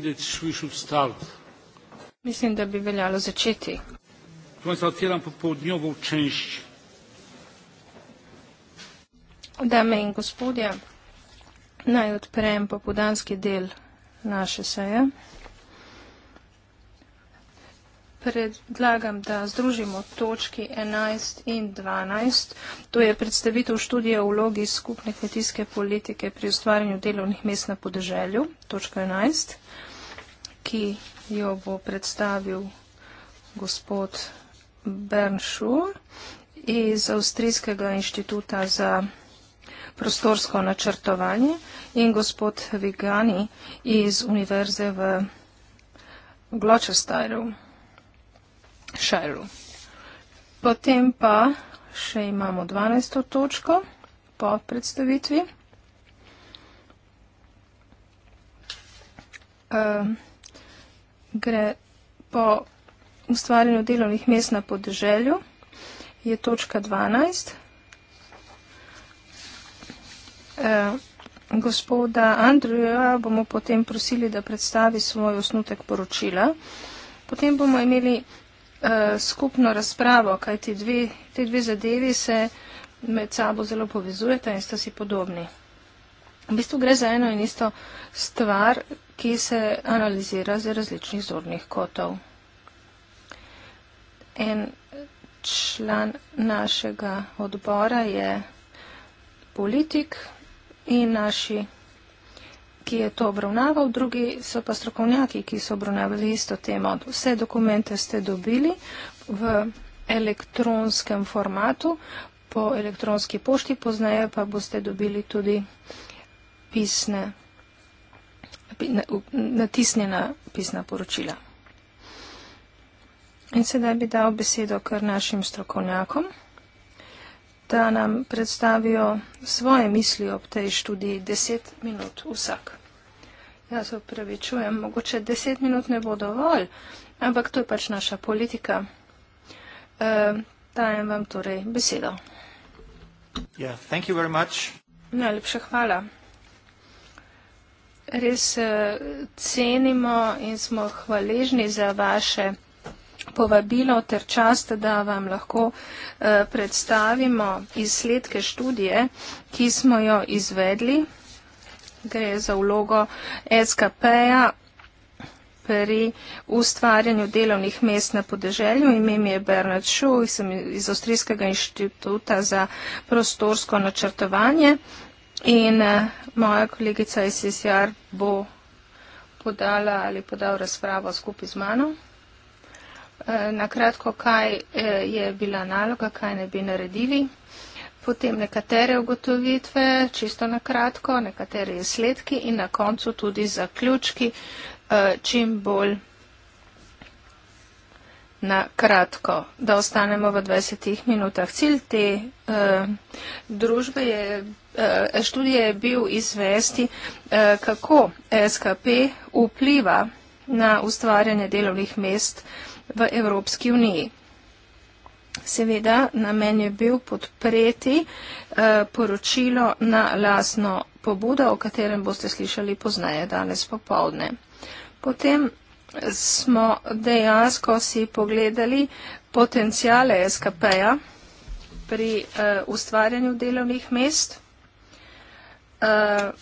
think that we should start. Mislim, da bi veljalo začeti. Zatiram popovdnjovo čenšč. Dame in gospodja, naj odprem popodanski del naše seje predlagam, da združimo točki 11 in 12. To je predstavitev študije o vlogi skupne kmetijske politike pri ustvarjanju delovnih mest na podeželju, točka 11, ki jo bo predstavil gospod Bernšu iz Avstrijskega inštituta za prostorsko načrtovanje in gospod Vigani iz Univerze v Gločestarju. Šajlu. Potem pa še imamo 12. točko po predstavitvi. Uh, gre po ustvarjanju delovnih mest na podeželju, je točka 12. Uh, gospoda Andreja bomo potem prosili, da predstavi svoj osnutek poročila. Potem bomo imeli uh, skupno razpravo, kaj ti dve, te dve zadevi se med sabo zelo povezujete in sta si podobni. V bistvu gre za eno in isto stvar, ki se analizira z različnih zornih kotov. En član našega odbora je politik in naši ki je to obravnaval, drugi so pa strokovnjaki, ki so obravnavali isto temo. Vse dokumente ste dobili v elektronskem formatu, po elektronski pošti, poznaje pa boste dobili tudi pisne, natisnjena pisna poročila. In sedaj bi dal besedo kar našim strokovnjakom da nam predstavijo svoje misli ob tej študiji. Deset minut vsak. Ja, se upravičujem, mogoče deset minut ne bo dovolj, ampak to je pač naša politika. E, dajem vam torej besedo. Yeah, Najlepša hvala. Res e, cenimo in smo hvaležni za vaše povabilo ter čast, da vam lahko eh, predstavimo izsledke študije, ki smo jo izvedli. Gre za vlogo SKP-ja pri ustvarjanju delovnih mest na podeželju. Ime mi je Bernard Šu, sem iz Avstrijskega inštituta za prostorsko načrtovanje in eh, moja kolegica iz SSR bo podala ali podal razpravo skupaj z mano. Eh, na kratko, kaj eh, je bila naloga, kaj ne bi naredili. Potem nekatere ugotovitve, čisto na kratko, nekatere izsledki in na koncu tudi zaključki, eh, čim bolj na kratko, da ostanemo v 20 minutah. Cilj te družbe je, študije je bil izvesti, kako SKP vpliva na ustvarjanje delovnih mest v Evropski uniji. Seveda, namen je bil podpreti eh, poročilo na lasno pobudo, o katerem boste slišali poznaje danes popovdne. Potem smo dejansko si pogledali potencijale SKP-ja pri eh, ustvarjanju delovnih mest. Eh,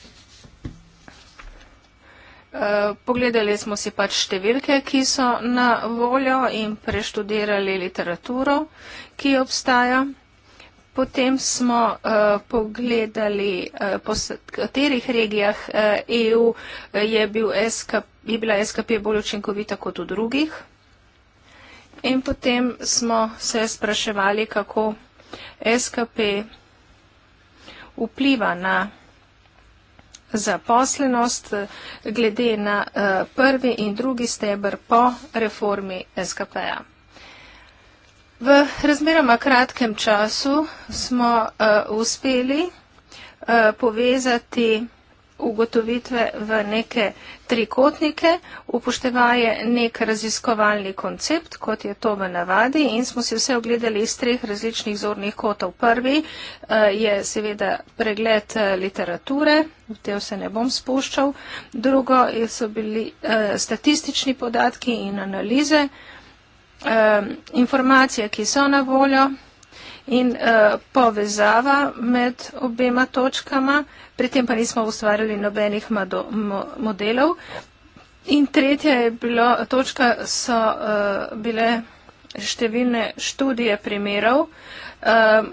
Eh, pogledali smo si pač številke, ki so na voljo in preštudirali literaturo, ki obstaja. Potem smo uh, pogledali, uh, po katerih regijah uh, EU je, bil SKP, je bila SKP bolj učinkovita kot v drugih. In potem smo se spraševali, kako SKP vpliva na zaposlenost eh, glede na eh, prvi in drugi stebr po reformi SKP-a. V razmeroma kratkem času smo eh, uspeli povezati ugotovitve v neke trikotnike, upoštevaje nek raziskovalni koncept, kot je to v navadi in smo si vse ogledali iz treh različnih zornih kotov. Prvi eh, je seveda pregled eh, literature, v te vse ne bom spuščal, drugo so bili eh, statistični podatki in analize, informacije, ki so na voljo in uh, povezava med obema točkama, pri tem pa nismo ustvarjali nobenih mado, mo, modelov. In tretja je bilo, točka so uh, bile številne študije primerov, uh,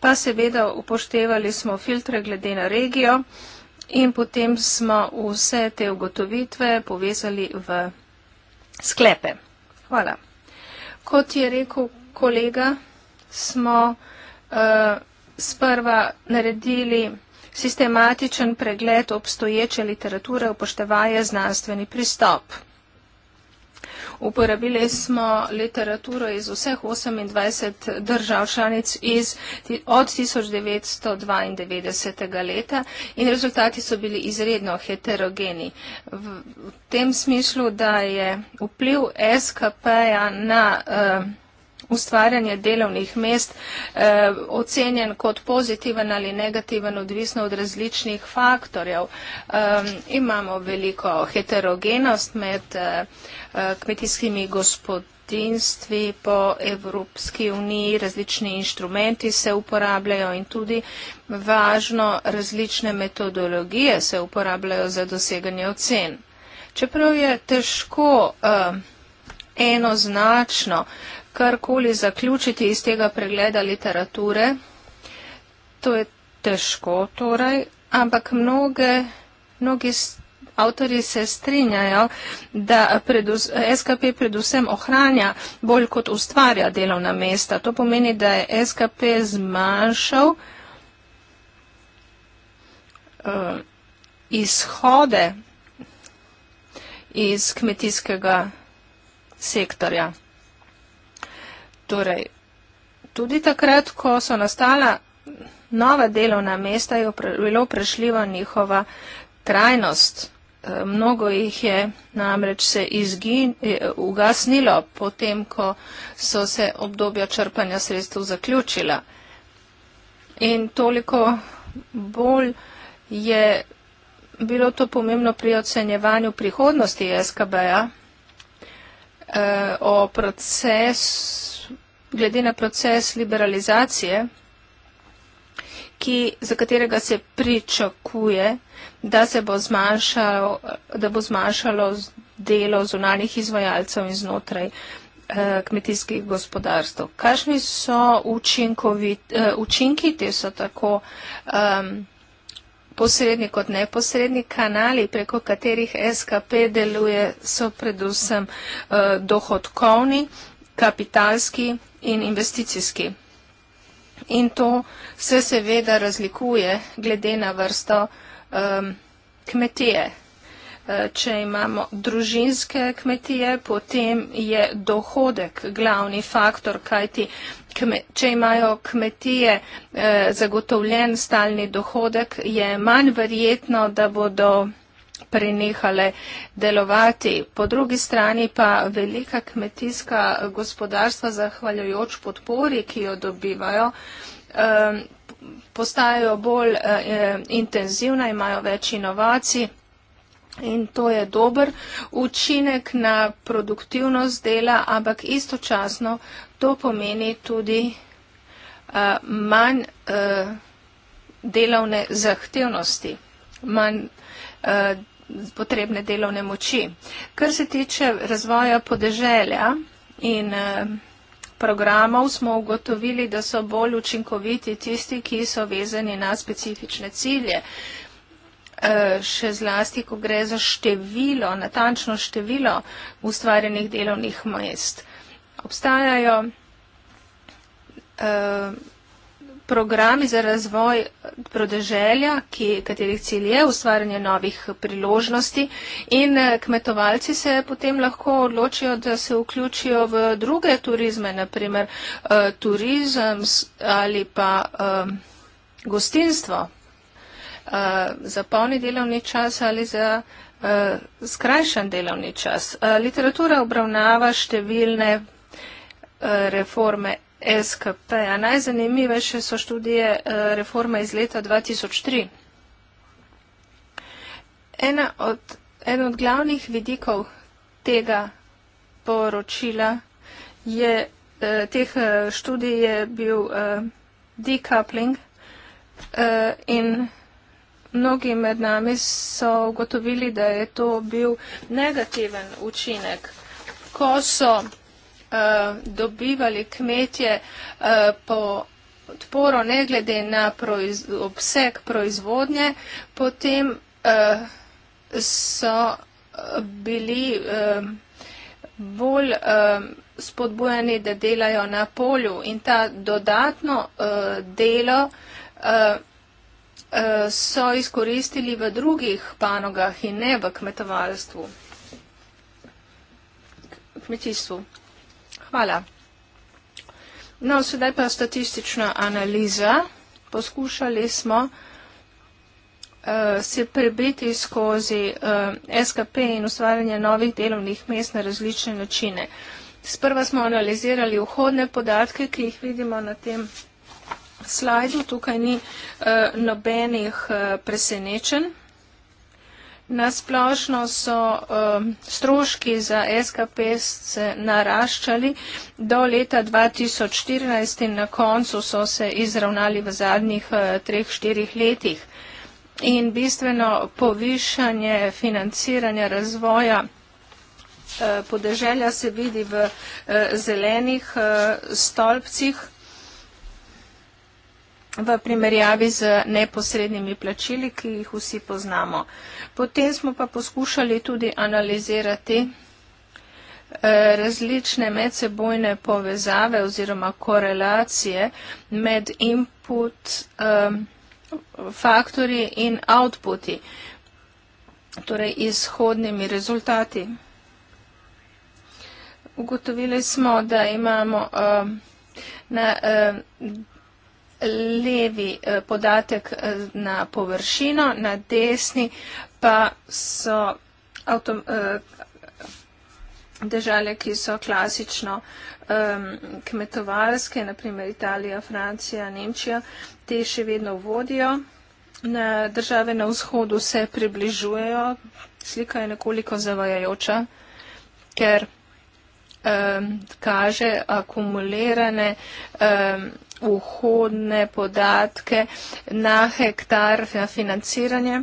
pa seveda upoštevali smo filtre glede na regijo in potem smo vse te ugotovitve povezali v sklepe. Hvala. Kot je rekel kolega, smo uh, sprva naredili sistematičen pregled obstoječe literature upoštevaje znanstveni pristop. Uporabili smo literaturo iz vseh 28 držav članic iz, od 1992. leta in rezultati so bili izredno heterogeni. V, v tem smislu, da je vpliv SKP-ja na uh, ustvarjanje delovnih mest eh, ocenjen kot pozitiven ali negativen, odvisno od različnih faktorjev. Eh, imamo veliko heterogenost med eh, eh kmetijskimi gospodarji po Evropski uniji različni inštrumenti se uporabljajo in tudi važno različne metodologije se uporabljajo za doseganje ocen. Čeprav je težko uh, enoznačno uh, karkoli zaključiti iz tega pregleda literature, to je težko torej, ampak mnoge, mnogi avtori se strinjajo, da preduz, SKP predvsem ohranja bolj kot ustvarja delovna mesta. To pomeni, da je SKP zmanjšal uh, izhode iz kmetijskega sektorja. Torej, tudi takrat, ko so nastala nova delovna mesta, je bilo prešljiva njihova trajnost. E, mnogo jih je namreč se izgin, e, ugasnilo potem, ko so se obdobja črpanja sredstev zaključila. In toliko bolj je bilo to pomembno pri ocenjevanju prihodnosti SKB-ja e, o procesu glede na proces liberalizacije, ki, za katerega se pričakuje, da se bo zmanjšalo, da bo zmanjšalo delo zunanjih izvajalcev in znotraj eh, kmetijskih gospodarstv. Kakšni so učinkovit, eh, učinki, te so tako eh, posredni kot neposredni kanali, preko katerih SKP deluje, so predvsem eh, dohodkovni kapitalski in investicijski. In to se seveda razlikuje glede na vrsto um, kmetije. Uh, če imamo družinske kmetije, potem je dohodek glavni faktor, kajti če imajo kmetije uh, zagotovljen stalni dohodek, je manj verjetno, da bodo prenehale delovati. Po drugi strani pa velika kmetijska gospodarstva, zahvaljujoč podpori, ki jo dobivajo, postajajo bolj intenzivna, imajo več inovacij. In to je dober učinek na produktivnost dela, ampak istočasno to pomeni tudi uh, manj uh, delovne zahtevnosti, manj uh, potrebne delovne moči. Kar se tiče razvoja podeželja in eh, programov, smo ugotovili, da so bolj učinkoviti tisti, ki so vezani na specifične cilje. Eh, še zlasti, ko gre za število, natančno število ustvarjenih delovnih mest. Obstajajo eh, programi za razvoj prodeželja, ki, katerih cilj je ustvarjanje novih priložnosti in eh, kmetovalci se potem lahko odločijo, da se vključijo v druge turizme, naprimer eh, turizem ali pa eh, gostinstvo za polni delovni čas ali za skrajšan delovni čas. Literatura obravnava številne reforme SKP. -ja. Najzanimivejše so študije eh, reforme iz leta 2003. Od, en od glavnih vidikov tega poročila je, eh, teh eh, študij je bil decoupling in mnogi med nami so ugotovili, da je to bil negativen učinek. Ko so Eh, dobivali kmetje eh, po podporo ne glede na proiz, obseg proizvodnje, potem eh, so bili bolj spodbujeni, da delajo na polju in ta dodatno delo so izkoristili v drugih panogah in ne v kmetovalstvu. Kmetijstvu. Hvala. No, sedaj pa statistična analiza. Poskušali smo uh, se prebiti skozi uh, eh, SKP in ustvarjanje novih delovnih mest na različne načine. Sprva smo analizirali vhodne podatke, ki jih vidimo na tem slajdu. Tukaj ni uh, nobenih uh, presenečenj. Nasplošno so um, stroški za SKP se naraščali do leta 2014 in na koncu so se izravnali v zadnjih uh, treh, štirih letih. In bistveno povišanje financiranja razvoja uh, podeželja se vidi v uh, zelenih uh, stolpcih v primerjavi z neposrednimi plačili, ki jih vsi poznamo. Potem smo pa poskušali tudi analizirati eh, različne medsebojne povezave oziroma korelacije med input um, eh, faktori in outputi, torej izhodnimi rezultati. Ugotovili smo, da imamo um, na um, levi eh, podatek eh, na površino, na desni pa so države, eh, ki so klasično ehm, kmetovarske, naprimer Italija, Francija, Nemčija, te še vedno vodijo. Na države na vzhodu se približujejo, slika je nekoliko zavajajoča, ker um, kaže akumulirane um, vhodne podatke na hektar za financiranje,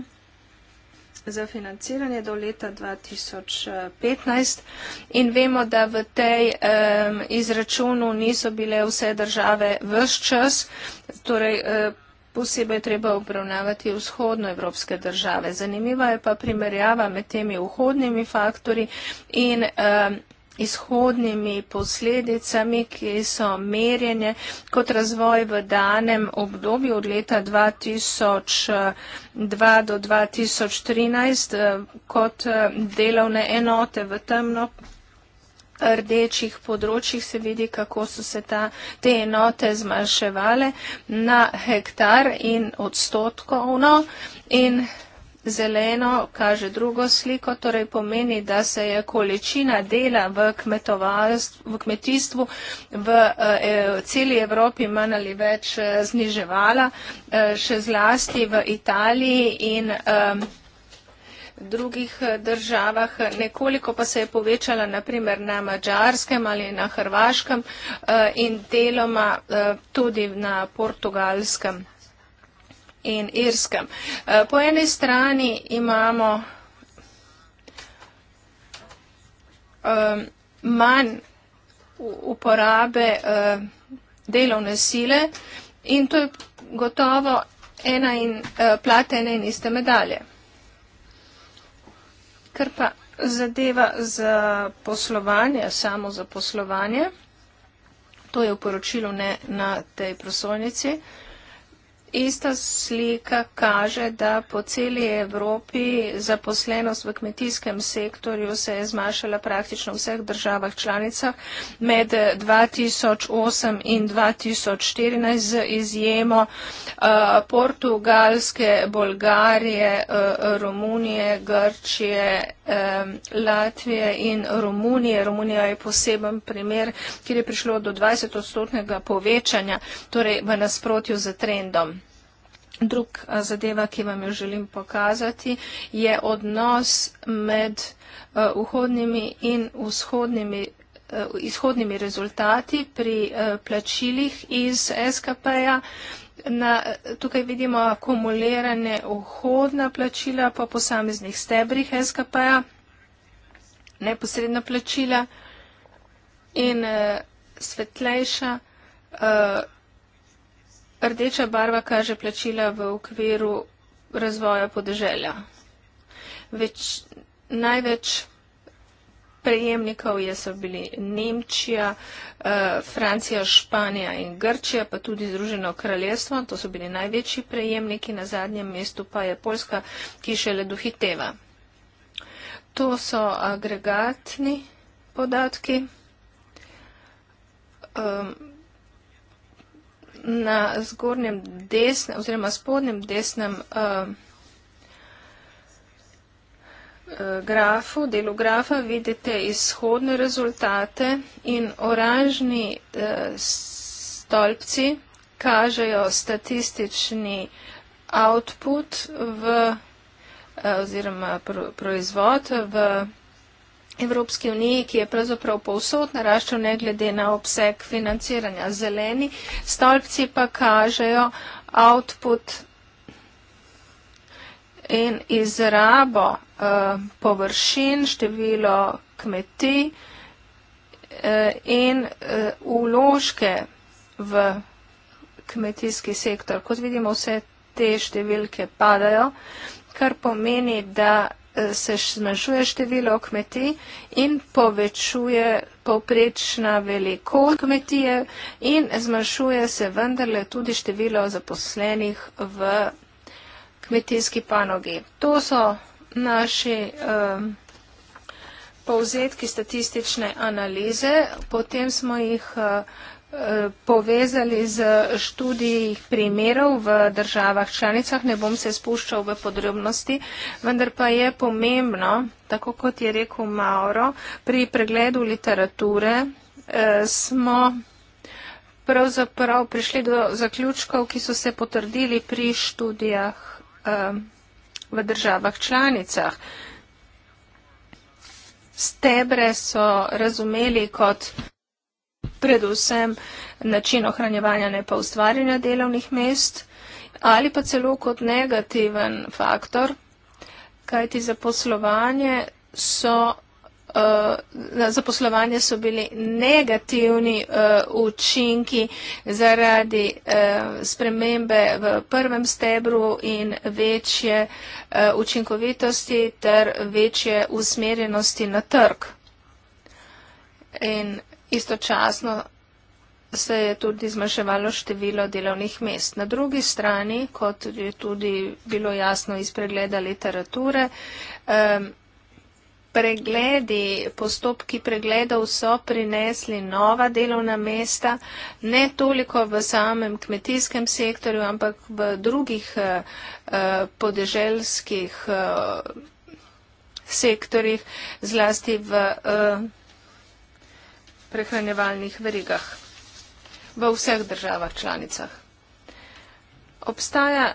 za financiranje do leta 2015 in vemo, da v tej um, izračunu niso bile vse države vse čas, torej e, posebej treba obravnavati vzhodnoevropske države. Zanimiva je pa primerjava med temi vhodnimi faktori in um, izhodnimi posledicami, ki so merjene kot razvoj v danem obdobju od leta 2002 do 2013 eh, kot eh, delovne enote v temno rdečih področjih se vidi, kako so se ta, te enote zmanjševale na hektar in odstotkovno. In Zeleno kaže drugo sliko, torej pomeni, da se je količina dela v, v kmetijstvu v eh, e, celi Evropi manj ali več eh, zniževala, eh, še zlasti v Italiji in eh, drugih eh, državah. Nekoliko pa se je povečala naprimer na Mačarskem ali na Hrvaškem eh, in deloma eh, tudi na Portugalskem in Irskem. Eh, po eni strani imamo ehm, manj uporabe ehm, delovne sile in to je gotovo ena in eh, plat ene in iste medalje. Ker pa zadeva za poslovanje, samo za poslovanje, to je v poročilu ne na tej prosojnici, Ista slika kaže, da po celi Evropi zaposlenost v kmetijskem sektorju se je zmanjšala praktično v vseh državah članicah med 2008 in 2014 z izjemo uh, Portugalske, Bolgarije, uh, Romunije, Grčije, um, Latvije in Romunije. Romunija je poseben primer, kjer je prišlo do 20-odstotnega povečanja, torej v nasprotju z trendom. Drug zadeva, ki vam jo želim pokazati, je odnos med vhodnimi in vzhodnimi izhodnimi rezultati pri plačilih iz SKP-ja. Tukaj vidimo akumulirane vhodna plačila po posameznih stebrih SKP-ja, neposredna plačila in svetlejša Rdeča barva kaže plačila v okviru razvoja podeželja. Več, največ prejemnikov je so bili Nemčija, eh, Francija, Španija in Grčija, pa tudi Združeno kraljestvo. To so bili največji prejemniki, na zadnjem mestu pa je Poljska, ki šele dohiteva. To so agregatni podatki. Um, na zgornjem desnem oziroma spodnjem desnem eh, eh, grafu, delu grafa vidite izhodne rezultate in oranžni eh, stolpci kažejo statistični output v oziroma proizvod v Evropski uniji, ki je pravzaprav povsod naraščal ne glede na obseg financiranja. Zeleni stolpci pa kažejo output in izrabo uh, površin, število kmetij uh, in uložke eh, uh, v kmetijski sektor. Kot vidimo, vse te številke padajo, kar pomeni, da Eh, se zmanjšuje število kmetij in povečuje povprečna velikost kmetije in zmanjšuje se vendarle tudi število zaposlenih v kmetijski panogi. To so naši um, povzetki statistične analize, potem smo jih uh, povezali z študiji primerov v državah članicah, ne bom se spuščal v podrobnosti, vendar pa je pomembno, tako kot je rekel Mauro, pri pregledu literature eh, smo pravzaprav prišli do zaključkov, ki so se potrdili pri študijah eh, v državah članicah. Stebre so razumeli kot predvsem način ohranjevanja, ne pa ustvarjanja delovnih mest ali pa celo kot negativen faktor, kajti zaposlovanje so. Eh, za poslovanje so bili negativni uh, učinki zaradi uh, spremembe v prvem stebru in večje uh, učinkovitosti ter večje usmerjenosti na trg. In Istočasno se je tudi zmanjševalo število delovnih mest. Na drugi strani, kot je tudi bilo jasno iz pregleda literature, pregledi, postopki pregledov so prinesli nova delovna mesta, ne toliko v samem kmetijskem sektorju, ampak v drugih eh, eh, podeželskih eh, sektorjih, zlasti v prehranjevalnih verigah v vseh državah članicah. Obstaja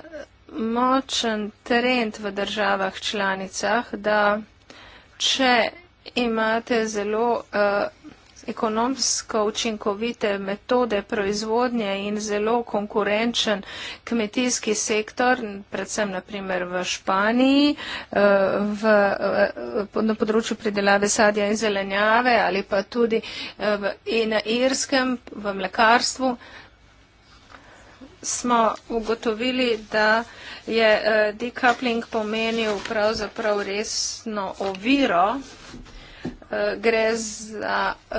močen trend v državah članicah, da če imate zelo uh, ekonomsko učinkovite metode proizvodnje in zelo konkurenčen kmetijski sektor, predvsem naprimer v Španiji, eh, v, eh, na področju pridelave sadja in zelenjave ali pa tudi eh, v, in na Irskem v mlekarstvu, smo ugotovili, da je decoupling pomenil pravzaprav resno oviro gre za eh,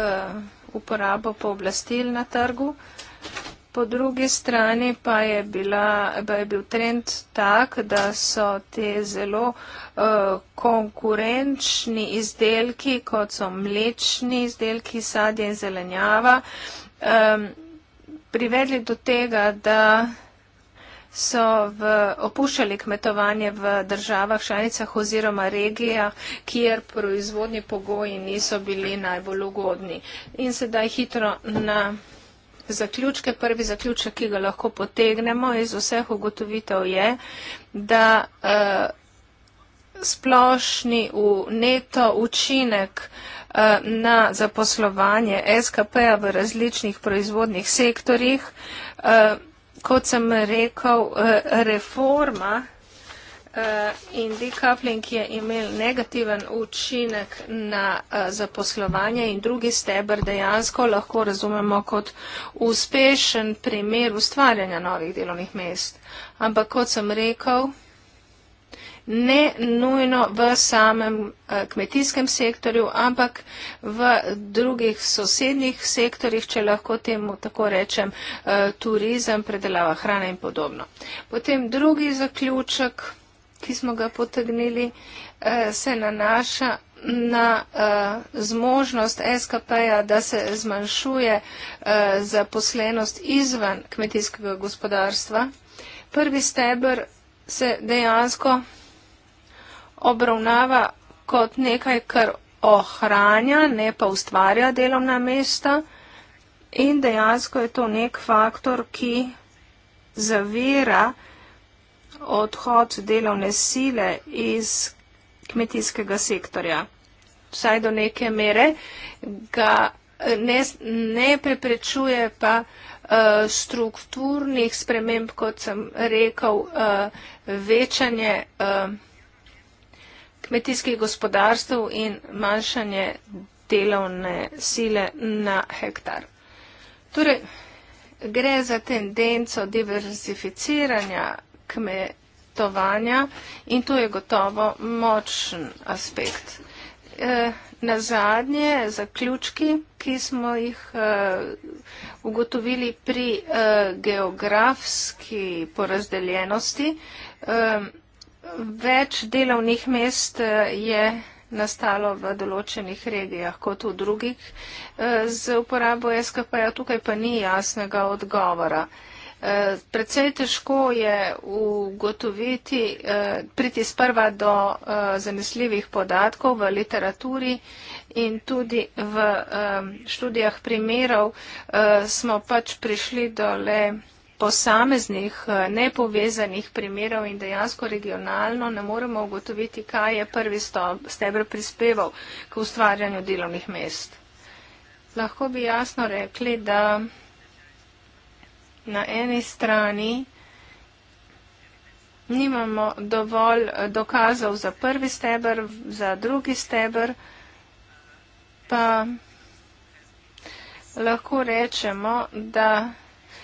uporabo pooblastil na trgu. Po drugi strani pa je, bila, pa je bil trend tak, da so te zelo eh, konkurenčni izdelki, kot so mlečni izdelki, sadje in zelenjava, eh, privedli do tega, da so v, opuščali kmetovanje v državah, članicah oziroma regijah, kjer proizvodni pogoji niso bili najbolj ugodni. In sedaj hitro na zaključke. Prvi zaključek, ki ga lahko potegnemo iz vseh ugotovitev je, da eh, splošni v neto učinek eh, na zaposlovanje SKP-a v različnih proizvodnih sektorjih eh, kot sem rekel, eh, reforma eh, in decoupling je imel negativen učinek na eh, zaposlovanje in drugi steber dejansko lahko razumemo kot uspešen primer ustvarjanja novih delovnih mest. Ampak kot sem rekel, ne nujno v samem eh, kmetijskem sektorju, ampak v drugih sosednjih sektorjih, če lahko temu tako rečem, eh, turizem, predelava hrane in podobno. Potem drugi zaključek, ki smo ga potegnili, eh, se nanaša na zmožnost SKP-ja, da se zmanjšuje zaposlenost izven kmetijskega gospodarstva. Prvi steber se dejansko obravnava kot nekaj, kar ohranja, ne pa ustvarja delovna mesta in dejansko je to nek faktor, ki zavira odhod delovne sile iz kmetijskega sektorja. Vsaj do neke mere ga ne, ne preprečuje pa uh, strukturnih sprememb, kot sem rekel, uh, večanje. Uh, kmetijskih gospodarstv in manjšanje delovne sile na hektar. Torej, gre za tendenco diverzificiranja kmetovanja in to je gotovo močen aspekt. E, na zadnje zaključki, ki smo jih e, ugotovili pri e, geografski porazdeljenosti, e, Več delovnih mest eh, je nastalo v določenih regijah kot v drugih. Eh, z uporabo SKP-ja tukaj pa ni jasnega odgovora. Eh, Predvsej težko je ugotoviti, priti sprva do zanesljivih podatkov v literaturi in tudi v študijah primerov smo pač prišli do le posameznih eh, nepovezanih primerov in dejansko regionalno ne moremo ugotoviti, kaj je prvi stebr prispeval k ustvarjanju delovnih mest. Lahko bi jasno rekli, da na eni strani nimamo dovolj eh, dokazov za prvi stebr, za drugi stebr, pa lahko rečemo, da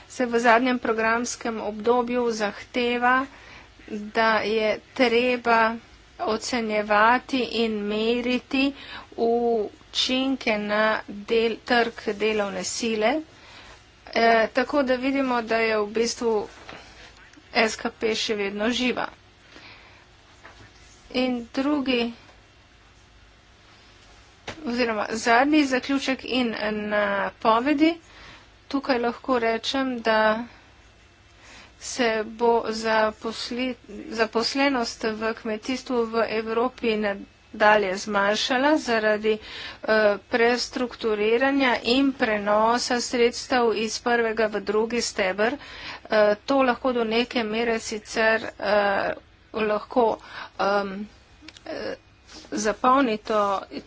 se v zadnjem programskem obdobju zahteva, da je treba ocenjevati in meriti učinke na del, trg delovne sile. E, tako da vidimo, da je v bistvu SKP še vedno živa. In drugi, oziroma zadnji zaključek in napovedi tukaj lahko rečem, da se bo zaposlenost v kmetijstvu v Evropi nadalje zmanjšala zaradi eh, prestrukturiranja in prenosa sredstev iz prvega v drugi stebr. Eh, to lahko do neke mere sicer eh, lahko zapolni to,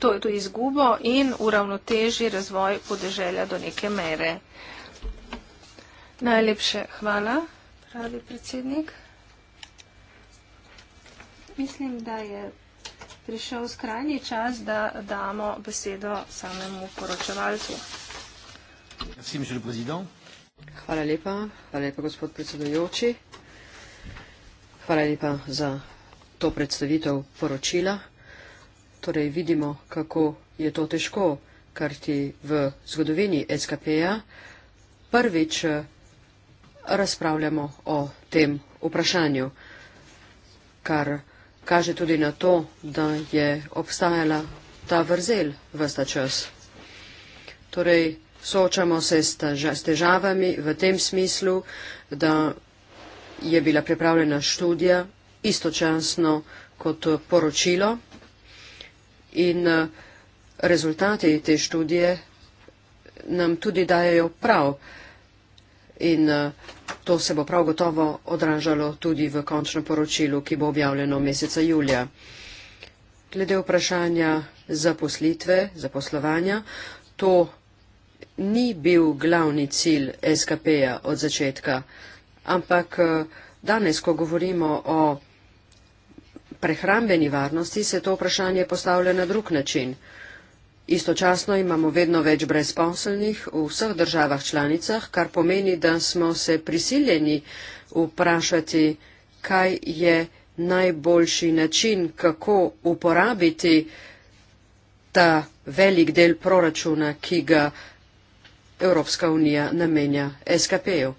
to, to izgubo in uravnoteži razvoj podeželja do neke mere. Najlepše hvala, pravi predsednik. Mislim, da je prišel skrajni čas, da damo besedo samemu poročevalcu. Hvala lepa, hvala lepa gospod predsedujoči. Hvala lepa za to predstavitev poročila. Torej vidimo, kako je to težko, kar ti v zgodovini SKP-ja prvič razpravljamo o tem vprašanju, kar kaže tudi na to, da je obstajala ta vrzel vsta čas. Torej, soočamo se s težavami v tem smislu, da je bila pripravljena študija istočasno kot poročilo in eh, rezultati te študije nam tudi dajajo prav, in eh, to se bo prav gotovo odražalo tudi v končnem poročilu, ki bo objavljeno meseca julija. Glede vprašanja zaposlitve, zaposlovanja, to ni bil glavni cilj SKP-ja od začetka, ampak eh, danes, ko govorimo o prehrambeni varnosti, se to vprašanje postavlja na drug način. Istočasno imamo vedno več brezposelnih v vseh državah članicah, kar pomeni, da smo se prisiljeni vprašati, kaj je najboljši način, kako uporabiti ta velik del proračuna, ki ga Evropska unija namenja SKP-ju.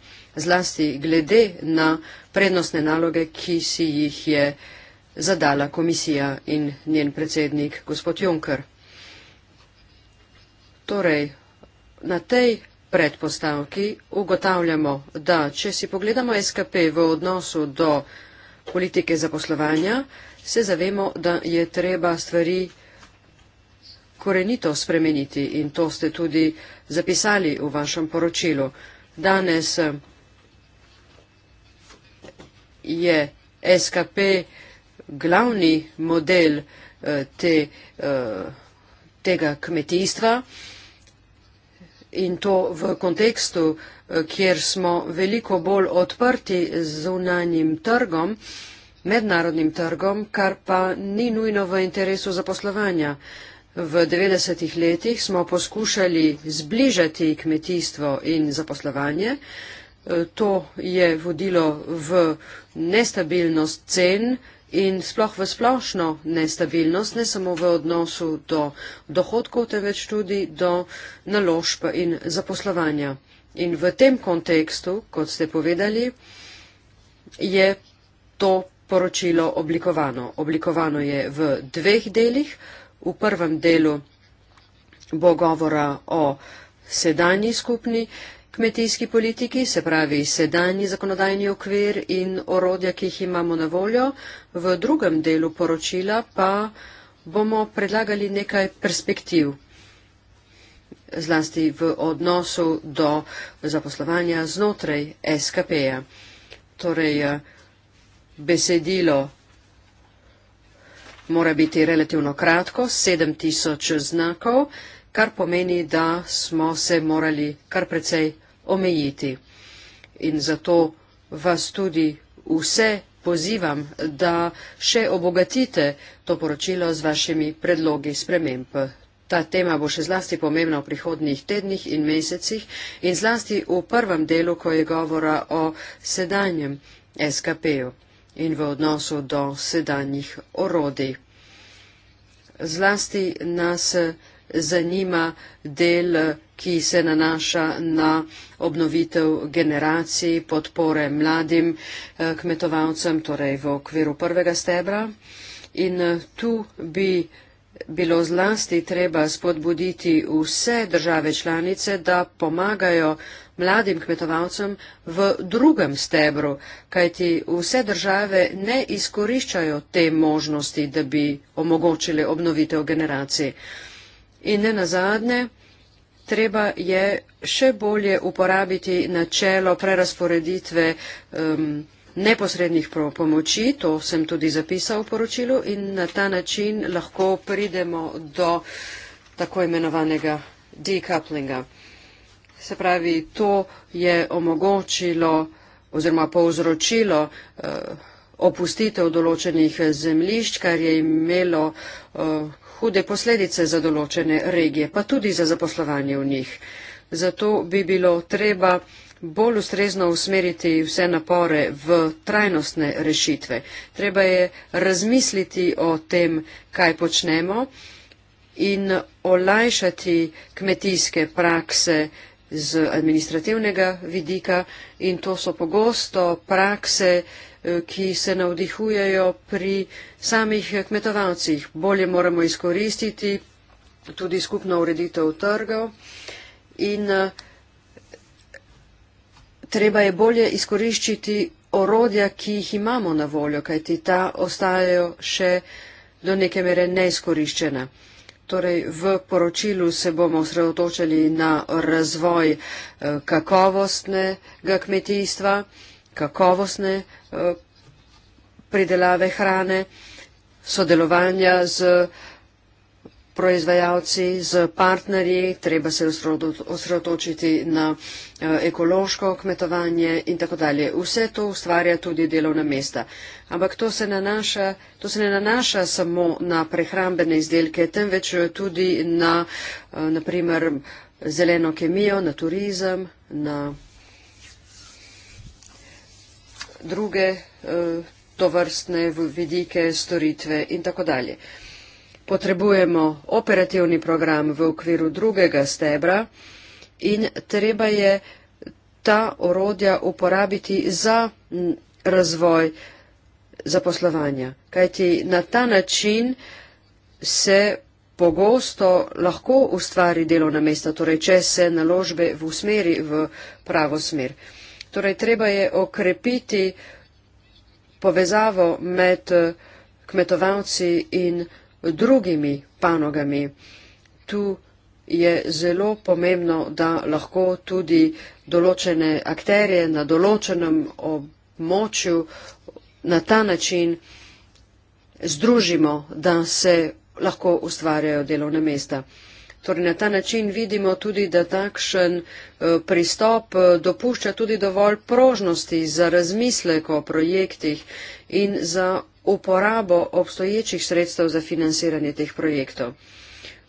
Zlasti glede na prednostne naloge, ki si jih je zadala komisija in njen predsednik gospod Juncker. Torej, na tej predpostavki ugotavljamo, da če si pogledamo SKP v odnosu do politike zaposlovanja, se zavemo, da je treba stvari korenito spremeniti in to ste tudi zapisali v vašem poročilu. Danes je SKP glavni model eh, te, eh, tega kmetijstva in to v kontekstu, eh, kjer smo veliko bolj odprti z unanjim trgom, mednarodnim trgom, kar pa ni nujno v interesu zaposlovanja. V 90-ih letih smo poskušali zbližati kmetijstvo in zaposlovanje. Eh, to je vodilo v nestabilnost cen, In sploh v splošno nestabilnost, ne samo v odnosu do dohodkov, temveč tudi do naložb in zaposlovanja. In v tem kontekstu, kot ste povedali, je to poročilo oblikovano. Oblikovano je v dveh delih. V prvem delu bo govora o sedanji skupni Kmetijski politiki, se pravi sedanji zakonodajni okvir in orodja, ki jih imamo na voljo, v drugem delu poročila pa bomo predlagali nekaj perspektiv, zlasti v odnosu do zaposlovanja znotraj SKP-ja. Torej, besedilo mora biti relativno kratko, 7000 znakov, kar pomeni, da smo se morali kar precej omejiti. In zato vas tudi vse pozivam, da še obogatite to poročilo z vašimi predlogi sprememb. Ta tema bo še zlasti pomembna v prihodnih tednih in mesecih in zlasti v prvem delu, ko je govora o sedanjem SKP-ju in v odnosu do sedanjih orodij. Zlasti nas zanima del, ki se nanaša na obnovitev generacij, podpore mladim eh, kmetovalcem, torej v okviru prvega stebra. In eh, tu bi bilo zlasti treba spodbuditi vse države članice, da pomagajo mladim kmetovalcem v drugem stebru, kajti vse države ne izkoriščajo te možnosti, da bi omogočile obnovitev generacij. In ne nazadnje, treba je še bolje uporabiti načelo prerasporeditve um, neposrednih pomoči, to sem tudi zapisal v poročilu, in na ta način lahko pridemo do tako imenovanega decouplinga. Se pravi, to je omogočilo oziroma povzročilo uh, opustitev določenih eh, zemljišč, kar je imelo uh, hude posledice za določene regije, pa tudi za zaposlovanje v njih. Zato bi bilo treba bolj ustrezno usmeriti vse napore v trajnostne rešitve. Treba je razmisliti o tem, kaj počnemo in olajšati kmetijske prakse z administrativnega vidika in to so pogosto prakse, Eh, ki se navdihujejo pri samih kmetovalcih. Bolje moramo izkoristiti tudi skupno ureditev trgov in eh, treba je bolje izkoriščiti orodja, ki jih imamo na voljo, kajti ta ostajajo še do neke mere neizkoriščena. Torej, v poročilu se bomo osredotočali na razvoj eh, kakovostnega kmetijstva, kakovostne pridelave hrane, sodelovanja z proizvajalci, z partnerji, treba se osredotočiti na eh, ekološko kmetovanje in tako dalje. Vse to ustvarja tudi delovna mesta. Ampak to se, nanaša, to se ne nanaša samo na prehrambene izdelke, temveč tudi na, eh, naprimer, zeleno kemijo, na turizem, na druge eh, tovrstne vidike, storitve in tako dalje. Potrebujemo operativni program v okviru drugega stebra in treba je ta orodja uporabiti za razvoj zaposlovanja. Kajti na ta način se pogosto lahko ustvari delovna mesta, torej če se naložbe v usmeri v pravo smer. Torej, treba je okrepiti povezavo med eh, kmetovalci in drugimi panogami. Tu je zelo pomembno, da lahko tudi določene akterje na določenem območju na ta način združimo, da se lahko ustvarjajo delovne mesta. Torej, na ta način vidimo tudi, da takšen eh, pristop eh, dopušča tudi dovolj prožnosti za razmislek o projektih in za uporabo obstoječih sredstev za financiranje teh projektov.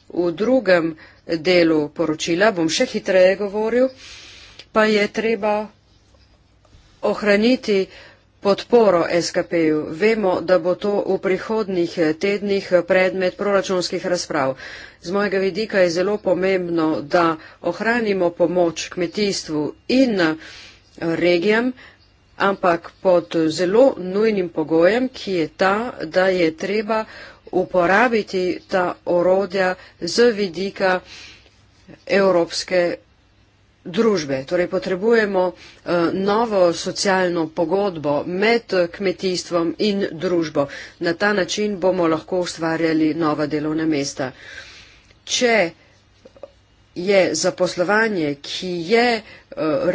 V drugem delu poročila bom še hitreje govoril, pa je treba ohraniti podporo SKP-ju. Vemo, da bo to v prihodnih eh, tednih predmet proračunskih razprav z mojega vidika je zelo pomembno, da ohranimo pomoč kmetijstvu in eh, regijam, ampak pod zelo nujnim pogojem, ki je ta, da je treba uporabiti ta orodja z vidika evropske družbe. Torej potrebujemo eh, novo socialno pogodbo med kmetijstvom in družbo. Na ta način bomo lahko ustvarjali nova delovna mesta če je zaposlovanje, ki je eh,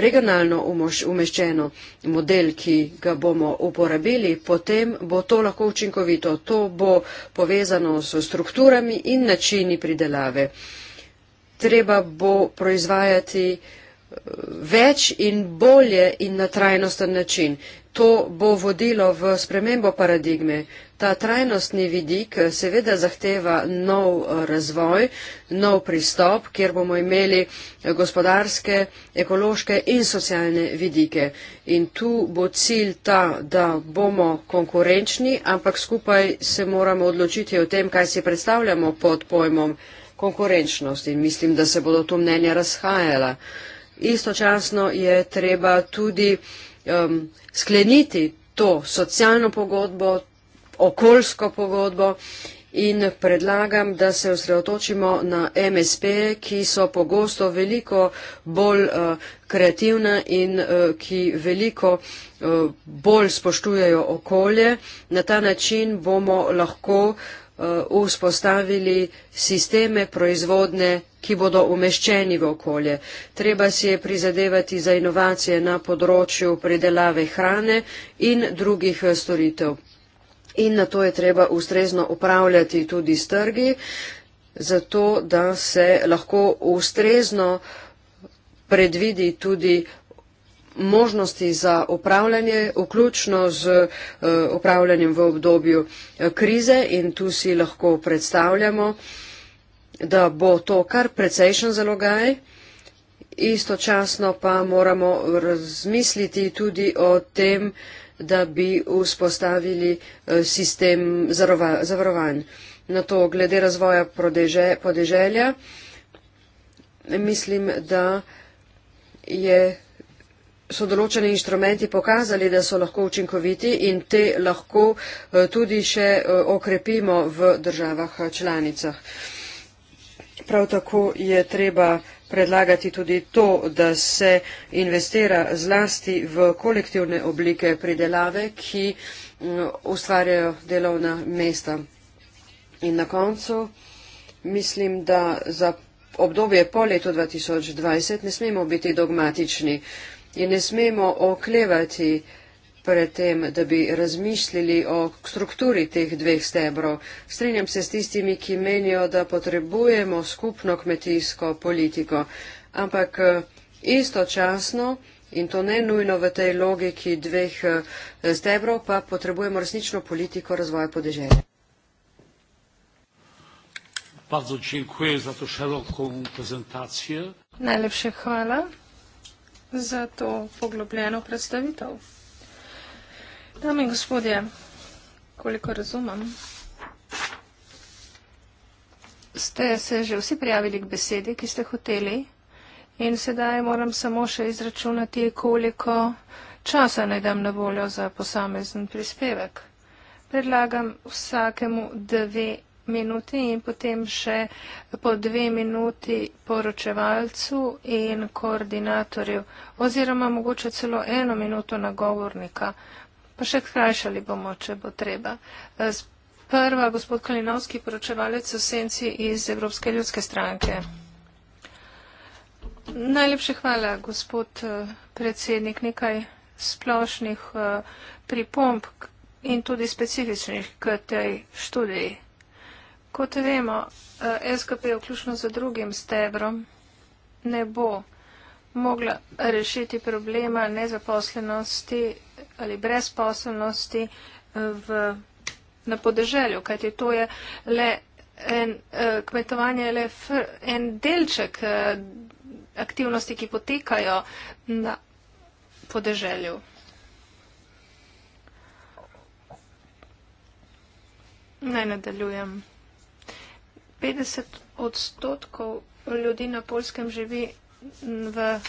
regionalno umeščeno model, ki ga bomo uporabili, potem bo to lahko učinkovito. To bo povezano s strukturami in načini pridelave. Treba bo proizvajati eh, več in bolje in na trajnosten način. To bo vodilo v spremembo paradigme. Ta trajnostni vidik eh, seveda zahteva nov eh, razvoj, nov pristop, kjer bomo imeli eh, gospodarske, ekološke in socialne vidike. In tu bo cilj ta, da bomo konkurenčni, ampak skupaj se moramo odločiti o tem, kaj si predstavljamo pod pojmom konkurenčnost. In mislim, da se bodo tu mnenja razhajala. Istočasno je treba tudi um, skleniti to socialno pogodbo, okoljsko pogodbo in predlagam, da se osredotočimo na MSP, ki so pogosto veliko bolj uh, kreativne in uh, ki veliko uh, bolj spoštujejo okolje. Na ta način bomo lahko uh, Eh, vzpostavili sisteme proizvodne, ki bodo umeščeni v okolje. Treba si je prizadevati za inovacije na področju predelave hrane in drugih eh, storitev. In na to je treba ustrezno upravljati tudi s trgi, zato da se lahko ustrezno predvidi tudi uh, možnosti za upravljanje, vključno z eh, upravljanjem v obdobju eh, krize in tu si lahko predstavljamo, da bo to kar precejšen zalogaj. Istočasno pa moramo razmisliti tudi o tem, da bi vzpostavili eh, sistem zavarovanj. Na to glede razvoja podeželja mislim, da je so določeni inštrumenti pokazali, da so lahko učinkoviti in te lahko eh, tudi še eh, okrepimo v državah eh, članicah. Prav tako je treba predlagati tudi to, da se investira zlasti v kolektivne oblike pridelave, ki mm, ustvarjajo delovna mesta. In na koncu mislim, da za obdobje po letu 2020 ne smemo biti dogmatični in ne smemo oklevati pred tem, da bi razmislili o strukturi teh dveh stebrov. Strinjam se s tistimi, ki menijo, da potrebujemo skupno kmetijsko politiko, ampak eh, istočasno in to ne nujno v tej logiki dveh eh, stebrov, pa potrebujemo resnično politiko razvoja podeželja. Bardzo dziękuję za to szeroką prezentację. Najlepsze chwała za to poglobljeno predstavitev. Dame in gospodje, koliko razumem, ste se že vsi prijavili k besedi, ki ste hoteli in sedaj moram samo še izračunati, koliko časa naj dam na voljo za posamezen prispevek. Predlagam vsakemu dve minuti in potem še po dve minuti poročevalcu in koordinatorju oziroma mogoče celo eno minuto nagovornika. Pa še skrajšali bomo, če bo treba. Prva, gospod Kalinovski, poročevalec v senci iz Evropske ljudske stranke. Najlepše hvala, gospod eh, predsednik. Nekaj splošnih eh, pripomb in tudi specifičnih k tej študiji. Kot vemo, eh, SKP vključno z drugim stebrom ne bo mogla rešiti problema nezaposlenosti ali brezposobnosti eh, v, na podeželju, kajti to je le en, eh, kmetovanje je le fr, en delček aktivnosti, ki potekajo na podeželju. Naj nadaljujem. 50 odstotkov ljudi na polskem živi v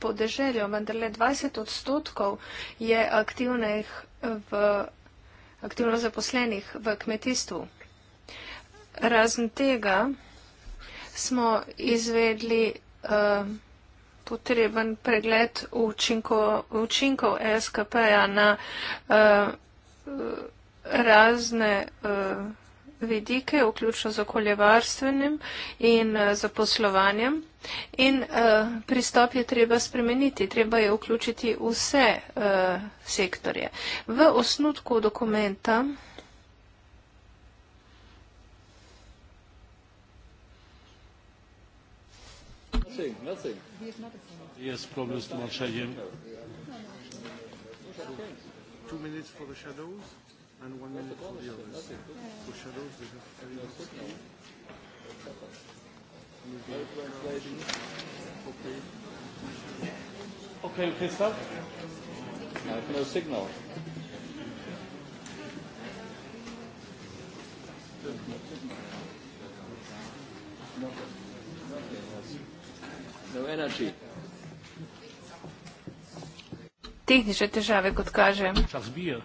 podeželju, vendar le 20 odstotkov je aktivnih v, aktivno zaposlenih v kmetijstvu. Razen tega smo izvedli uh, potreben pregled učinko, učinkov ESKP-ja na uh, razne. Uh, vidike, vključno z okoljevarstvenim in eh, zaposlovanjem. In uh, pristop je treba spremeniti, treba je vključiti vse uh, sektorje. V osnutku dokumenta Nothing, nothing. Yes, problems to much. Two minutes for the shadows. And one minute for the others. For shadows, they have three Okay, okay, stop. I have no signal. No energy. Tehnične težave, kot kažem. Čas bije.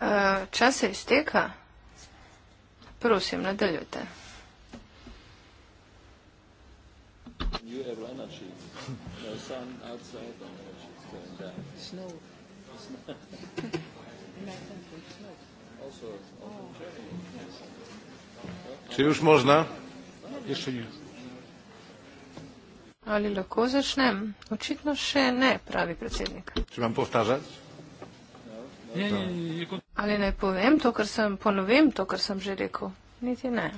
Eh, čas se izteka. Prosim, nadaljujte. Če už možno, ješ nič. Ali lahko začnem? Očitno še ne, pravi predsednik. Če vam povtažam? Ne, ne, ne. Ali naj povem to, kar sem, ponovim to, kar sem že rekel? Niti ne.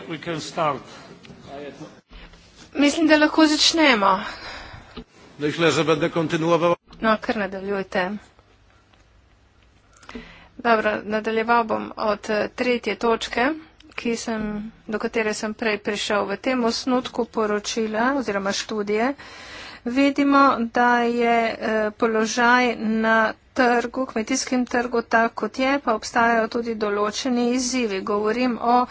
we can start. Mislim, da lahko začnemo. No, no kar nadaljujte. Dobro, nadaljeval bom od eh, tretje točke, ki sem, do katere sem prej prišel v tem osnutku poročila oziroma študije. Vidimo, da je eh, položaj na trgu, kmetijskem trgu tak, kot je, pa obstajajo tudi določeni izzivi. Govorim o e,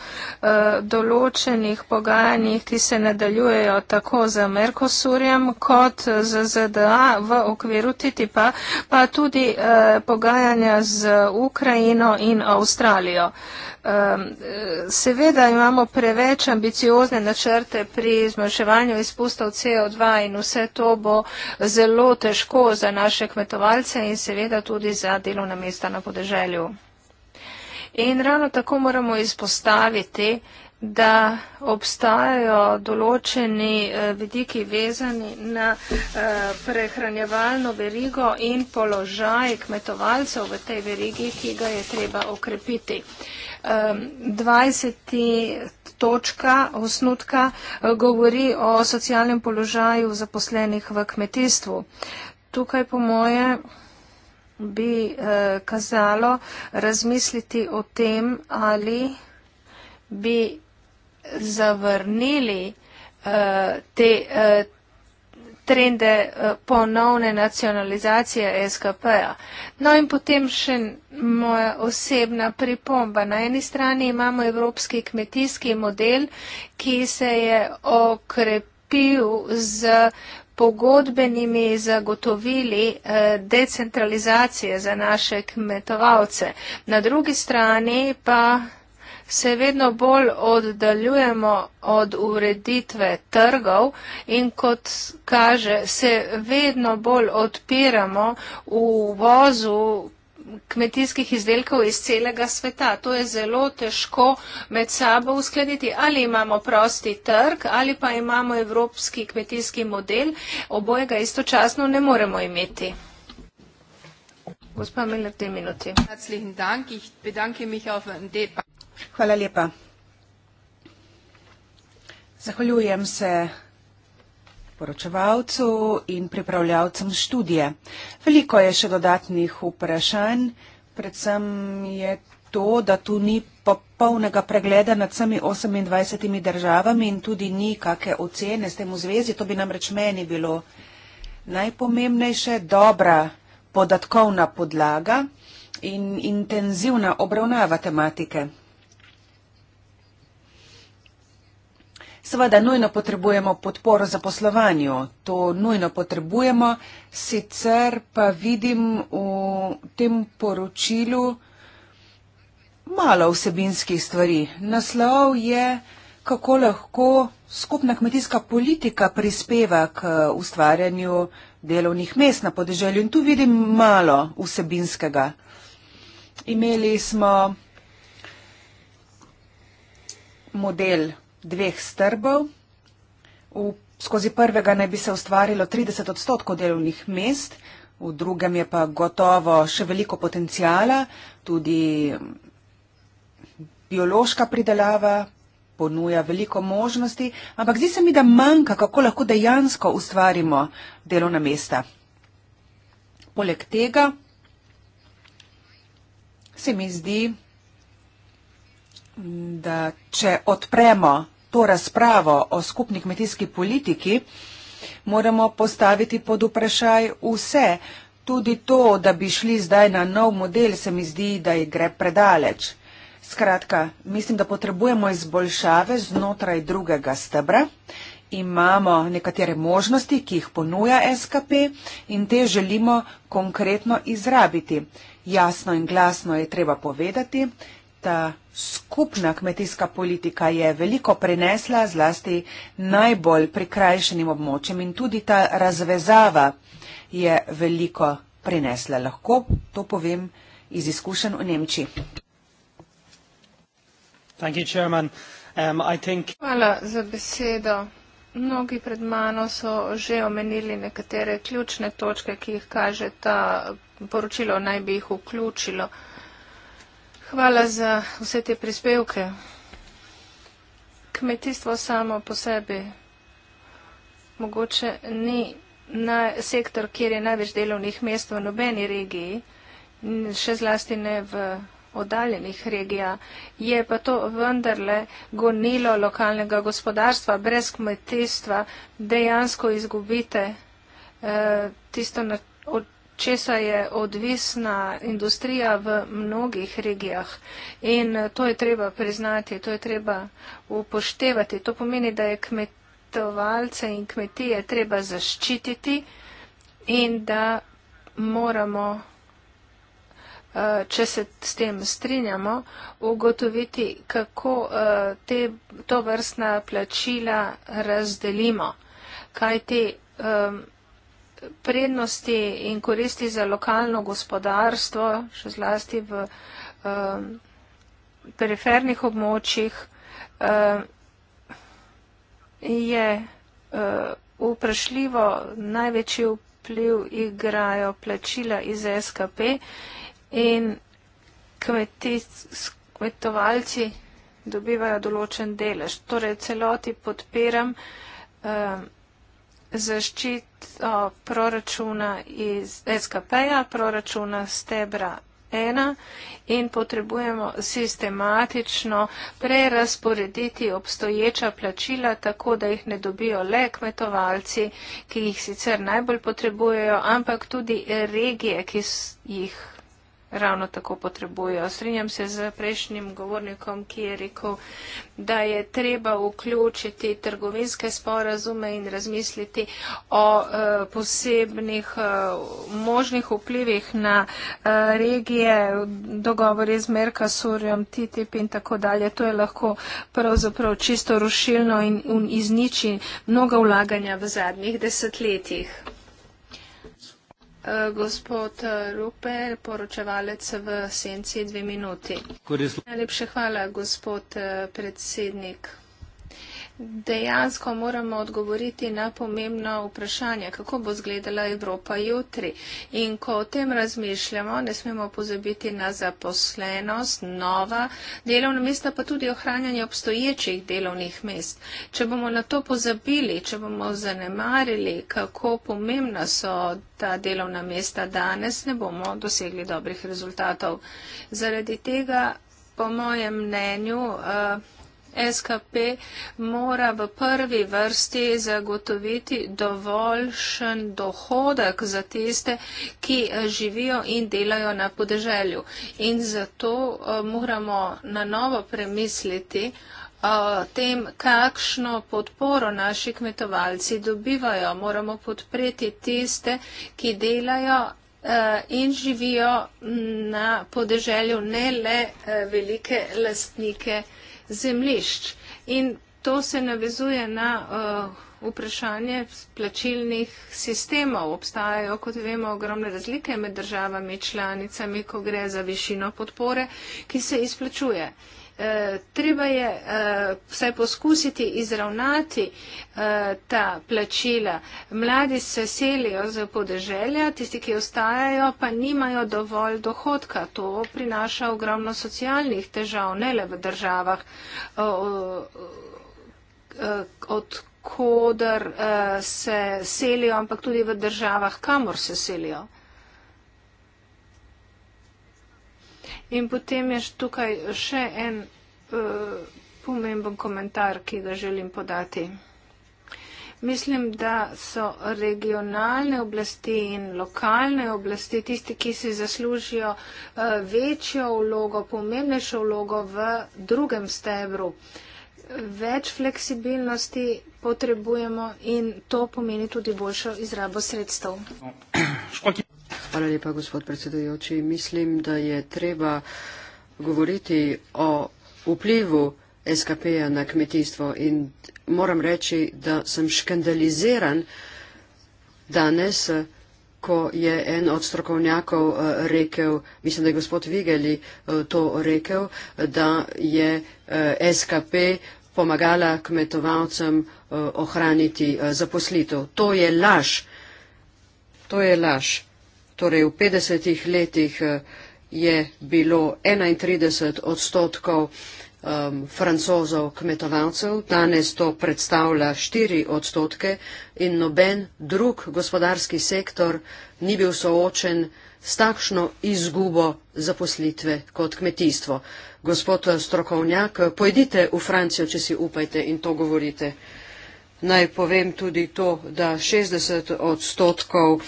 določenih pogajanjih, ki se nadaljujejo tako za Merkosurjem kot za ZDA v okviru TTIP-a, pa tudi e, pogajanja z Ukrajino in Avstralijo. E, seveda imamo preveč ambiciozne načrte pri zmanjševanju izpustov CO2 in vse to bo zelo težko za naše kmetovalce in seveda seveda tudi za delovna mesta na podeželju. In ravno tako moramo izpostaviti, da obstajajo določeni eh, vidiki vezani na eh, prehranjevalno verigo in položaj kmetovalcev v tej verigi, ki ga je treba okrepiti. 20. Ehm, točka osnutka eh, govori o socialnem položaju zaposlenih v kmetijstvu. Tukaj po moje bi eh, kazalo razmisliti o tem, ali bi zavrnili eh, te eh, trende eh, ponovne nacionalizacije SKP-a. No in potem še moja osebna pripomba. Na eni strani imamo evropski kmetijski model, ki se je okrepil z pogodbenimi zagotovili eh, decentralizacije za naše kmetovalce. Na drugi strani pa se vedno bolj oddaljujemo od ureditve trgov in kot kaže, se vedno bolj odpiramo v vozu kmetijskih izdelkov iz celega sveta. To je zelo težko med sabo uskladiti. Ali imamo prosti trg, ali pa imamo evropski kmetijski model, obojega istočasno ne moremo imeti. Gospa Miller, dve minuti. Hvala lepa. Zahvaljujem se poročevalcu in pripravljalcem študije. Veliko je še dodatnih vprašanj, predvsem je to, da tu ni popolnega pregleda nad vsemi 28 državami in tudi ni kakšne ocene s tem v zvezi. To bi namreč meni bilo najpomembnejše, dobra podatkovna podlaga in intenzivna obravnava tematike. Seveda nujno potrebujemo podporo za poslovanje, to nujno potrebujemo, sicer pa vidim v tem poročilu malo vsebinskih stvari. Naslov je, kako lahko skupna kmetijska politika prispeva k ustvarjanju delovnih mest na podeželju in tu vidim malo vsebinskega. Imeli smo model dveh strbov. V, skozi prvega naj bi se ustvarilo 30 odstotkov delovnih mest, v drugem je pa gotovo še veliko potencijala, tudi biološka pridelava ponuja veliko možnosti, ampak zdi se mi, da manjka, kako lahko dejansko ustvarimo delovna mesta. Poleg tega se mi zdi, da če odpremo to razpravo o skupni kmetijski politiki, moramo postaviti pod vprašaj vse. Tudi to, da bi šli zdaj na nov model, se mi zdi, da gre predaleč. Skratka, mislim, da potrebujemo izboljšave znotraj drugega stebra. Imamo nekatere možnosti, ki jih ponuja SKP in te želimo konkretno izrabiti. Jasno in glasno je treba povedati, ta skupna kmetijska politika je veliko prenesla zlasti najbolj prikrajšenim območjem in tudi ta razvezava je veliko prenesla. Lahko to povem iz izkušenj v Nemčiji. Um, Hvala za besedo. Mnogi pred mano so že omenili nekatere ključne točke, ki jih kaže ta poročilo, naj bi jih vključilo. Hvala za vse te prispevke. Kmetijstvo samo po sebi mogoče ni na sektor, kjer je največ delovnih mest v nobeni regiji, še zlasti ne v oddaljenih regija, je pa to vendarle gonilo lokalnega gospodarstva. Brez kmetijstva dejansko izgubite eh, tisto, na, od, česa je odvisna industrija v mnogih regijah. In eh, to je treba priznati, to je treba upoštevati. To pomeni, da je kmetovalce in kmetije treba zaščititi in da moramo, eh, če se s tem strinjamo, ugotoviti, kako eh, te, to vrstna plačila razdelimo. Kaj ti prednosti in koristi za lokalno gospodarstvo, še zlasti v um, perifernih območjih, um, je um, vprašljivo največji vpliv igrajo plačila iz SKP in kmetovalci dobivajo določen delež. Torej, celoti podpiram. Um, zaščito proračuna iz SKP-ja, proračuna stebra ena in potrebujemo sistematično prerasporediti obstoječa plačila, tako da jih ne dobijo le kmetovalci, ki jih sicer najbolj potrebujejo, ampak tudi regije, ki jih ravno tako potrebujejo. Strinjam se z prejšnjim govornikom, ki je rekel, da je treba vključiti trgovinske sporazume in razmisliti o eh, posebnih eh, možnih vplivih na eh, regije, dogovori z Merkasurjem, TTIP in tako dalje. To je lahko pravzaprav čisto rušilno in izniči mnoga vlaganja v zadnjih desetletjih. Eh, gospod eh, Rupel, poročevalec v senci dve minuti. Najlepše hvala, gospod eh, predsednik dejansko moramo odgovoriti na pomembno vprašanje, kako bo zgledala Evropa jutri. In ko o tem razmišljamo, ne smemo pozabiti na zaposlenost, nova delovna mesta, pa tudi ohranjanje obstoječih delovnih mest. Če bomo na to pozabili, če bomo zanemarili, kako pomembna so ta delovna mesta danes, ne bomo dosegli dobrih rezultatov. Zaradi tega, po mojem mnenju, uh, SKP mora v prvi vrsti zagotoviti dovoljšen dohodek za tiste, ki eh, živijo in delajo na podeželju. In zato eh, moramo na novo premisliti eh, tem, kakšno podporo naši kmetovalci dobivajo. Moramo podpreti tiste, ki delajo in živijo mm, na podeželju, ne le velike lastnike kmetovalcev zemlišč. In to se navezuje na uh, vprašanje plačilnih sistemov. Obstajajo, kot vemo, ogromne razlike med državami, članicami, ko gre za višino podpore, ki se izplačuje. Uh, Eh, treba je eh, vse poskusiti izravnati eh, ta plačila. Mladi se selijo za podeželja, tisti, ki ostajajo, pa nimajo dovolj dohodka. To prinaša ogromno socialnih težav, ne le v državah, odkudar se selijo, ampak tudi v državah, kamor se selijo. In potem je tukaj še en uh, pomemben komentar, ki ga želim podati. Mislim, da so regionalne oblasti in lokalne oblasti tisti, ki si zaslužijo eh, večjo vlogo, pomembnejšo vlogo v drugem stebru. Več fleksibilnosti potrebujemo in to pomeni tudi boljšo izrabo sredstev. No, Hvala lepa, gospod predsedujoči. Mislim, da je treba govoriti o vplivu SKP-ja na kmetijstvo in moram reči, da sem škandaliziran danes, ko je en od strokovnjakov eh, rekel, mislim, da je gospod Vigeli eh, to rekel, da je eh, SKP pomagala kmetovalcem ohraniti zaposlitev. To je laž. To je laž torej v 50 letih eh, je bilo 31 odstotkov um, francozov kmetovalcev, danes to predstavlja 4 odstotke in noben drug gospodarski sektor ni bil soočen s takšno izgubo zaposlitve kot kmetijstvo. Gospod eh, strokovnjak, eh, pojdite v Francijo, če si upajte in to govorite. Naj povem tudi to, da 60 odstotkov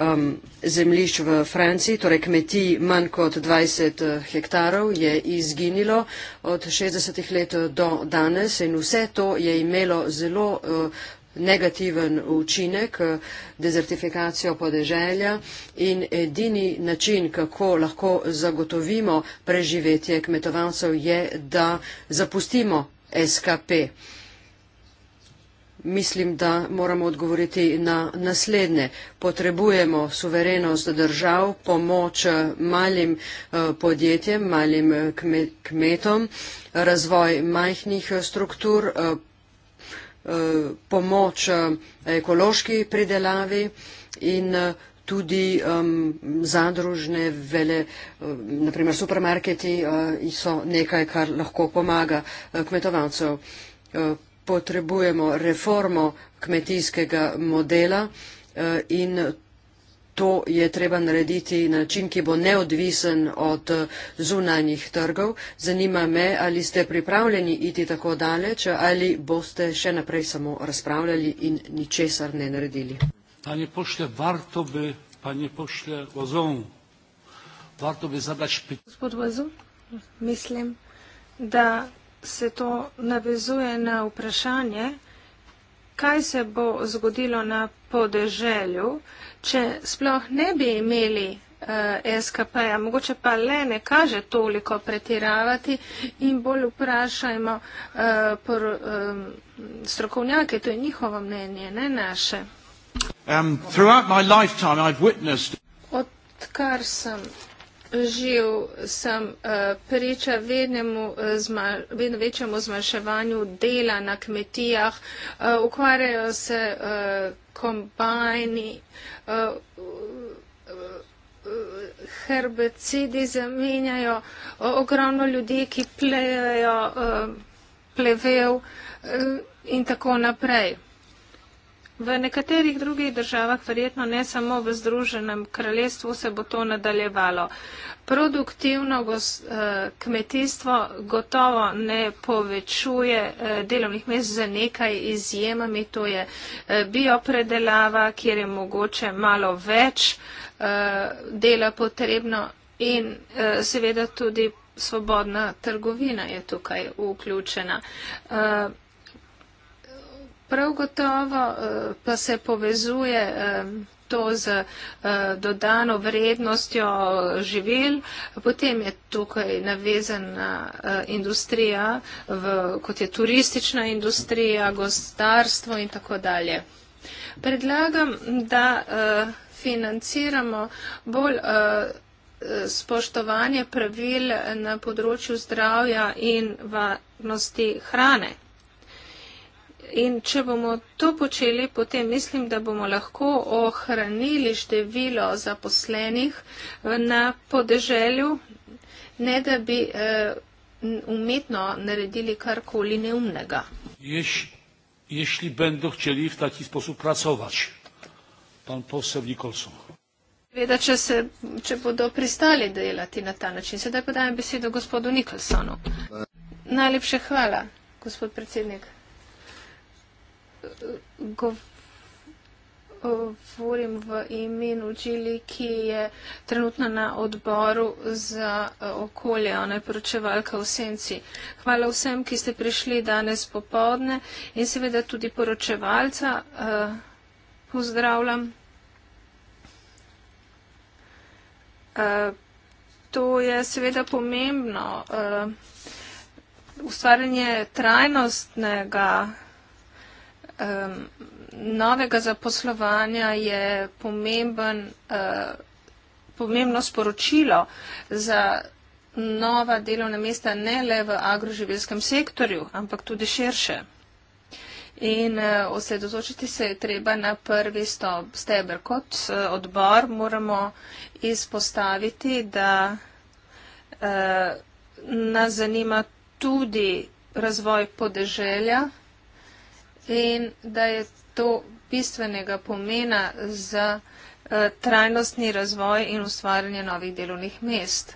um, zemljišč v Franciji, torej kmetij manj kot 20 eh, hektarov je izginilo od 60 let do danes in vse to je imelo zelo uh, negativen učinek, eh, dezertifikacijo podeželja in edini način, kako lahko zagotovimo preživetje kmetovalcev, je, da zapustimo SKP mislim, da moramo odgovoriti na naslednje. Potrebujemo suverenost držav, pomoč eh, malim eh, podjetjem, malim eh, kmetom, razvoj majhnih struktur, pomoč ekološki pridelavi in tudi um, zadružne vele, um, naprimer supermarketi, uh, so nekaj, kar lahko pomaga uh, kmetovalcev. Uh, potrebujemo reformo kmetijskega modela eh, in to je treba narediti način, ki bo neodvisen od zunanjih trgov. Zanima me, ali ste pripravljeni iti tako daleč ali boste še naprej samo razpravljali in ničesar ne naredili. Pa ne pošlje varto bi, pa ne pošlje ozon. Varto bi zadač pit. Gospod Vazu, mislim, da se to navezuje na vprašanje, kaj se bo zgodilo na podeželju, če sploh ne bi imeli eh, SKP-ja, mogoče pa le ne kaže toliko pretiravati in bolj vprašajmo eh, por, eh, strokovnjake, to je njihovo mnenje, ne naše. Um, Odkar sem Živ sem eh, priča vednemu, eh, vedno večjemu zmanjševanju dela na kmetijah, eh, ukvarjajo se kombajni, herbicidi zamenjajo, ogromno ljudi, ki plejejo plevel in tako naprej. V nekaterih drugih državah, verjetno ne samo v Združenem kraljestvu, se bo to nadaljevalo. Produktivno gos, eh, kmetijstvo gotovo ne povečuje eh, delovnih mest z nekaj izjemami, to je eh, biopredelava, kjer je mogoče malo več eh, dela potrebno in eh, seveda tudi svobodna trgovina je tukaj vključena. Eh, Prav gotovo eh, pa se povezuje eh, to z eh, dodano vrednostjo živil, potem je tukaj navezana industrija, v, kot je turistična industrija, gostarstvo in tako dalje. Predlagam, da financiramo bolj spoštovanje pravil na področju zdravja in varnosti hrane. In če bomo to počeli, potem mislim, da bomo lahko ohranili število zaposlenih na podeželju, ne da bi uh, umetno naredili karkoli neumnega. Ješli bodo hteli v taki sposob pracovati, pan posel Nikolson. Veda, če, se, če bodo pristali delati na ta način. Sedaj pa dajem besedo gospodu Nikolsonu. Najlepše hvala, gospod predsednik govorim v imenu Džili, ki je trenutno na odboru za eh, okolje, ona je poročevalka v Senci. Hvala vsem, ki ste prišli danes popovdne in seveda tudi poročevalca eh, pozdravljam. Eh, to je seveda pomembno. Ustvarjanje trajnostnega um, novega zaposlovanja je pomemben, uh, pomembno sporočilo za nova delovna mesta ne le v agroživelskem sektorju, ampak tudi širše. In uh, osredotočiti se je treba na prvi stop steber. Kot uh, odbor moramo izpostaviti, da uh, nas zanima tudi razvoj podeželja vem, da je to bistvenega pomena za eh, trajnostni razvoj in ustvarjanje novih delovnih mest.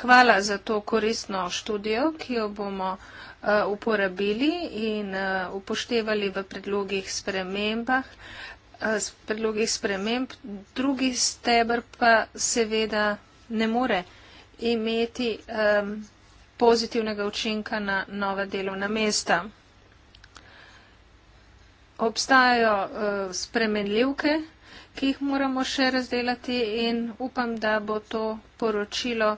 Hvala za to koristno študijo, ki jo bomo eh, uporabili in eh, upoštevali v predlogih spremembah. S predlogih sprememb drugi stebr pa seveda ne more imeti um, pozitivnega učinka na nova delovna mesta obstajajo uh, spremenljivke, ki jih moramo še razdelati in upam, da bo to poročilo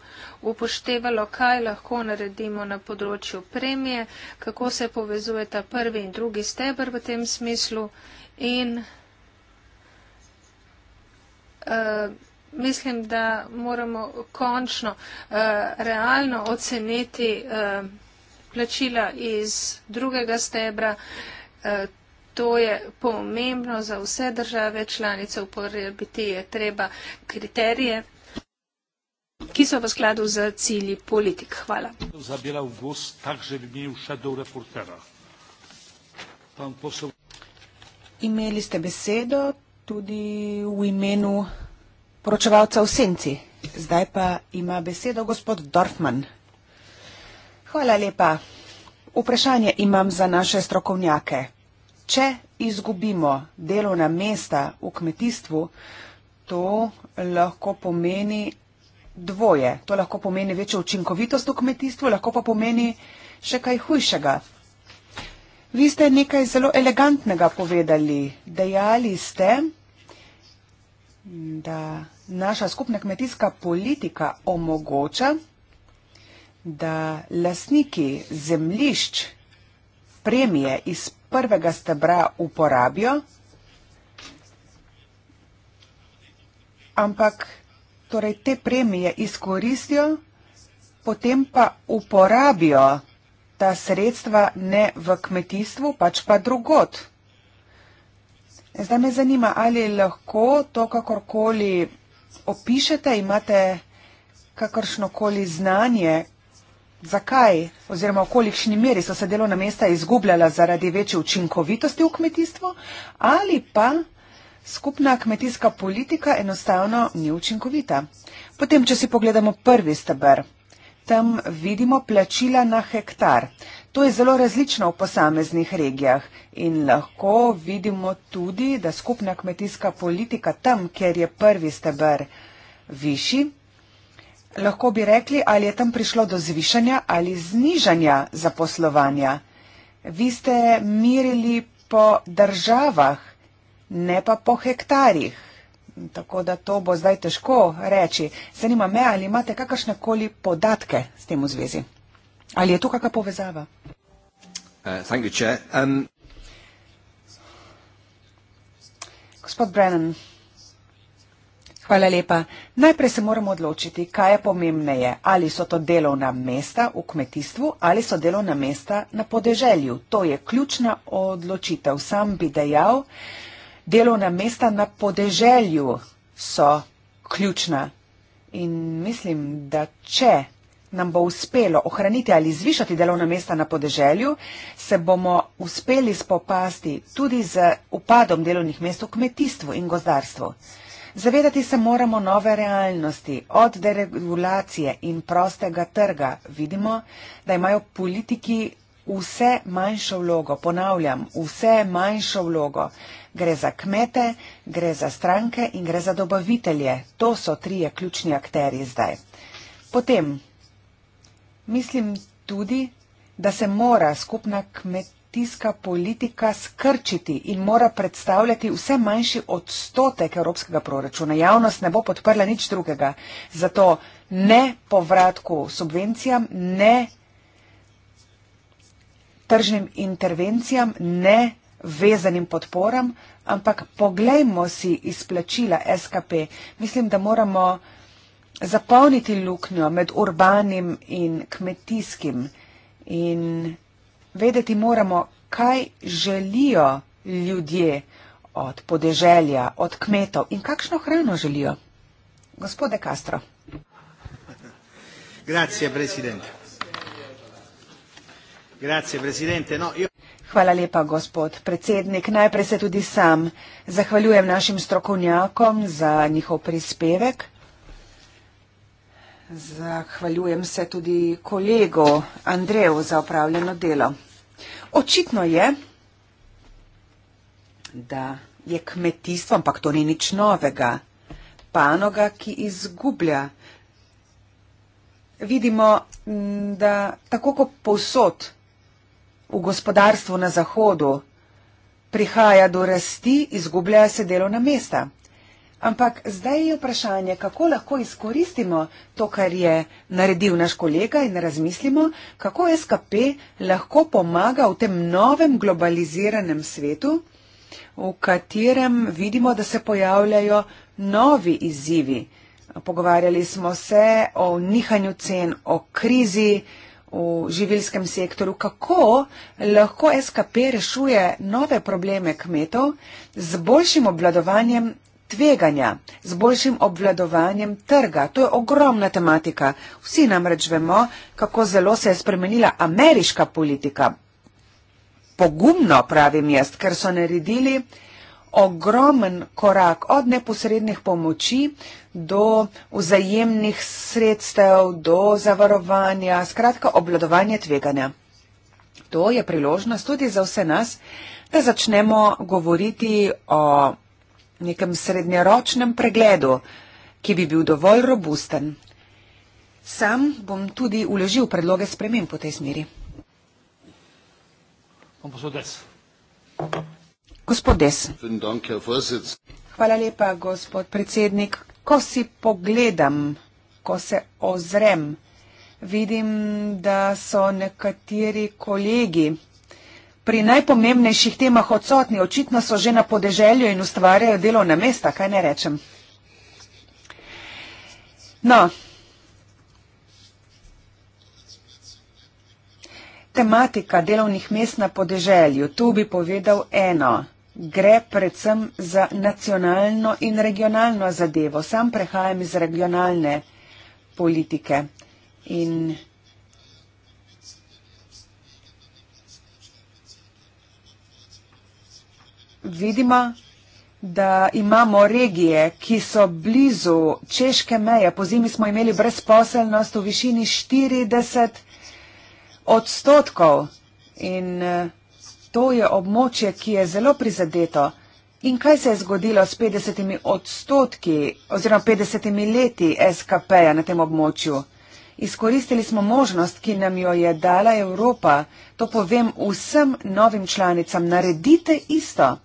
upoštevalo, kaj lahko naredimo na področju premije, kako se povezujeta prvi in drugi stebr v tem smislu in uh, mislim, da moramo končno uh, realno oceniti uh, plačila iz drugega stebra. Uh, To je pomembno za vse države članice, uporabiti je treba kriterije, ki so v skladu z cilji politik. Hvala. Zabiral vos, tak, že bi mi ušedel reportera. Posel... Imeli ste besedo tudi v imenu poročevalca v senci. Zdaj pa ima besedo gospod Dorfman. Hvala lepa. Vprašanje imam za naše strokovnjake če izgubimo delovna mesta v kmetijstvu, to lahko pomeni dvoje. To lahko pomeni večjo učinkovitost v kmetijstvu, lahko pa pomeni še kaj hujšega. Vi ste nekaj zelo elegantnega povedali. Dejali ste, da naša skupna kmetijska politika omogoča, da lasniki zemlišč premije iz prvega stebra uporabijo, ampak torej te premije izkoristijo, potem pa uporabijo ta sredstva ne v kmetijstvu, pač pa drugot. Zdaj me zanima, ali lahko to kakorkoli opišete, imate kakršnokoli znanje, Zakaj oziroma v kolikšni meri so se delovna mesta izgubljala zaradi večje učinkovitosti v kmetijstvu ali pa skupna kmetijska politika enostavno ni učinkovita? Potem, če si pogledamo prvi stebr, tam vidimo plačila na hektar. To je zelo različno v posameznih regijah in lahko vidimo tudi, da skupna kmetijska politika tam, kjer je prvi stebr, višji Lahko bi rekli, ali je tam prišlo do zvišanja ali znižanja zaposlovanja. Vi ste merili po državah, ne pa po hektarjih. Tako da to bo zdaj težko reči. Zanima me, ali imate kakršne koli podatke s tem v zvezi. Ali je tu kakšna povezava? Hvala, uh, predsednik. Um... Gospod Brennan. Hvala lepa. Najprej se moramo odločiti, kaj je pomembneje, ali so to delovna mesta v kmetijstvu ali so delovna mesta na podeželju. To je ključna odločitev. Sam bi dejal, delovna mesta na podeželju so ključna. In mislim, da če nam bo uspelo ohraniti ali zvišati delovna mesta na podeželju, se bomo uspeli spopasti tudi z upadom delovnih mest v kmetijstvu in gozdarstvu. Zavedati se moramo nove realnosti. Od deregulacije in prostega trga vidimo, da imajo politiki vse manjšo vlogo. Ponavljam, vse manjšo vlogo. Gre za kmete, gre za stranke in gre za dobavitelje. To so trije ključni akteri zdaj. Potem mislim tudi, da se mora skupna kmetija kmetijska politika skrčiti in mora predstavljati vse manjši odstotek evropskega proračuna. Javnost ne bo podprla nič drugega. Zato ne povratku subvencijam, ne tržnim intervencijam, ne vezanim podporam, ampak poglejmo si izplačila SKP. Mislim, da moramo zapolniti luknjo med urbanim in kmetijskim in vedeti moramo, kaj želijo ljudje od podeželja, od kmetov in kakšno hrano želijo. Gospode Castro. Grazie, predsednik. Grazie, predsednik. No, io... Hvala lepa, gospod predsednik. Najprej se tudi sam zahvaljujem našim strokovnjakom za njihov prispevek. Zahvaljujem se tudi kolegu Andreju za opravljeno delo. Očitno je, da je kmetijstvo, ampak to ni nič novega, panoga, ki izgublja. Vidimo, da tako kot povsod v gospodarstvu na zahodu prihaja do rasti, izgubljajo se delovna mesta. Ampak zdaj je vprašanje, kako lahko izkoristimo to, kar je naredil naš kolega in razmislimo, kako SKP lahko pomaga v tem novem globaliziranem svetu, v katerem vidimo, da se pojavljajo novi izzivi. Pogovarjali smo se o nihanju cen, o krizi v živilskem sektoru, kako lahko SKP rešuje nove probleme kmetov z boljšim obladovanjem tveganja, z boljšim obvladovanjem trga. To je ogromna tematika. Vsi namreč vemo, kako zelo se je spremenila ameriška politika. Pogumno, pravim jaz, ker so naredili ogromen korak od neposrednih pomoči do vzajemnih sredstev, do zavarovanja, skratka obvladovanje tveganja. To je priložnost tudi za vse nas, da začnemo govoriti o nekem srednjeročnem pregledu, ki bi bil dovolj robusten. Sam bom tudi uložil predloge spremem po tej smeri. Gospod Des. Hvala lepa, gospod predsednik. Ko si pogledam, ko se ozrem, vidim, da so nekateri kolegi pri najpomembnejših temah odsotni, očitno so že na podeželju in ustvarjajo delovna mesta, kaj ne rečem. No, tematika delovnih mest na podeželju, tu bi povedal eno, gre predvsem za nacionalno in regionalno zadevo. Sam prehajam iz regionalne politike in. vidimo, da imamo regije, ki so blizu češke meje. Po zimi smo imeli brezposelnost v višini 40 odstotkov in eh, to je območje, ki je zelo prizadeto. In kaj se je zgodilo s 50 odstotki oziroma 50 leti SKP-ja na tem območju? Izkoristili smo možnost, ki nam jo je dala Evropa. To povem vsem novim članicam. Naredite isto.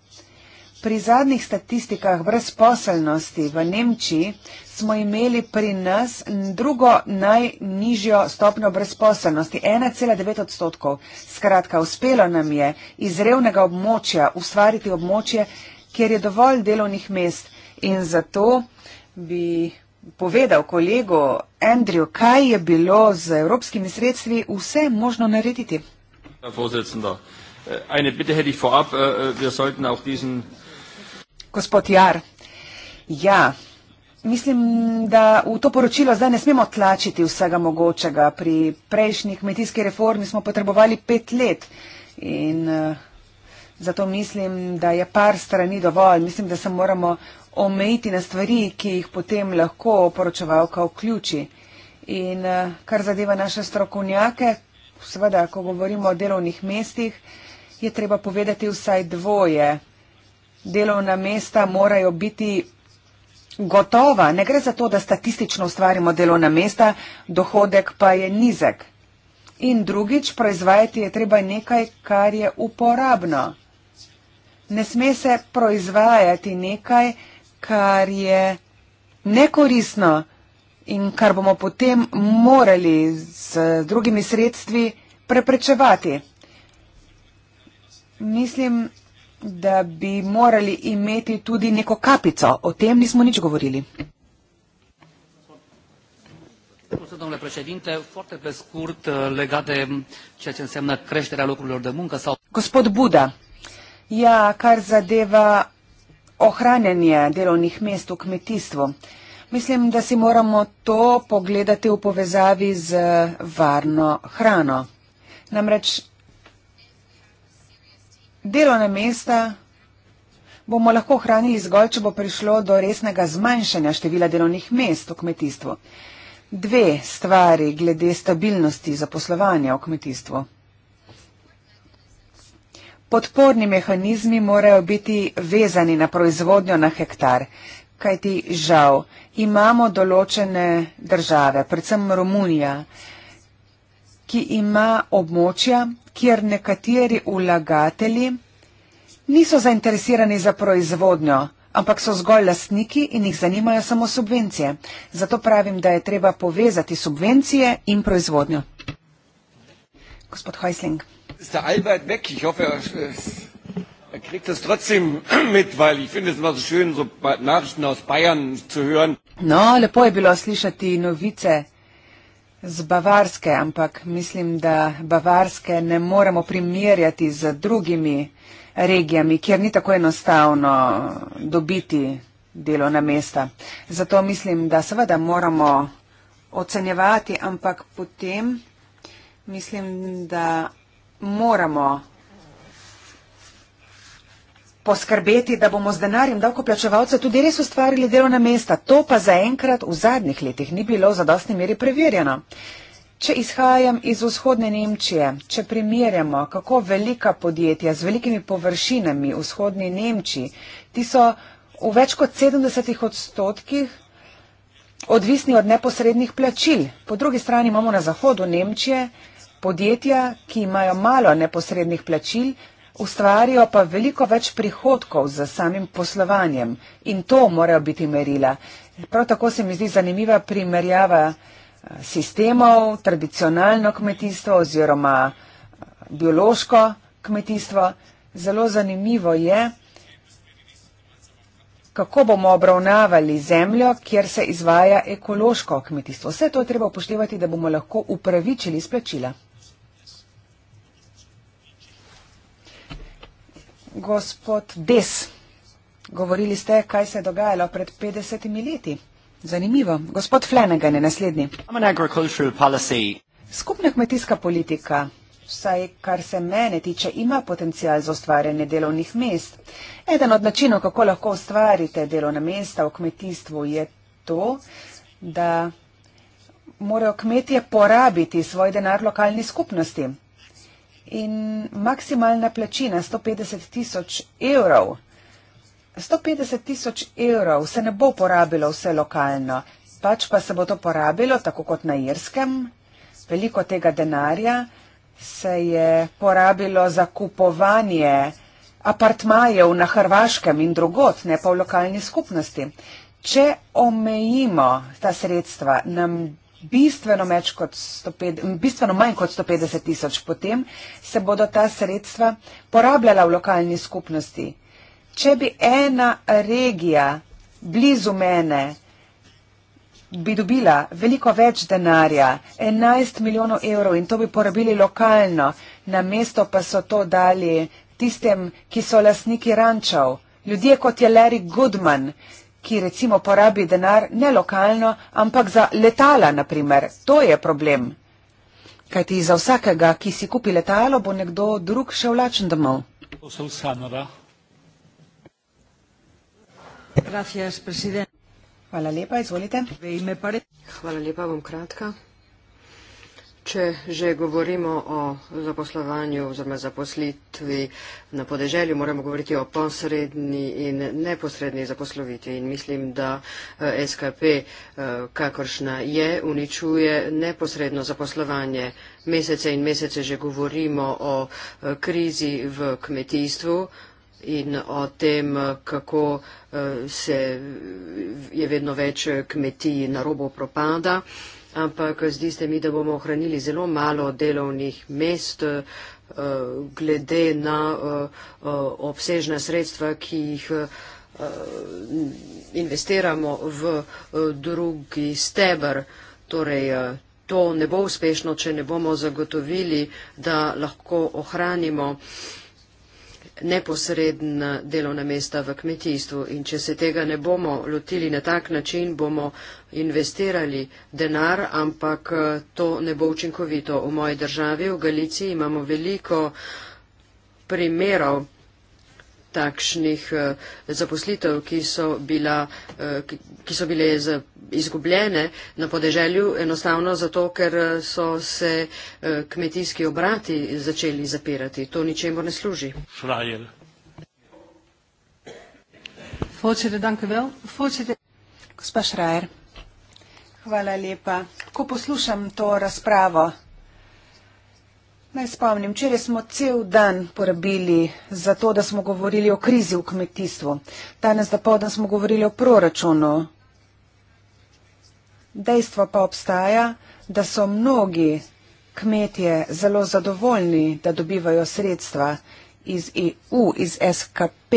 Pri zadnjih statistikah brezposelnosti v Nemčiji smo imeli pri nas drugo najnižjo stopnjo brezposelnosti, 1,9 odstotkov. Skratka, uspelo nam je iz revnega območja ustvariti območje, kjer je dovolj delovnih mest. In zato bi povedal kolegu Andrew, kaj je bilo z evropskimi sredstvi vse možno narediti. Ja, Eine Bitte hätte ich vorab. Äh, äh, wir sollten auch diesen Gospod Jar, ja, mislim, da v to poročilo zdaj ne smemo tlačiti vsega mogočega. Pri prejšnji kmetijski reformi smo potrebovali pet let in eh, zato mislim, da je par strani dovolj. Mislim, da se moramo omejiti na stvari, ki jih potem lahko poročevalka vključi. In eh, kar zadeva naše strokovnjake, seveda, ko govorimo o delovnih mestih, je treba povedati vsaj dvoje delovna mesta morajo biti gotova. Ne gre za to, da statistično ustvarimo delovna mesta, dohodek pa je nizek. In drugič, proizvajati je treba nekaj, kar je uporabno. Ne sme se proizvajati nekaj, kar je nekorisno in kar bomo potem morali z drugimi sredstvi preprečevati. Mislim, da bi morali imeti tudi neko kapico. O tem nismo nič govorili. Domnule președinte, foarte pe scurt eh, legat de mm, ceea ce înseamnă creșterea locurilor de muncă sau... Gospod Buda, ja, kar zadeva ohranjanje delovnih mest v kmetijstvu. Mislim, da si moramo to pogledati v povezavi z varno hrano. Namreč Delovne mesta bomo lahko ohranili zgolj, če bo prišlo do resnega zmanjšanja števila delovnih mest v kmetijstvu. Dve stvari glede stabilnosti zaposlovanja v kmetijstvu. Podporni mehanizmi morajo biti vezani na proizvodnjo na hektar, kajti žal imamo določene države, predvsem Romunija, ki ki ima območja, kjer nekateri vlagatelji niso zainteresirani za proizvodnjo, ampak so zgolj lastniki in jih zanimajo samo subvencije. Zato pravim, da je treba povezati subvencije in proizvodnjo. Gospod Heisling. Ste Albert Beck, jih hofe. Er, er kriegt es trotzdem mit, weil ich finde es immer so schön, so Nachrichten aus Bayern zu hören. No, lepo je bilo slišati novice Z Bavarske, ampak mislim, da Bavarske ne moremo primerjati z drugimi regijami, kjer ni tako enostavno dobiti delovna mesta. Zato mislim, da seveda moramo ocenjevati, ampak potem mislim, da moramo poskrbeti, da bomo z denarjem davkoplačevalcev tudi res ustvarili delovna mesta. To pa zaenkrat v zadnjih letih ni bilo v zadostni meri preverjeno. Če izhajam iz vzhodne Nemčije, če primerjamo, kako velika podjetja z velikimi površinami v vzhodni Nemčiji, ti so v več kot 70 odstotkih odvisni od neposrednih plačil. Po drugi strani imamo na zahodu Nemčije podjetja, ki imajo malo neposrednih plačil, ustvarijo pa veliko več prihodkov za samim poslovanjem in to morajo biti merila. Prav tako se mi zdi zanimiva primerjava eh, sistemov, tradicionalno kmetijstvo oziroma eh, biološko kmetijstvo. Zelo zanimivo je, kako bomo obravnavali zemljo, kjer se izvaja ekološko kmetijstvo. Vse to je treba upoštevati, da bomo lahko upravičili splačila. Gospod Des, govorili ste, kaj se je dogajalo pred 50 leti. Zanimivo. Gospod Flanagan je naslednji. Skupna kmetijska politika, vsaj kar se mene tiče, ima potencial za ustvarjanje delovnih mest. Eden od načinov, kako lahko ustvarite delovna mesta v kmetijstvu, je to, da morajo kmetije porabiti svoj denar lokalni skupnosti in maksimalna plačina 150 tisoč evrov. 150 tisoč evrov se ne bo porabilo vse lokalno, pač pa se bo to porabilo, tako kot na Irskem. Veliko tega denarja se je porabilo za kupovanje apartmajev na Hrvaškem in drugot, ne pa v lokalni skupnosti. Če omejimo ta sredstva, nam bistveno, kot 150, bistveno manj kot 150 tisoč, potem se bodo ta sredstva porabljala v lokalni skupnosti. Če bi ena regija blizu mene bi dobila veliko več denarja, 11 milijonov evrov in to bi porabili lokalno, na mesto pa so to dali tistem, ki so lasniki rančev. Ljudje kot je Larry Goodman, ki recimo porabi denar ne lokalno, ampak za letala, naprimer. To je problem. Kaj ti za vsakega, ki si kupi letalo, bo nekdo drug še vlačen domov? No, Hvala lepa, izvolite. Hvala lepa, bom kratka. Če že govorimo o zaposlovanju oziroma zaposlitvi na podeželju, moramo govoriti o posredni in neposredni zaposlovitvi. In mislim, da eh, SKP, eh, kakršna je, uničuje neposredno zaposlovanje. Mesece in mesece že govorimo o eh, krizi v kmetijstvu in o tem, kako se je vedno več kmetij na robo propada ampak zdi se mi, da bomo ohranili zelo malo delovnih mest eh, glede na eh, eh, obsežna sredstva, ki jih investiramo v drugi stebr. Torej, to ne bo uspešno, če ne bomo zagotovili, da lahko ohranimo uh, neposredna delovna mesta v kmetijstvu. In če se tega ne bomo lotili na tak način, bomo investirali denar, ampak eh, to ne bo učinkovito. V moji državi, v Galiciji, imamo veliko primerov takšnih eh, zaposlitev, ki so, bila, eh, ki so bile izgubljene na podeželju, enostavno zato, ker eh, so se kmetijski obrati začeli zapirati. To ničemu ne služi. Frajel. Voorzitter, dank u wel. Voorzitter, Gospa Schreier. Hvala lepa. Ko poslušam to razpravo, Naj spomnim, včeraj smo cel dan porabili za to, da smo govorili o krizi v kmetijstvu. Danes da povdan smo govorili o proračunu. Dejstvo pa obstaja, da so mnogi kmetje zelo zadovoljni, da dobivajo sredstva iz EU, iz SKP.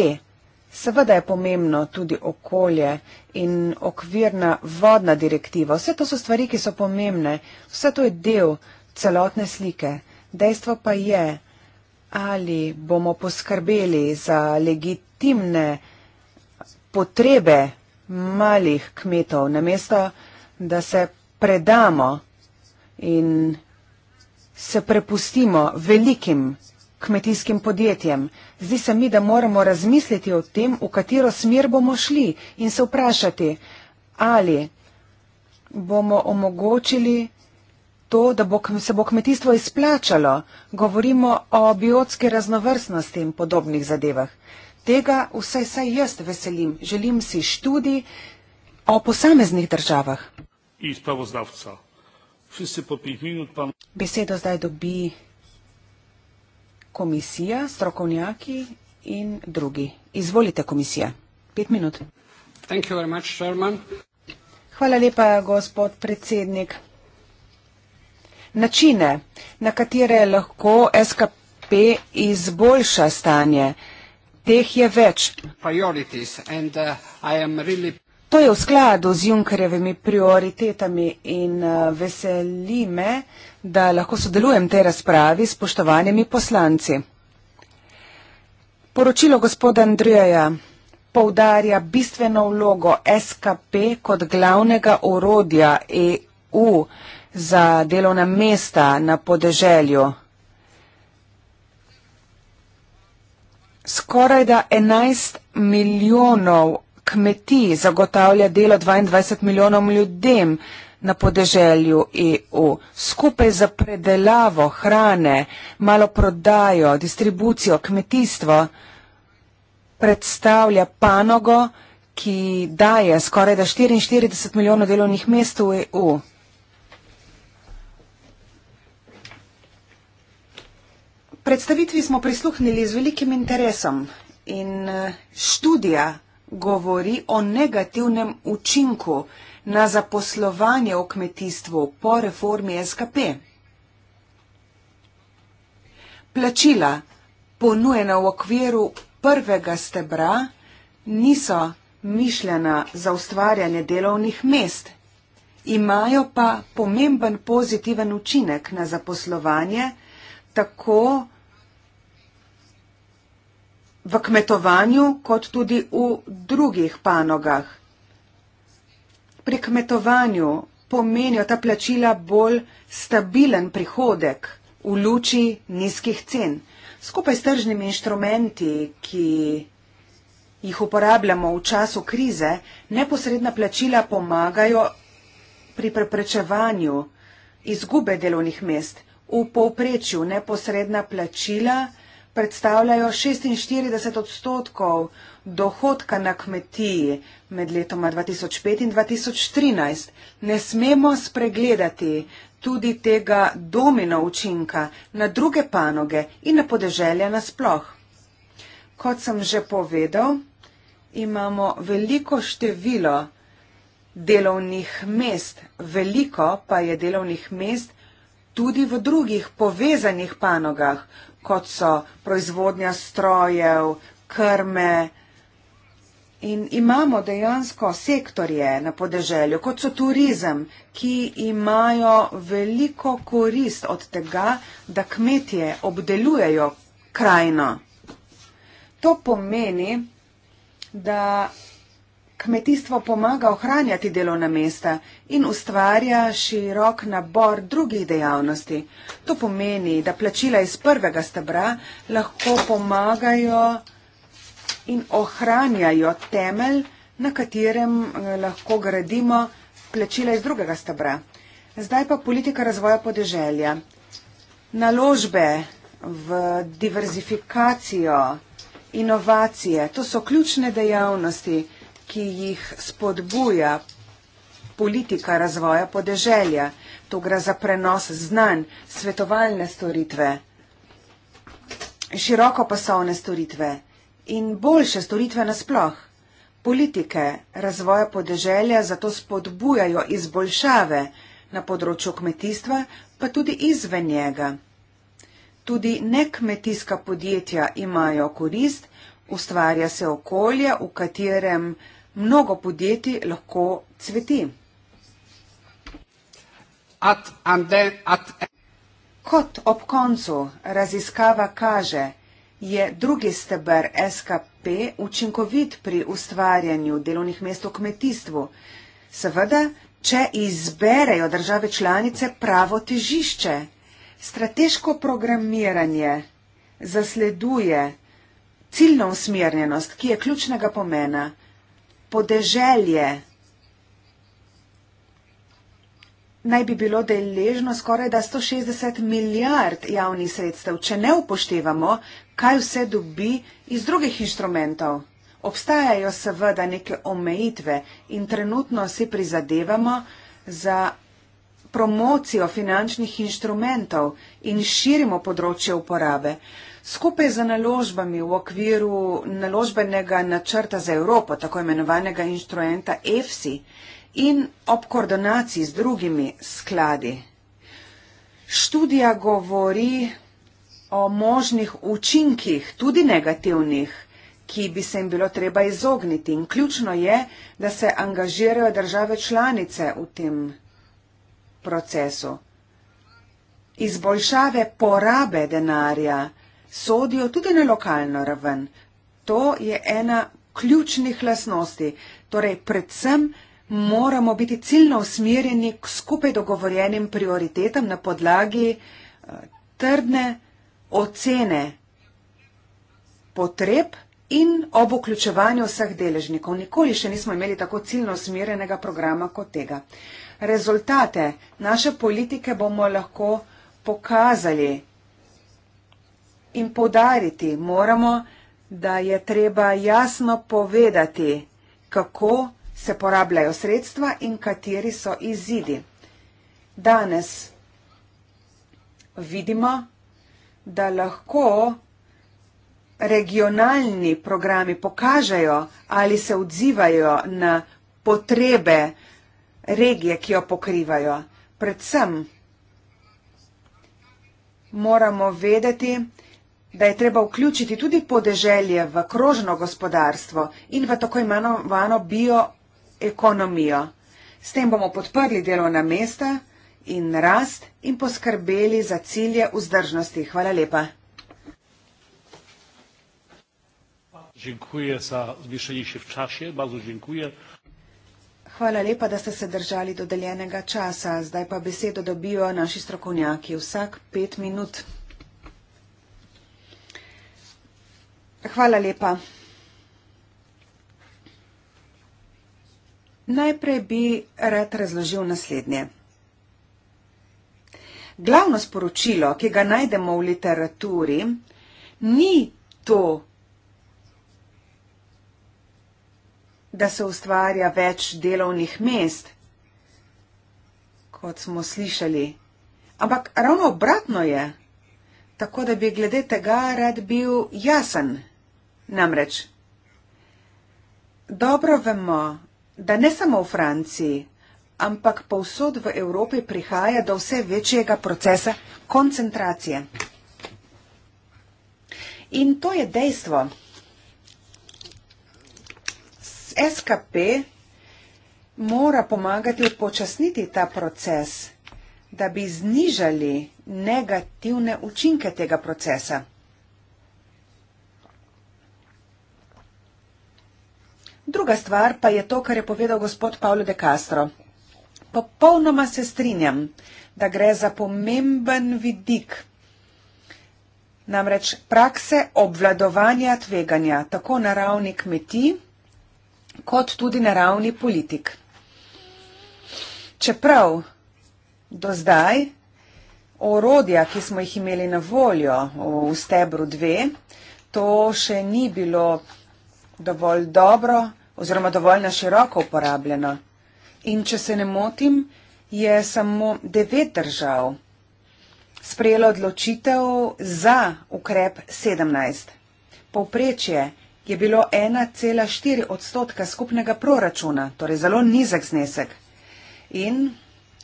Seveda je pomembno tudi okolje in okvirna vodna direktiva. Vse to so stvari, ki so pomembne. Vse to je del celotne slike. Dejstvo pa je, ali bomo poskrbeli za legitimne potrebe malih kmetov, namesto da se predamo in se prepustimo velikim kmetijskim podjetjem. Zdi se mi, da moramo razmisliti o tem, v katero smer bomo šli in se vprašati, ali bomo omogočili to, da bo, se bo kmetijstvo izplačalo, govorimo o biotski raznovrstnosti in podobnih zadevah. Tega vsaj, vsaj jaz veselim. Želim si študij o posameznih državah. Besedo zdaj dobi komisija, strokovnjaki in drugi. Izvolite komisija. Pet minut. Hvala lepa, gospod predsednik načine, na katere lahko SKP izboljša stanje. Teh je več. Uh, to je v skladu z Junkerjevimi prioritetami in uh, veseli me, da lahko sodelujem te razpravi s poštovanimi poslanci. Poročilo gospoda Andrijeja poudarja bistveno vlogo SKP kot glavnega orodja EU za delovna mesta na podeželju. Skoraj da 11 milijonov kmetij zagotavlja delo 22 milijonom ljudem na podeželju EU. Skupaj za predelavo hrane, malo prodajo, distribucijo, kmetijstvo predstavlja panogo, ki daje skoraj da 44 milijonov delovnih mest v EU. predstavitvi smo prisluhnili z velikim interesom in eh, študija govori o negativnem učinku na zaposlovanje v kmetijstvu po reformi SKP. Plačila ponujena v okviru prvega stebra niso mišljena za ustvarjanje delovnih mest, imajo pa pomemben pozitiven učinek na zaposlovanje, tako da v kmetovanju kot tudi v drugih panogah. Pri kmetovanju pomenijo ta plačila bolj stabilen prihodek v luči nizkih cen. Skupaj s tržnimi inštrumenti, ki jih uporabljamo v času krize, neposredna plačila pomagajo pri preprečevanju izgube delovnih mest. V povprečju neposredna plačila predstavljajo 46 odstotkov dohodka na kmetiji med letoma 2005 in 2013. Ne smemo spregledati tudi tega domino učinka na druge panoge in na podeželje nasploh. Kot sem že povedal, imamo veliko število delovnih mest, veliko pa je delovnih mest tudi v drugih povezanih panogah, kot so proizvodnja strojev, krme. In imamo dejansko sektorje na podeželju, kot so turizem, ki imajo veliko korist od tega, da kmetje obdelujejo krajino. To pomeni, da kmetijstvo pomaga ohranjati delovna mesta in ustvarja širok nabor drugih dejavnosti. To pomeni, da plačila iz prvega stebra lahko pomagajo in ohranjajo temelj, na katerem eh, lahko gradimo plačila iz drugega stebra. Zdaj pa politika razvoja podeželja. Naložbe v diverzifikacijo, inovacije, to so ključne dejavnosti, ki jih spodbuja politika razvoja podeželja. To gre za prenos znanj, svetovalne storitve, široko pasovne storitve in boljše storitve nasploh. Politike razvoja podeželja zato spodbujajo izboljšave na področju kmetijstva, pa tudi izven njega. Tudi nekmetijska podjetja imajo korist, ustvarja se okolje, v katerem mnogo podjetij lahko cveti. Kot ob koncu raziskava kaže, je drugi steber SKP učinkovit pri ustvarjanju delovnih mest v kmetijstvu. Seveda, če izberejo države članice pravo težišče, strateško programiranje zasleduje ciljno usmerjenost, ki je ključnega pomena podeželje naj bi bilo deležno skoraj da 160 milijard javnih sredstev, če ne upoštevamo, kaj vse dobi iz drugih inštrumentov. Obstajajo seveda neke omejitve in trenutno si prizadevamo za promocijo finančnih inštrumentov in širimo področje uporabe. Skupaj z naložbami v okviru naložbenega načrta za Evropo, tako imenovanega inštrumenta EFSI in ob koordinaciji z drugimi skladi. Študija govori o možnih učinkih, tudi negativnih, ki bi se jim bilo treba izogniti. In ključno je, da se angažirajo države članice v tem procesu. Izboljšave porabe denarja sodijo tudi na lokalno raven. To je ena ključnih lasnosti. Torej, predvsem moramo biti ciljno usmerjeni k skupaj dogovorjenim prioritetam na podlagi eh, trdne ocene potreb in ob vključevanju vseh deležnikov. Nikoli še nismo imeli tako ciljno usmerjenega programa kot tega. Rezultate naše politike bomo lahko pokazali in podariti. Moramo, da je treba jasno povedati, kako se porabljajo sredstva in kateri so izidi. Danes vidimo, da lahko regionalni programi pokažejo ali se odzivajo na potrebe regije, ki jo pokrivajo. Predvsem moramo vedeti, da je treba vključiti tudi podeželje v krožno gospodarstvo in v tako imenovano bioekonomijo. S tem bomo podprli delovna mesta in rast in poskrbeli za cilje vzdržnosti. Hvala lepa. Hvala lepa, da ste se držali dodeljenega časa. Zdaj pa besedo dobijo naši strokovnjaki vsak pet minut. Hvala lepa. Najprej bi rad razložil naslednje. Glavno sporočilo, ki ga najdemo v literaturi, ni to, da se ustvarja več delovnih mest, kot smo slišali. Ampak ravno obratno je, tako da bi glede tega rad bil jasen. Namreč, dobro vemo, da ne samo v Franciji, ampak povsod v Evropi prihaja do vse večjega procesa koncentracije. In to je dejstvo. SKP mora pomagati upočasniti ta proces, da bi znižali negativne učinke tega procesa. Druga stvar pa je to, kar je povedal gospod Pavlo de Castro. Popolnoma se strinjam, da gre za pomemben vidik. Namreč prakse obvladovanja tveganja, tako na ravni kmetij, kot tudi na ravni politik. Čeprav do zdaj orodja, ki smo jih imeli na voljo v stebru 2, to še ni bilo dovolj dobro oziroma dovolj na široko uporabljeno. In če se ne motim, je samo devet držav sprejelo odločitev za ukrep 17. Povprečje je bilo 1,4 odstotka skupnega proračuna, torej zelo nizek znesek. In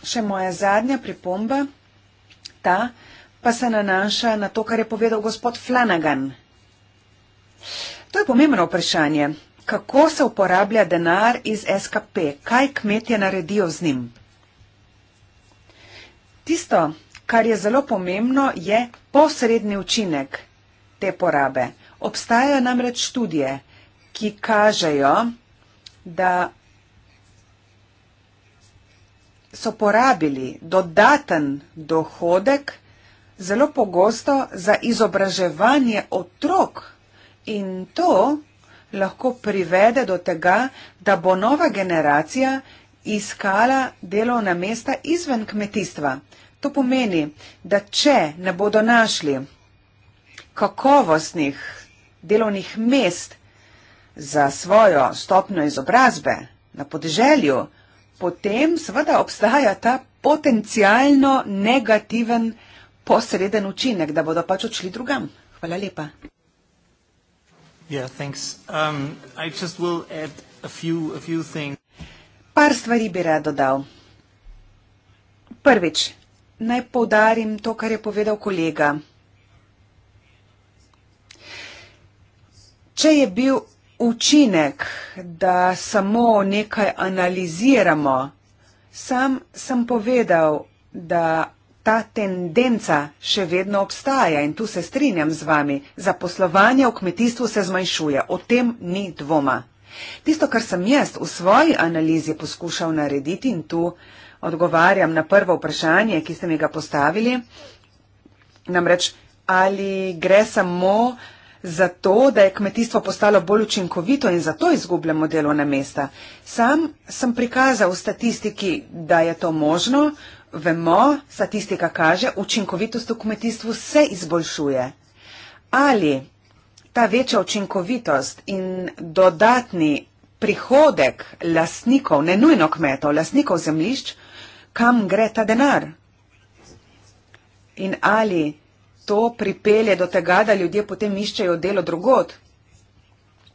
še moja zadnja pripomba, ta pa se nanaša na to, kar je povedal gospod Flanagan. To je pomembno vprašanje kako se uporablja denar iz SKP, kaj kmetje naredijo z njim. Tisto, kar je zelo pomembno, je posredni učinek te porabe. Obstajajo namreč študije, ki kažejo, da so porabili dodaten dohodek zelo pogosto za izobraževanje otrok in to lahko privede do tega, da bo nova generacija iskala delovna mesta izven kmetijstva. To pomeni, da če ne bodo našli kakovostnih delovnih mest za svojo stopno izobrazbe na podeželju, potem seveda obstaja ta potencialno negativen posreden učinek, da bodo pač odšli drugam. Hvala lepa. Yeah, thanks. Um, I just will add a few, a few things. Par stvari bi rad dodal. Prvič, naj poudarim to, kar je povedal kolega. Če je bil učinek, da samo nekaj analiziramo, sam sem povedal, da ta tendenca še vedno obstaja in tu se strinjam z vami, zaposlovanje v kmetijstvu se zmanjšuje, o tem ni dvoma. Tisto, kar sem jaz v svoji analizi poskušal narediti in tu odgovarjam na prvo vprašanje, ki ste mi ga postavili, namreč ali gre samo za to, da je kmetijstvo postalo bolj učinkovito in zato izgubljamo delovna mesta. Sam sem prikazal v statistiki, da je to možno, vemo, statistika kaže, učinkovitost v kmetijstvu se izboljšuje. Ali ta večja učinkovitost in dodatni prihodek lasnikov, ne nujno kmetov, lasnikov zemlišč, kam gre ta denar? In ali to pripelje do tega, da ljudje potem iščejo delo drugot,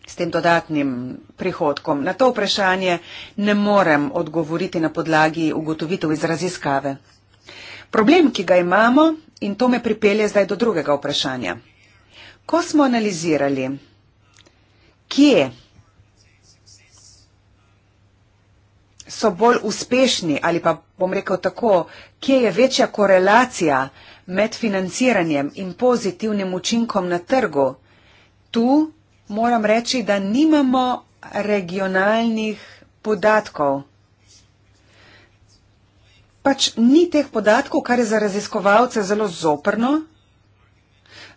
s tem dodatnim prihodkom? Na to vprašanje ne morem odgovoriti na podlagi ugotovitev iz raziskave. Problem, ki ga imamo, in to me pripelje zdaj do drugega vprašanja. Ko smo analizirali, kje so bolj uspešni ali pa bom rekel tako, kje je večja korelacija med financiranjem in pozitivnim učinkom na trgu, tu moram reči, da nimamo regionalnih podatkov. Pač ni teh podatkov, kar je za raziskovalce zelo zoprno.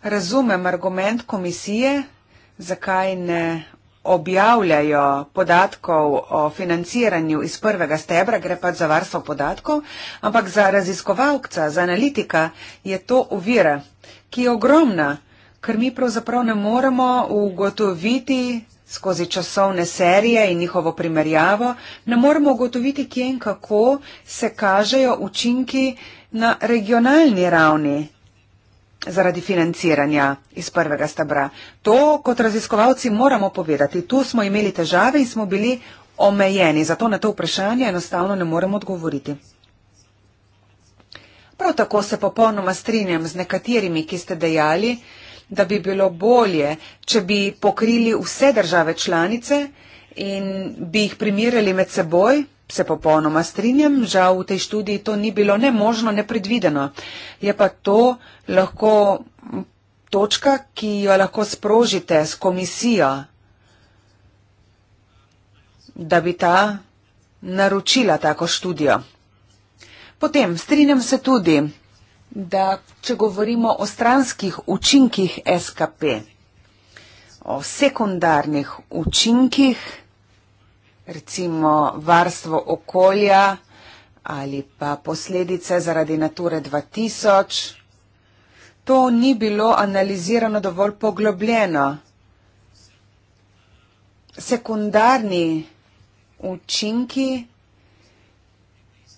Razumem argument komisije, zakaj ne objavljajo podatkov o financiranju iz prvega stebra, gre pač za varstvo podatkov, ampak za raziskovalca, za analitika je to uvira, ki je ogromna ker mi pravzaprav ne moremo ugotoviti skozi časovne serije in njihovo primerjavo, ne moremo ugotoviti, kje in kako se kažejo učinki na regionalni ravni zaradi financiranja iz prvega stebra. To kot raziskovalci moramo povedati. Tu smo imeli težave in smo bili omejeni, zato na to vprašanje enostavno ne moremo odgovoriti. Prav tako se popolnoma strinjam z nekaterimi, ki ste dejali, da bi bilo bolje, če bi pokrili vse države članice in bi jih primirjali med seboj. Se popolnoma strinjam, žal v tej študiji to ni bilo ne možno, ne predvideno. Je pa to lahko točka, ki jo lahko sprožite s komisijo, da bi ta naročila tako študijo. Potem strinjam se tudi, da če govorimo o stranskih učinkih SKP, o sekundarnih učinkih, recimo varstvo okolja ali pa posledice zaradi Nature 2000, to ni bilo analizirano dovolj poglobljeno. Sekundarni učinki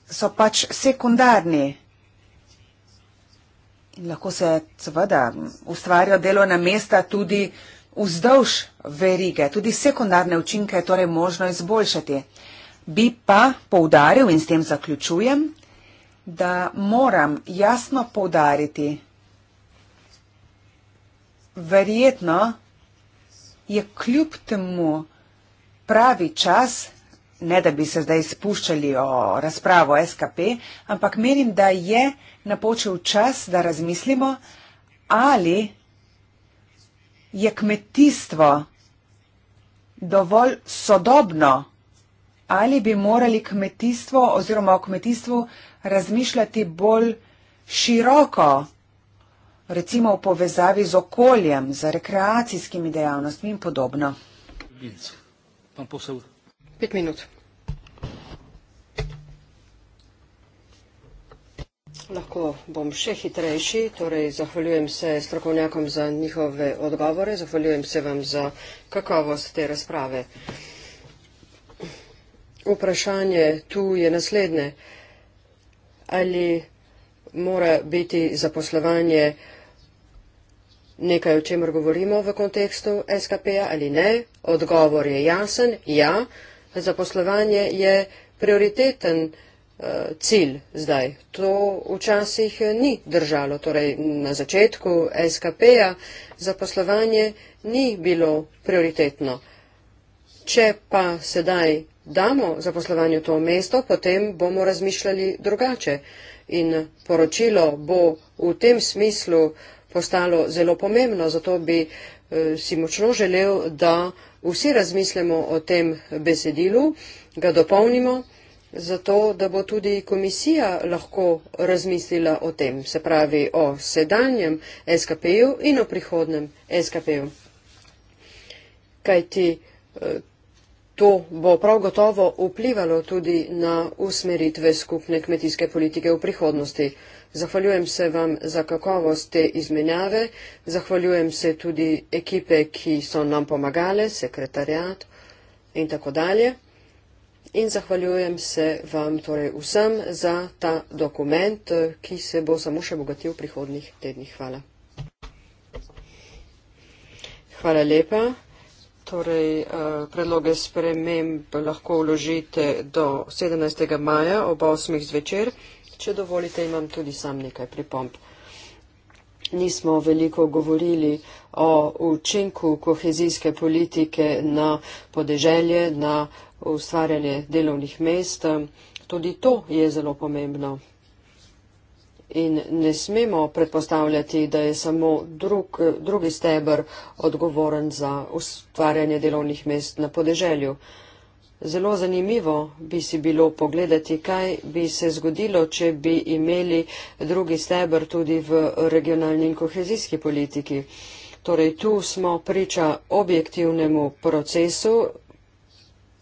so pač sekundarni lahko se seveda ustvarjajo delovna mesta tudi vzdolž verige, tudi sekundarne učinke je torej možno izboljšati. Bi pa poudaril in s tem zaključujem, da moram jasno poudariti, verjetno je kljub temu pravi čas, ne da bi se zdaj spuščali o razpravo SKP, ampak menim, da je napočil čas, da razmislimo, ali je kmetijstvo dovolj sodobno, ali bi morali kmetijstvo oziroma o kmetijstvu razmišljati bolj široko, recimo v povezavi z okoljem, z rekreacijskimi dejavnostmi in podobno. Pet minut. Lahko bom še hitrejši, torej zahvaljujem se strokovnjakom za njihove odgovore, zahvaljujem se vam za kakovost te razprave. Vprašanje tu je naslednje. Ali mora biti zaposlovanje nekaj, o čemer govorimo v kontekstu SKP-ja ali ne? Odgovor je jasen, ja. Zaposlovanje je prioriteten Eh, cilj zdaj. To včasih eh, ni držalo. Torej, na začetku SKP-ja zaposlovanje ni bilo prioritetno. Če pa sedaj damo zaposlovanju to mesto, potem bomo razmišljali drugače. In poročilo bo v tem smislu postalo zelo pomembno, zato bi eh, si močno želel, da vsi razmislimo o tem besedilu, ga dopolnimo, zato da bo tudi komisija lahko razmislila o tem, se pravi o sedanjem SKP-ju in o prihodnem SKP-ju. Kajti eh, to bo prav gotovo vplivalo tudi na usmeritve skupne kmetijske politike v prihodnosti. Zahvaljujem se vam za kakovost te izmenjave, zahvaljujem se tudi ekipe, ki so nam pomagale, sekretarjat in tako dalje in zahvaljujem se vam torej vsem za ta dokument, ki se bo samo še bogatil v prihodnih tednih. Hvala. Hvala lepa. Torej, eh, predloge sprememb lahko vložite do 17. maja ob 8. zvečer. Če dovolite, imam tudi sam nekaj pripomp. Nismo veliko govorili o učinku kohezijske politike na podeželje, na uh, ustvarjanje delovnih mest, tudi to je zelo pomembno. In ne smemo predpostavljati, da je samo drug, drugi stebr odgovoren za ustvarjanje delovnih mest na podeželju. Zelo zanimivo bi si bilo pogledati, kaj bi se zgodilo, če bi imeli drugi stebr tudi v regionalni in kohezijski politiki. Torej, tu smo priča objektivnemu procesu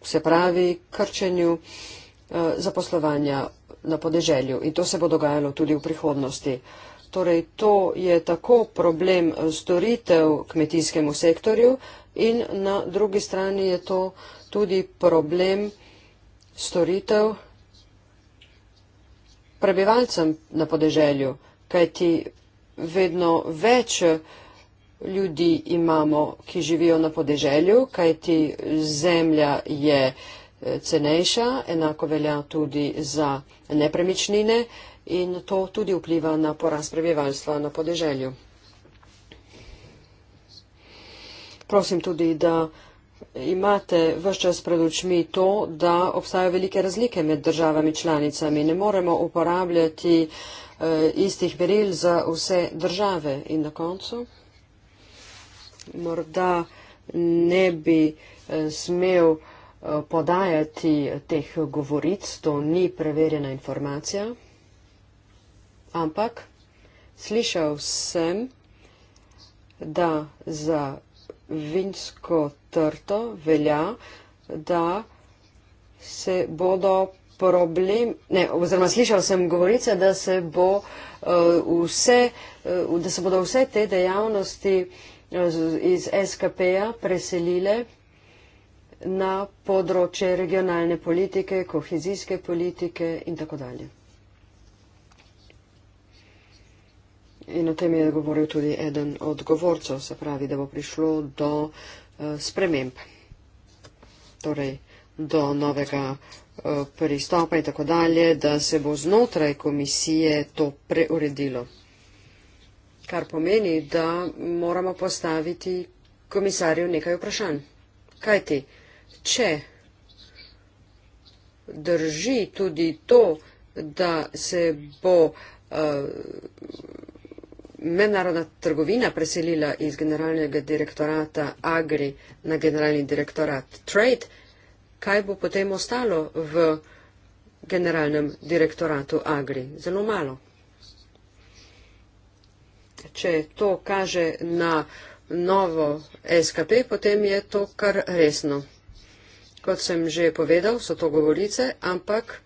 se pravi krčenju eh, zaposlovanja na podeželju. In to se bo dogajalo tudi v prihodnosti. Torej, to je tako problem eh, storitev kmetijskemu sektorju in na drugi strani je to tudi problem storitev prebivalcem na podeželju, kajti vedno več ljudi imamo, ki živijo na podeželju, kajti zemlja je eh, cenejša, enako velja tudi za nepremičnine in to tudi vpliva na porast prebivalstva na podeželju. Prosim tudi, da imate vse čas pred očmi to, da obstajajo velike razlike med državami članicami. Ne moremo uporabljati eh, istih veril za vse države. In na koncu morda ne bi eh, smel eh, podajati teh govoric, to ni preverjena informacija, ampak slišal sem, da za vinsko trto velja, da se bodo problem, ne, oziroma slišal sem govorice, da se, bo, uh, vse, uh, da se bodo vse te dejavnosti uh, iz SKP-ja preselile na področje regionalne politike, kohezijske politike in tako dalje. In o tem je govoril tudi eden od govorcev, se pravi, da bo prišlo do eh, sprememb, torej do novega eh, pristopa in tako dalje, da se bo znotraj komisije to preuredilo kar pomeni, da moramo postaviti komisarju nekaj vprašanj. Kaj ti? Če drži tudi to, da se bo uh, mednarodna trgovina preselila iz generalnega direktorata Agri na generalni direktorat Trade, kaj bo potem ostalo v generalnem direktoratu Agri? Zelo malo če to kaže na novo SKP, potem je to kar resno. Kot sem že povedal, so to govorice, ampak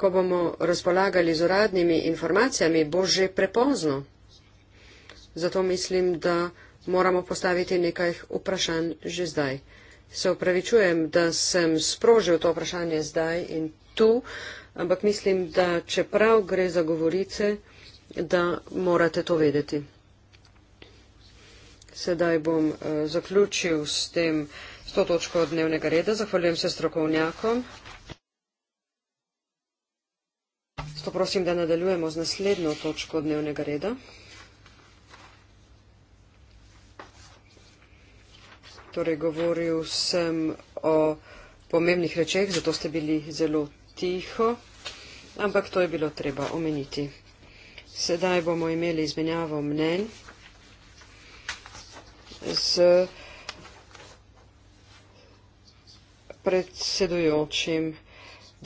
ko bomo razpolagali z uradnimi informacijami, bo že prepozno. Zato mislim, da moramo postaviti nekaj vprašanj že zdaj. Se upravičujem, da sem sprožil to vprašanje zdaj in tu, ampak mislim, da čeprav gre za govorice, da morate to vedeti. Sedaj bom uh, zaključil s tem, s to točko dnevnega reda. Zahvaljujem se strokovnjakom. Zato prosim, da nadaljujemo z naslednjo točko dnevnega reda. Torej, govoril sem o pomembnih rečeh, zato ste bili zelo tiho, ampak to je bilo treba omeniti. Sedaj bomo imeli izmenjavo mnenj z predsedujočim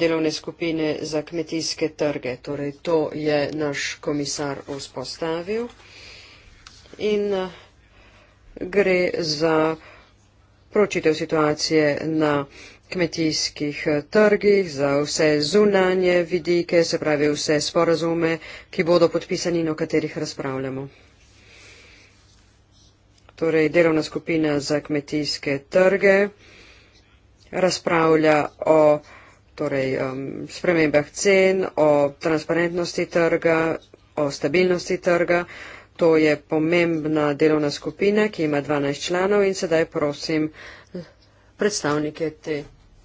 delovne skupine za kmetijske trge. Torej, to je naš komisar vzpostavil in eh, gre za pročitev situacije na kmetijske trge kmetijskih eh, trgih, za vse zunanje vidike, se pravi vse sporazume, ki bodo podpisani in no, o katerih razpravljamo. Torej, delovna skupina za kmetijske trge razpravlja o torej, um, spremembah cen, o transparentnosti trga, o stabilnosti trga. To je pomembna delovna skupina, ki ima 12 članov in sedaj prosim predstavnike te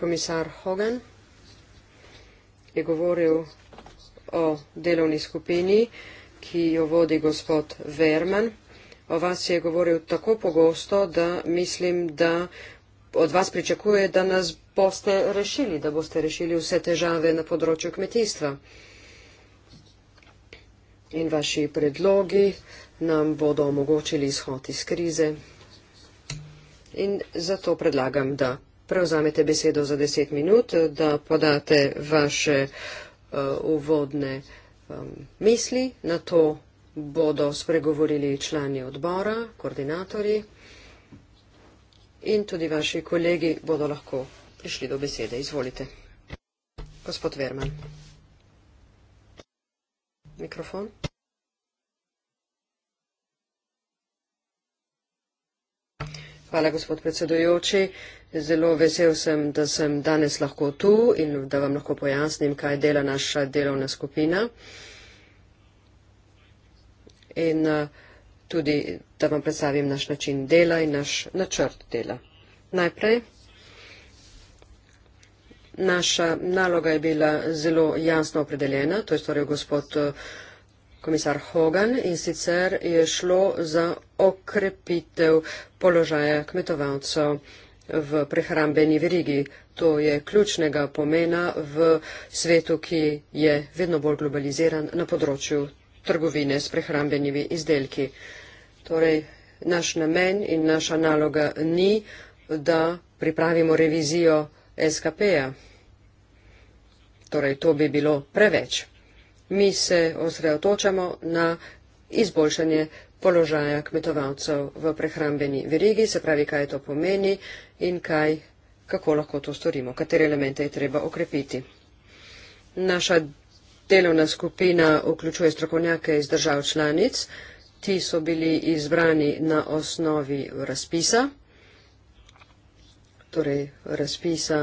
komisar Hogan je govoril o delovni skupini, ki jo vodi gospod Verman. O vas je govoril tako pogosto, da mislim, da od vas pričakuje, da nas boste rešili, da boste rešili vse težave na področju kmetijstva. In vaši predlogi nam bodo omogočili izhod iz krize. In zato predlagam, da prevzamete besedo za deset minut, da podate vaše uh, uvodne um, misli. Na to bodo spregovorili člani odbora, koordinatori in tudi vaši kolegi bodo lahko prišli do besede. Izvolite. Gospod Verman. Mikrofon. Hvala, gospod predsedujoči. Uh, Zelo vesel sem, da sem danes lahko tu in da vam lahko pojasnim, kaj dela naša delovna skupina. In eh, tudi, da vam predstavim naš način dela in naš načrt dela. Najprej, naša naloga je bila zelo jasno opredeljena, to je torej gospod eh, komisar Hogan in sicer je šlo za okrepitev položaja kmetovalcev v prehrambeni verigi. To je ključnega pomena v svetu, ki je vedno bolj globaliziran na področju trgovine s prehrambenimi izdelki. Torej, naš namen in naša naloga ni, da pripravimo revizijo SKP-ja. Torej, to bi bilo preveč. Mi se osredotočamo na izboljšanje položaja kmetovalcev v prehrambeni verigi, se pravi, kaj to pomeni in kaj, kako lahko to storimo, katere elemente je treba okrepiti. Naša delovna skupina vključuje strokovnjake iz držav članic, ti so bili izbrani na osnovi razpisa, torej razpisa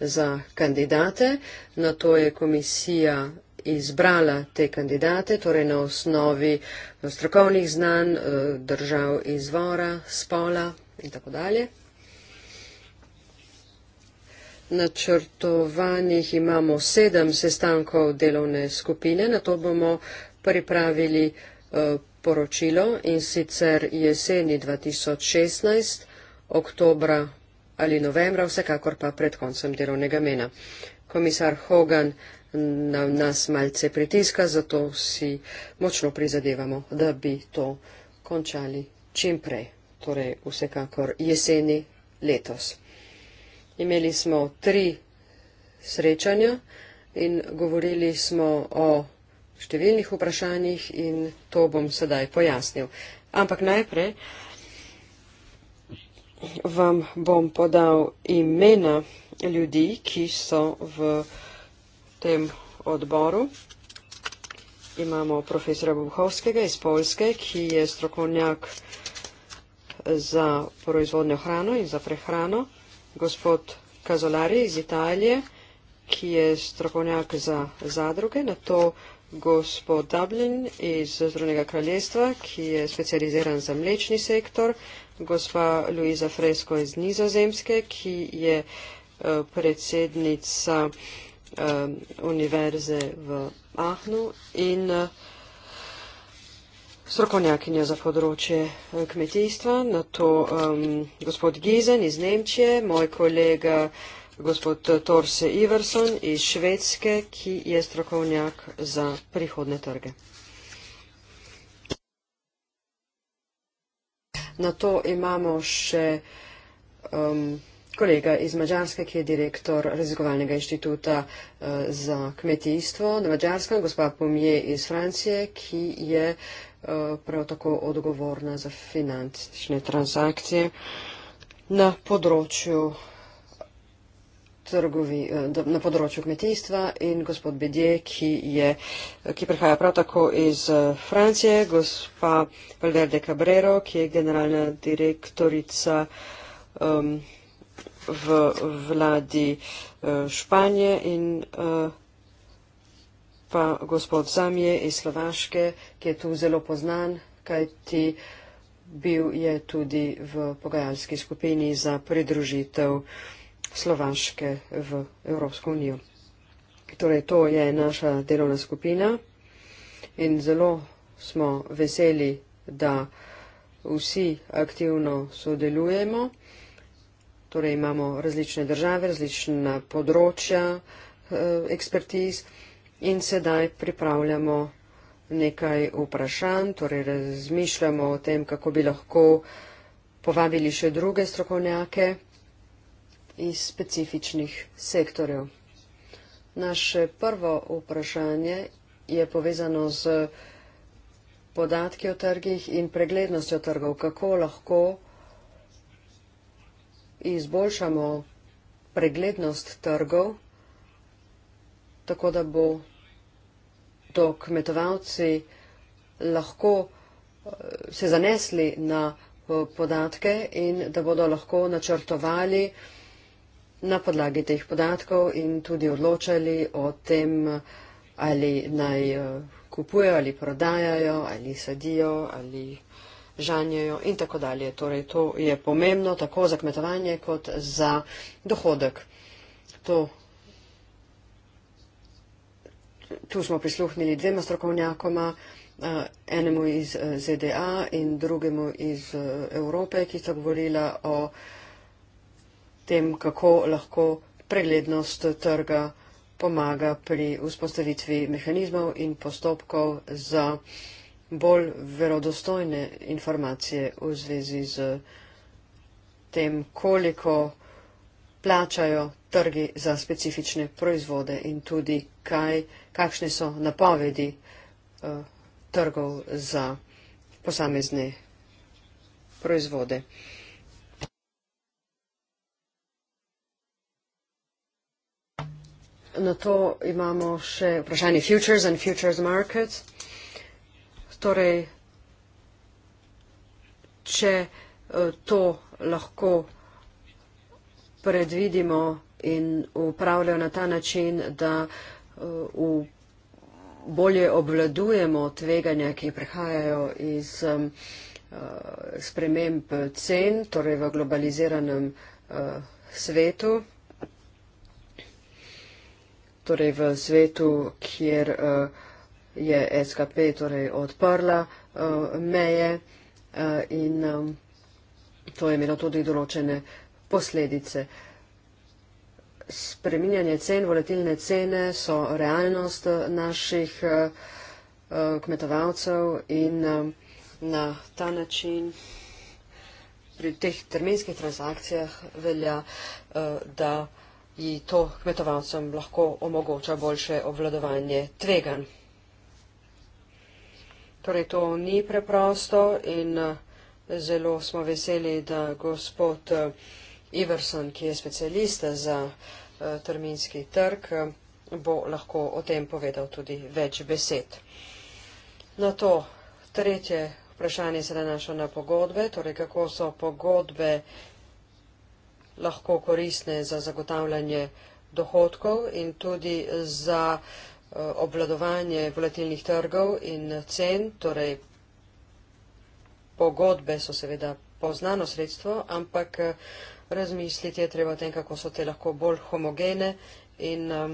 za kandidate, na to je komisija izbrala te kandidate, torej na osnovi strokovnih znanj eh, držav izvora, spola in tako dalje. Načrtovanih imamo sedem sestankov delovne skupine, na to bomo pripravili eh, poročilo in sicer jeseni 2016, oktobra ali novembra, vsekakor pa pred koncem delovnega mena. Komisar Hogan na nas malce pritiska, zato si močno prizadevamo, da bi to končali čim prej, torej vsekakor jeseni letos. Imeli smo tri srečanja in govorili smo o številnih vprašanjih in to bom sedaj pojasnil. Ampak najprej vam bom podal imena ljudi, ki so v tem odboru imamo profesora Bobhovskega iz Polske, ki je strokovnjak za proizvodnjo hrano in za prehrano, gospod Kazolari iz Italije, ki je strokovnjak za zadruge, na to gospod Dublin iz Združenega kraljestva, ki je specializiran za mlečni sektor, gospa Luisa Fresko iz Nizozemske, ki je eh, predsednica uh, uh, univerze v Ahnu in uh, strokovnjakinja za področje eh, kmetijstva, na to um, gospod Gizen iz Nemčije, moj kolega gospod Torse Iverson iz Švedske, ki je strokovnjak za prihodne trge. Na to imamo še um, kolega iz Mađarske, ki je direktor raziskovalnega inštituta eh, za kmetijstvo na Mađarskem, gospa Pomije iz Francije, ki je eh, prav tako odgovorna za finančne transakcije na področju, trgovi, eh, na področju kmetijstva in gospod Bedje, ki, je, ki prihaja prav tako iz Francije, gospa Valverde Cabrero, ki je generalna direktorica um, v vladi eh, Španije in eh, pa gospod Zamije iz Slovaške, ki je tu zelo poznan, kajti bil je tudi v pogajalski skupini za pridružitev Slovaške v Evropsko unijo. Torej, to je naša delovna skupina in zelo smo veseli, da vsi aktivno sodelujemo torej imamo različne države, različna področja eh, ekspertiz in sedaj pripravljamo nekaj vprašanj, torej razmišljamo o tem, kako bi lahko povabili še druge strokovnjake iz specifičnih sektorjev. Naše prvo vprašanje je povezano z podatki o trgih in preglednostjo trgov, kako lahko izboljšamo preglednost trgov, tako da bo to kmetovalci lahko eh, se zanesli na eh, podatke in da bodo lahko načrtovali na podlagi teh podatkov in tudi odločali o tem, ali naj eh, kupujejo ali prodajajo ali sadijo ali žanjejo in tako dalje. Torej, to je pomembno tako za kmetovanje kot za dohodek. To. Tu smo prisluhnili dvema strokovnjakoma, eh, enemu iz eh, ZDA in drugemu iz eh, Evrope, ki sta govorila o tem, kako lahko preglednost trga pomaga pri vzpostavitvi mehanizmov in postopkov za bolj verodostojne informacije v zvezi z tem, koliko plačajo trgi za specifične proizvode in tudi kaj, kakšne so napovedi uh, trgov za posamezne proizvode. Na to imamo še vprašanje futures and futures markets. Torej, če eh, to lahko predvidimo in upravljajo na ta način, da eh, bolje obvladujemo tveganja, ki prehajajo iz eh, sprememb cen, torej v globaliziranem svetu, torej v svetu, kjer vsega, je SKP torej odprla uh, meje uh, in um, to je imelo tudi določene posledice. Spreminjanje cen, volatilne cene so realnost naših uh, kmetovalcev in uh, na ta način pri teh terminskih transakcijah velja, uh, da ji to kmetovalcem lahko omogoča boljše obvladovanje tveganj. Torej, to ni preprosto in eh, zelo smo veseli, da gospod eh, Iverson, ki je specialist za eh, terminski trg, bo lahko o tem povedal tudi več besed. Na to tretje vprašanje se nanaša na pogodbe, torej kako so pogodbe lahko koristne za zagotavljanje dohodkov in tudi za uh, Eh, obvladovanje volatilnih trgov in cen, torej pogodbe so seveda poznano sredstvo, ampak eh, razmisliti je treba o tem, kako so te lahko bolj homogene in eh,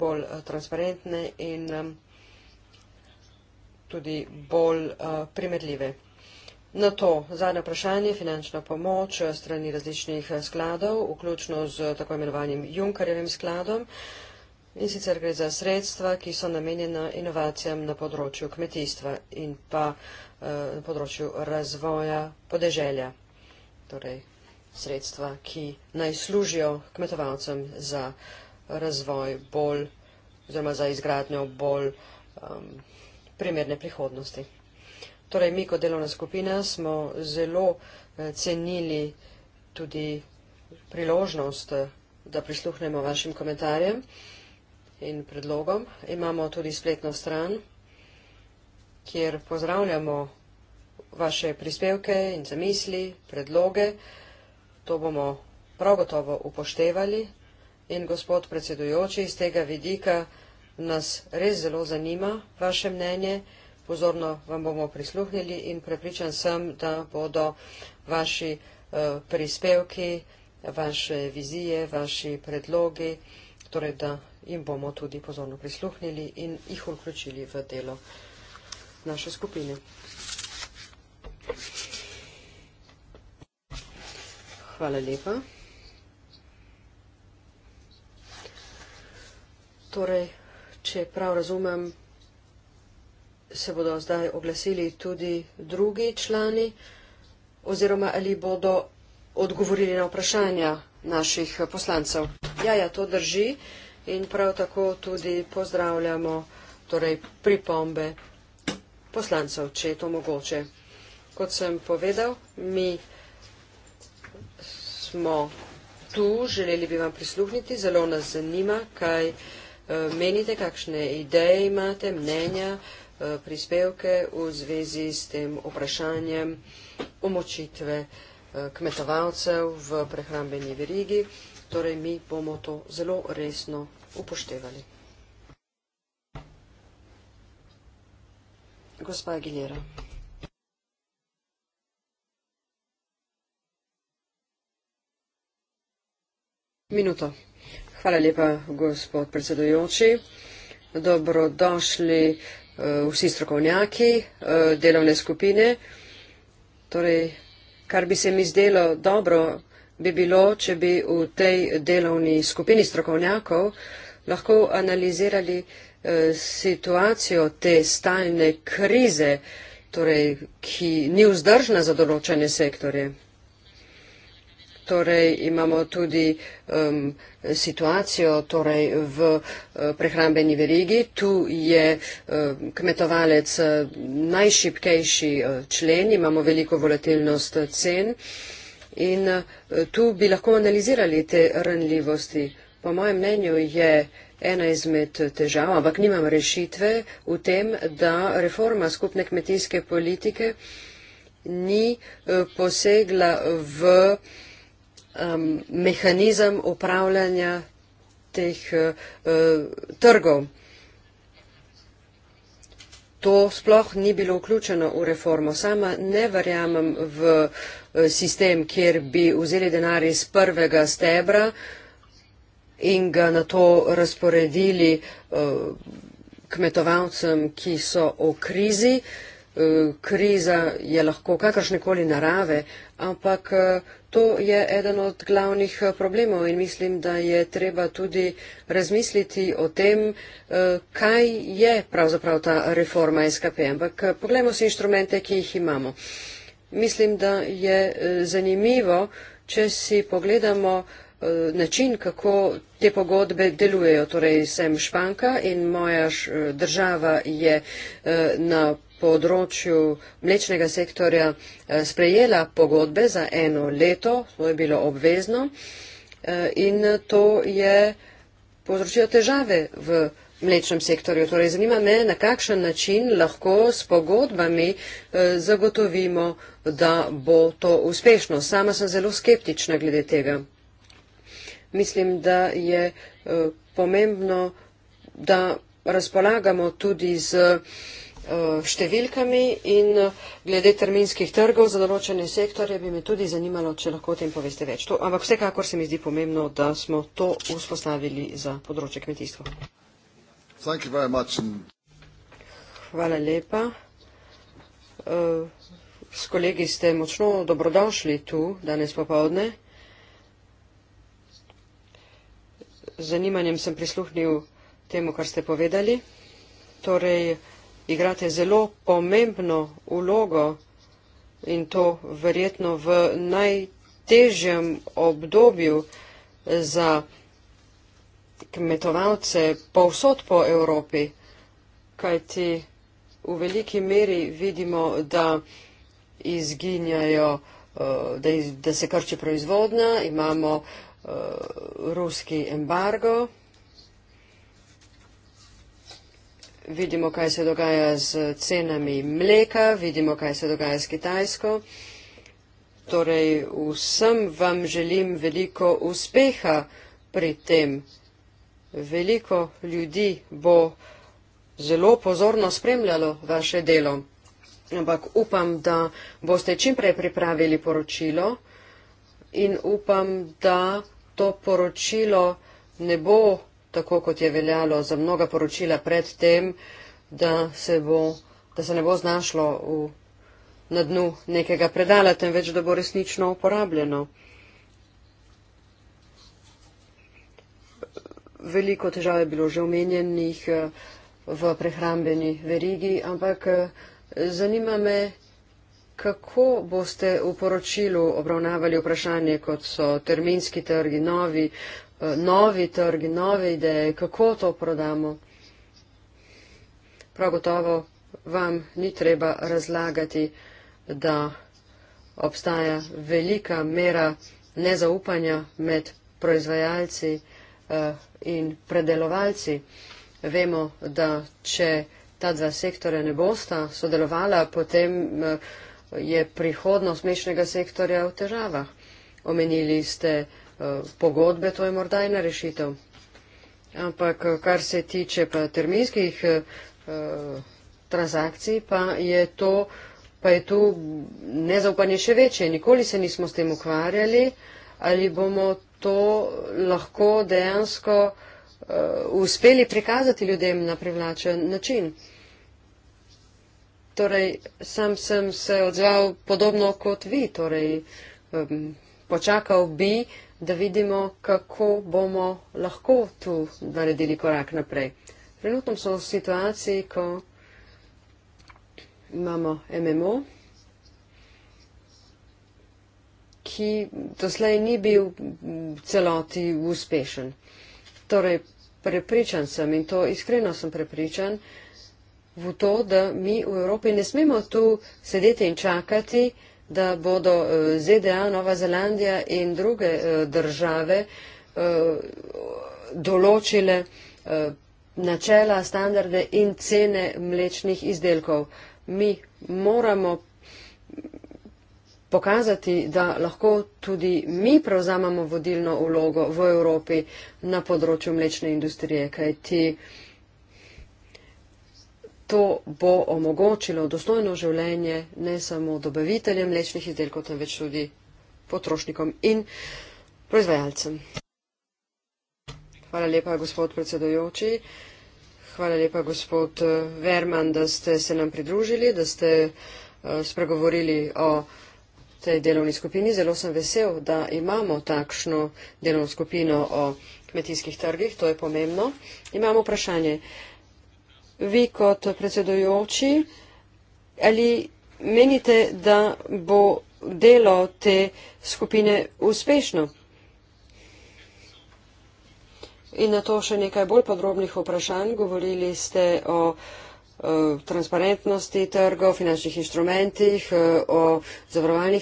bolj transparentne in tudi bolj primerljive. Na to zadnje vprašanje, finančna pomoč strani različnih skladov, vključno z tako imenovanim Junkarjevim skladom, In sicer gre za sredstva, ki so namenjena inovacijam na področju kmetijstva in pa eh, na področju razvoja podeželja. Torej, sredstva, ki naj služijo kmetovalcem za razvoj bolj, oziroma za izgradnjo bolj um, primerne prihodnosti. Torej, mi kot delovna skupina smo zelo eh, cenili tudi priložnost, da prisluhnemo vašim komentarjem in predlogom. Imamo tudi spletno stran, kjer pozdravljamo vaše prispevke in zamisli, predloge. To bomo prav gotovo upoštevali in gospod predsedujoči iz tega vidika nas res zelo zanima vaše mnenje. Pozorno vam bomo prisluhnili in prepričan sem, da bodo vaši eh, prispevki, vaše vizije, vaši predlogi, torej da jim bomo tudi pozorno prisluhnili in jih vključili v delo naše skupine. Hvala lepa. Torej, če prav razumem, se bodo zdaj oglasili tudi drugi člani, oziroma ali bodo odgovorili na vprašanja naših poslancev. Ja, ja, to drži. Uh, in prav tako tudi pozdravljamo torej, pripombe poslancev, če je to mogoče. Kot sem povedal, mi smo tu, želeli bi vam prisluhniti, zelo nas zanima, kaj eh, menite, kakšne ideje imate, mnenja, eh, prispevke v zvezi s tem vprašanjem omočitve eh, kmetovalcev v prehrambeni verigi. Torej, mi bomo to zelo resno upoštevali. Gospa Aguilera. Minuto. Hvala lepa, gospod predsedujoči. Dobrodošli eh, vsi strokovnjaki eh, delovne skupine. Torej, kar bi se mi zdelo dobro bi bilo, če bi v tej delovni skupini strokovnjakov lahko analizirali eh, situacijo te stalne krize, torej, ki ni vzdržna za določene sektorje. Torej, imamo tudi um, situacijo torej, v eh, prehrambeni verigi. Tu je um, kmetovalec eh, najšipkejši člen, imamo veliko volatilnost cen. Um, In eh, tu bi lahko analizirali te ranljivosti. Po mojem mnenju je ena izmed težav, ampak nimam rešitve v tem, da reforma skupne kmetijske politike ni eh, posegla v um, mehanizem upravljanja teh uh, trgov. To sploh ni bilo vključeno v reformo. Sama ne verjamem v uh, Eh, sistem, kjer bi vzeli denar iz prvega stebra in ga na to razporedili eh, kmetovalcem, ki so v krizi. Eh, kriza je lahko kakršnekoli narave, ampak to je eden od glavnih problemov in mislim, da je treba tudi razmisliti o tem, kaj je pravzaprav ta reforma SKP. Ampak poglejmo si inštrumente, ki jih imamo. Mislim, da je e, zanimivo, če si pogledamo e, način, kako te pogodbe delujejo. Torej, sem Španka in moja e, država je na področju mlečnega sektorja sprejela pogodbe za eno leto, to je bilo obvezno in to je povzročilo težave v mlečnem sektorju. Torej, zanima me, na kakšen način lahko s pogodbami eh, zagotovimo, da bo to uspešno. Sama sem zelo skeptična glede tega. Mislim, da je eh, pomembno, da razpolagamo tudi z eh, številkami in eh, glede terminskih trgov za določene sektorje bi me tudi zanimalo, če lahko o tem poveste več. To, ampak vsekakor se mi zdi pomembno, da smo to vzpostavili za področje kmetijstva. Thank you very much and... Hvala lepa. Eh, s kolegi ste močno dobrodošli tu danes popovdne. Z zanimanjem sem prisluhnil temu, kar ste povedali. Torej, igrate zelo pomembno ulogo in to verjetno v najtežjem obdobju za kmetovalce povsod po Evropi, kajti v veliki meri vidimo, da izginjajo, eh, da, iz, da se krči proizvodnja, imamo eh, ruski embargo. Vidimo, kaj se dogaja z cenami mleka, vidimo, kaj se dogaja s Kitajsko. Torej, vsem vam želim veliko uspeha pri tem, veliko ljudi bo zelo pozorno spremljalo vaše delo. Ampak upam, da boste čimprej pripravili poročilo in upam, da to poročilo ne bo tako, kot je veljalo za mnoga poročila predtem, da se, bo, da se ne bo znašlo v, na dnu nekega predala, temveč da bo resnično uporabljeno. veliko težav je bilo že omenjenih eh, v prehrambeni verigi, ampak eh, zanima me, kako boste v poročilu obravnavali vprašanje, kot so terminski trgi, novi, eh, novi trgi, nove ideje, kako to prodamo. Prav gotovo vam ni treba razlagati, da obstaja velika mera nezaupanja med proizvajalci. Eh, in predelovalci. Vemo, da če ta dva sektora ne bosta sodelovala, potem eh, je prihodnost mešnega sektorja v težavah. Omenili ste eh, pogodbe, to je morda ena rešitev. Ampak kar se tiče pa terminskih transakcij, pa je to pa je tu nezaupanje še večje. Nikoli se nismo s tem ukvarjali. Uh, ali bomo to lahko dejansko uh, uspeli prikazati ljudem na privlačen način. Torej, sam sem se odzval podobno kot vi, torej um, počakal bi, da vidimo, kako bomo lahko tu naredili korak naprej. Trenutno smo v situaciji, ko imamo MMO. ki doslej ni bil celoti uspešen. Torej, prepričan sem in to iskreno sem prepričan v to, da mi v Evropi ne smemo tu sedeti in čakati, da bodo eh, ZDA, Nova Zelandija in druge eh, države eh, določile načela, standarde in cene mlečnih izdelkov. Mi moramo pokazati, da lahko tudi mi prevzamemo vodilno vlogo v Evropi na področju mlečne industrije, kajti to bo omogočilo dostojno življenje ne samo dobaviteljem mlečnih izdelkov, temveč tudi potrošnikom in proizvajalcem. Hvala lepa, gospod predsedojoči. Hvala lepa, gospod eh, Verman, da ste se nam pridružili, da ste eh, spregovorili o tej delovni skupini. Zelo sem vesel, da imamo takšno delovno skupino o kmetijskih trgih. To je pomembno. Imamo vprašanje. Vi kot predsedujoči, ali menite, da bo delo te skupine uspešno? In na to še nekaj bolj podrobnih vprašanj. Govorili ste o Eh, transparentnosti trgov, finančnih inštrumentih, eh, o zavarovalnih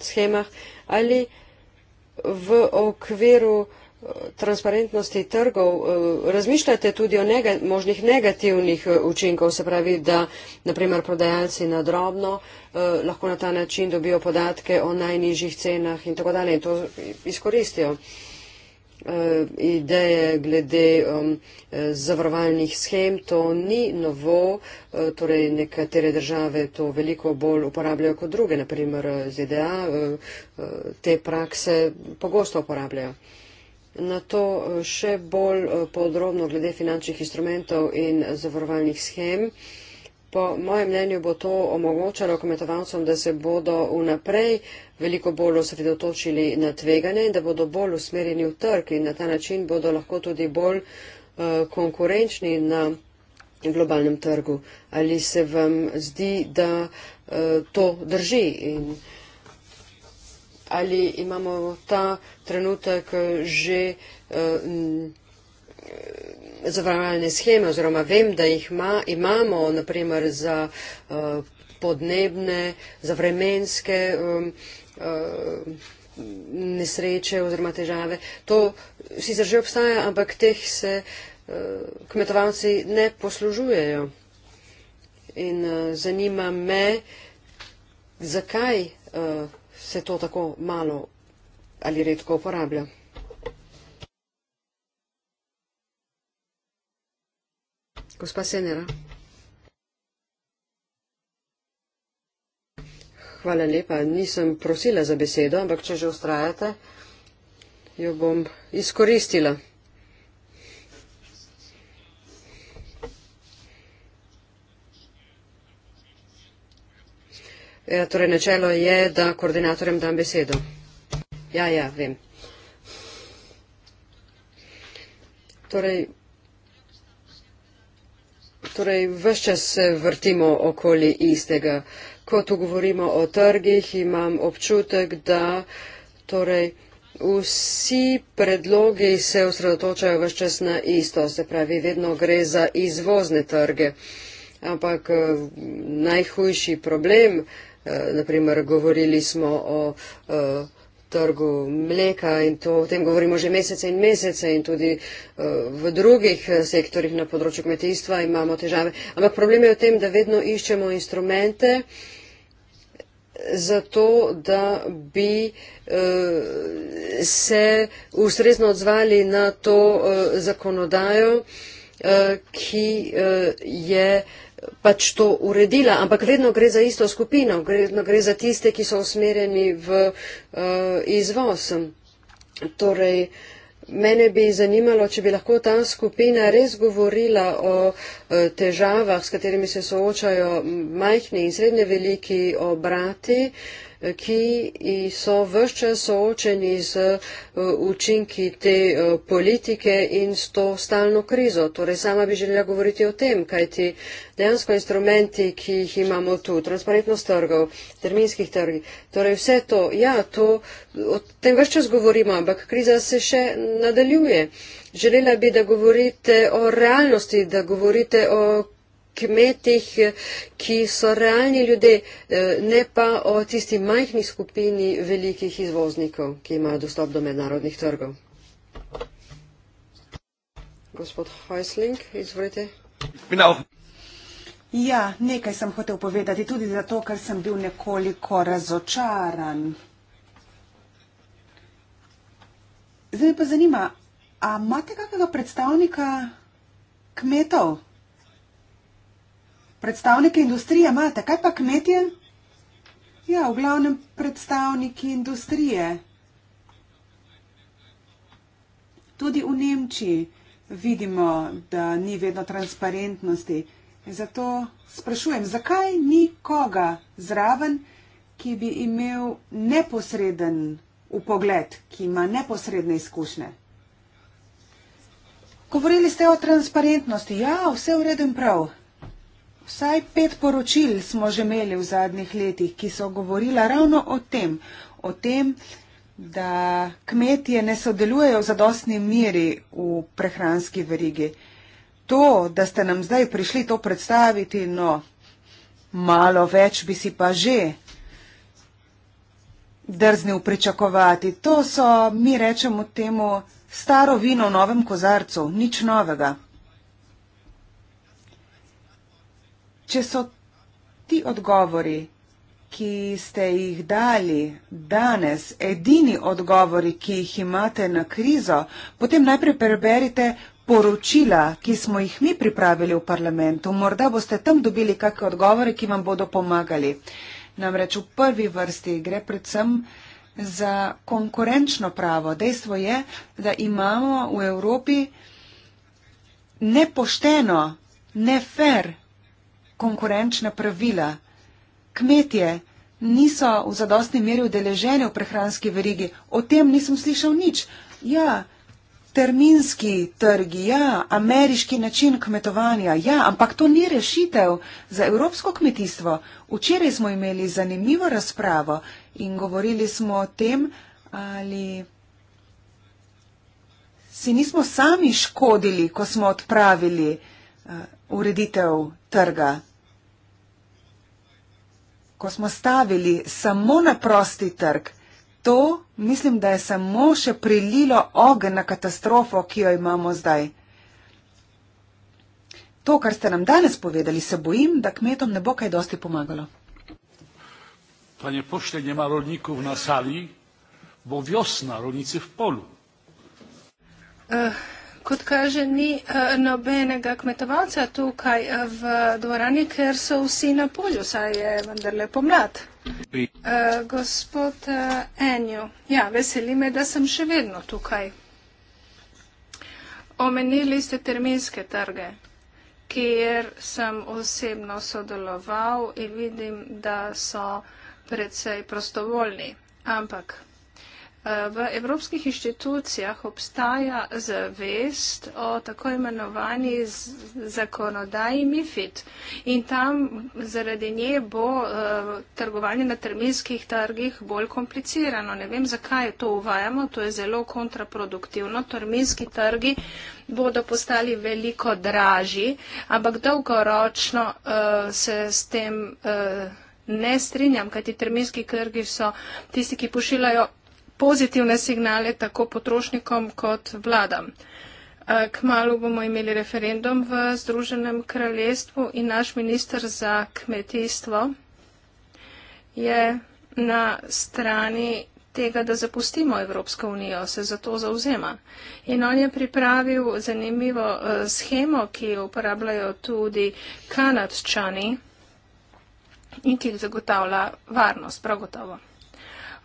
schemah ali v okviru eh, transparentnosti trgov razmišljate tudi o možnih negativnih učinkov, se pravi, da naprimer prodajalci nadrobno lahko na ta način dobijo podatke o najnižjih cenah in tako dalje in to izkoristijo. Eh, ideje glede um, eh, zavarovalnih schem, to ni novo, eh, torej nekatere države to veliko bolj uporabljajo kot druge, naprimer ZDA te prakse pogosto uporabljajo. Na to še bolj podrobno glede finančnih instrumentov in zavarovalnih schem. Po mojem mnenju bo to omogočalo kmetovalcem, da se bodo vnaprej veliko bolj osredotočili na tveganje in da bodo bolj usmerjeni v trg in na ta način bodo lahko tudi bolj uh, konkurenčni na globalnem trgu. Ali se vam zdi, da uh, to drži? In ali imamo ta trenutek eh, že uh, zavarovalne scheme oziroma vem, da jih ima, imamo naprimer za uh, podnebne, za vremenske um, uh, nesreče oziroma težave. To sicer že obstaja, ampak teh se uh, kmetovalci ne poslužujejo. In uh, zanima me, zakaj uh, se to tako malo ali redko uporablja. Gospa Senera. Hvala lepa. Nisem prosila za besedo, ampak če že ustrajate, jo bom izkoristila. Ja, torej, načelo je, da koordinatorjem dam besedo. Ja, ja, vem. Torej, torej vse čas se vrtimo okoli istega. Ko tu govorimo o trgih, imam občutek, da torej, vsi predlogi se osredotočajo vse čas na isto, se pravi, vedno gre za izvozne trge. Ampak eh, najhujši problem, eh, naprimer, govorili smo o. o eh, trgu mleka in to o tem govorimo že mesece in mesece in tudi eh, v drugih eh, sektorjih na področju kmetijstva imamo težave. Ampak problem je v tem, da vedno iščemo instrumente eh, zato, da bi se ustrezno odzvali na to zakonodajo, ki je pač to uredila, ampak vedno gre za isto skupino, vedno gre za tiste, ki so usmerjeni v uh, izvoz. Torej, mene bi zanimalo, če bi lahko ta skupina res govorila o eh, težavah, s katerimi se soočajo majhni in srednje veliki obrati. Uh, ki so vse soočeni z eh, učinki te eh, politike in s to stalno krizo. Torej, sama bi želela govoriti o tem, kaj ti dejansko instrumenti, ki jih imamo tu, transparentnost trgov, terminskih trgov, torej vse to, ja, to, o tem vse čas govorimo, ampak kriza se še nadaljuje. Želela bi, da govorite o realnosti, da govorite o kmetih, ki so realni ljudje, eh, ne pa o tisti majhni skupini velikih izvoznikov, ki imajo dostop do mednarodnih trgov. Gospod Heusling, izvolite. Ja, nekaj sem hotel povedati tudi zato, ker sem bil nekoliko razočaran. Zdaj me pa zanima, a imate kakega predstavnika kmetov? predstavnike industrije imate, kaj pa kmetje? Ja, v glavnem predstavniki industrije. Tudi v Nemčiji vidimo, da ni vedno transparentnosti. Zato sprašujem, zakaj ni koga zraven, ki bi imel neposreden upogled, ki ima neposredne izkušnje? Govorili ste o transparentnosti. Ja, vse v redu in prav. Vsaj pet poročil smo že imeli v zadnjih letih, ki so govorila ravno o tem, o tem, da kmetije ne sodelujejo v zadostni miri v prehranski verigi. To, da ste nam zdaj prišli to predstaviti, no, malo več bi si pa že drznil pričakovati. To so, mi rečemo temu, staro vino v novem kozarcu, nič novega. če so ti odgovori, ki ste jih dali danes, edini odgovori, ki jih imate na krizo, potem najprej preberite poročila, ki smo jih mi pripravili v parlamentu. Morda boste tam dobili kakšne odgovore, ki vam bodo pomagali. Namreč v prvi vrsti gre predvsem za konkurenčno pravo. Dejstvo je, da imamo v Evropi nepošteno, nefer konkurenčna pravila. Kmetije niso v zadostni meri udeleženi v prehranski verigi, o tem nisem slišal nič. Ja, terminski trgi, ja, ameriški način kmetovanja, ja, ampak to ni rešitev za evropsko kmetijstvo. Včeraj smo imeli zanimivo razpravo in govorili smo o tem, ali si nismo sami škodili, ko smo odpravili uh, ureditev trga ko smo stavili samo na prosti trg, to mislim, da je samo še prililo ogen na katastrofo, ki jo imamo zdaj. To, kar ste nam danes povedali, se bojim, da kmetom ne bo kaj dosti pomagalo. Panie pošte, nema rodnikov na sali, bo vjosna rodnice v polu. Uh kot kaže, ni uh, nobenega kmetovalca tukaj uh, v dvorani, ker so vsi na polju, saj je vendarle pomlad. Uh, gospod uh, Enjo, ja, veseli me, da sem še vedno tukaj. Omenili ste terminske trge, kjer sem osebno sodeloval in vidim, da so predvsej prostovoljni. Ampak Eh, v evropskih inštitucijah obstaja zavest o tako imenovani zakonodaji MIFID in tam zaradi nje bo eh, trgovanje na terminskih trgih bolj komplicirano. Ne vem, zakaj to uvajamo, to je zelo kontraproduktivno. Terminski trgi bodo postali veliko dražji, ampak dolgoročno eh, se s tem. Ne strinjam, kajti terminski krgi so tisti, ki pošiljajo pozitivne signale tako potrošnikom kot vladam. Kmalo bomo imeli referendum v Združenem kraljestvu in naš minister za kmetijstvo je na strani tega, da zapustimo Evropsko unijo, se za to zauzema. In on je pripravil zanimivo e, schemo, ki jo uporabljajo tudi kanadčani in ki jih zagotavlja varnost, prav gotovo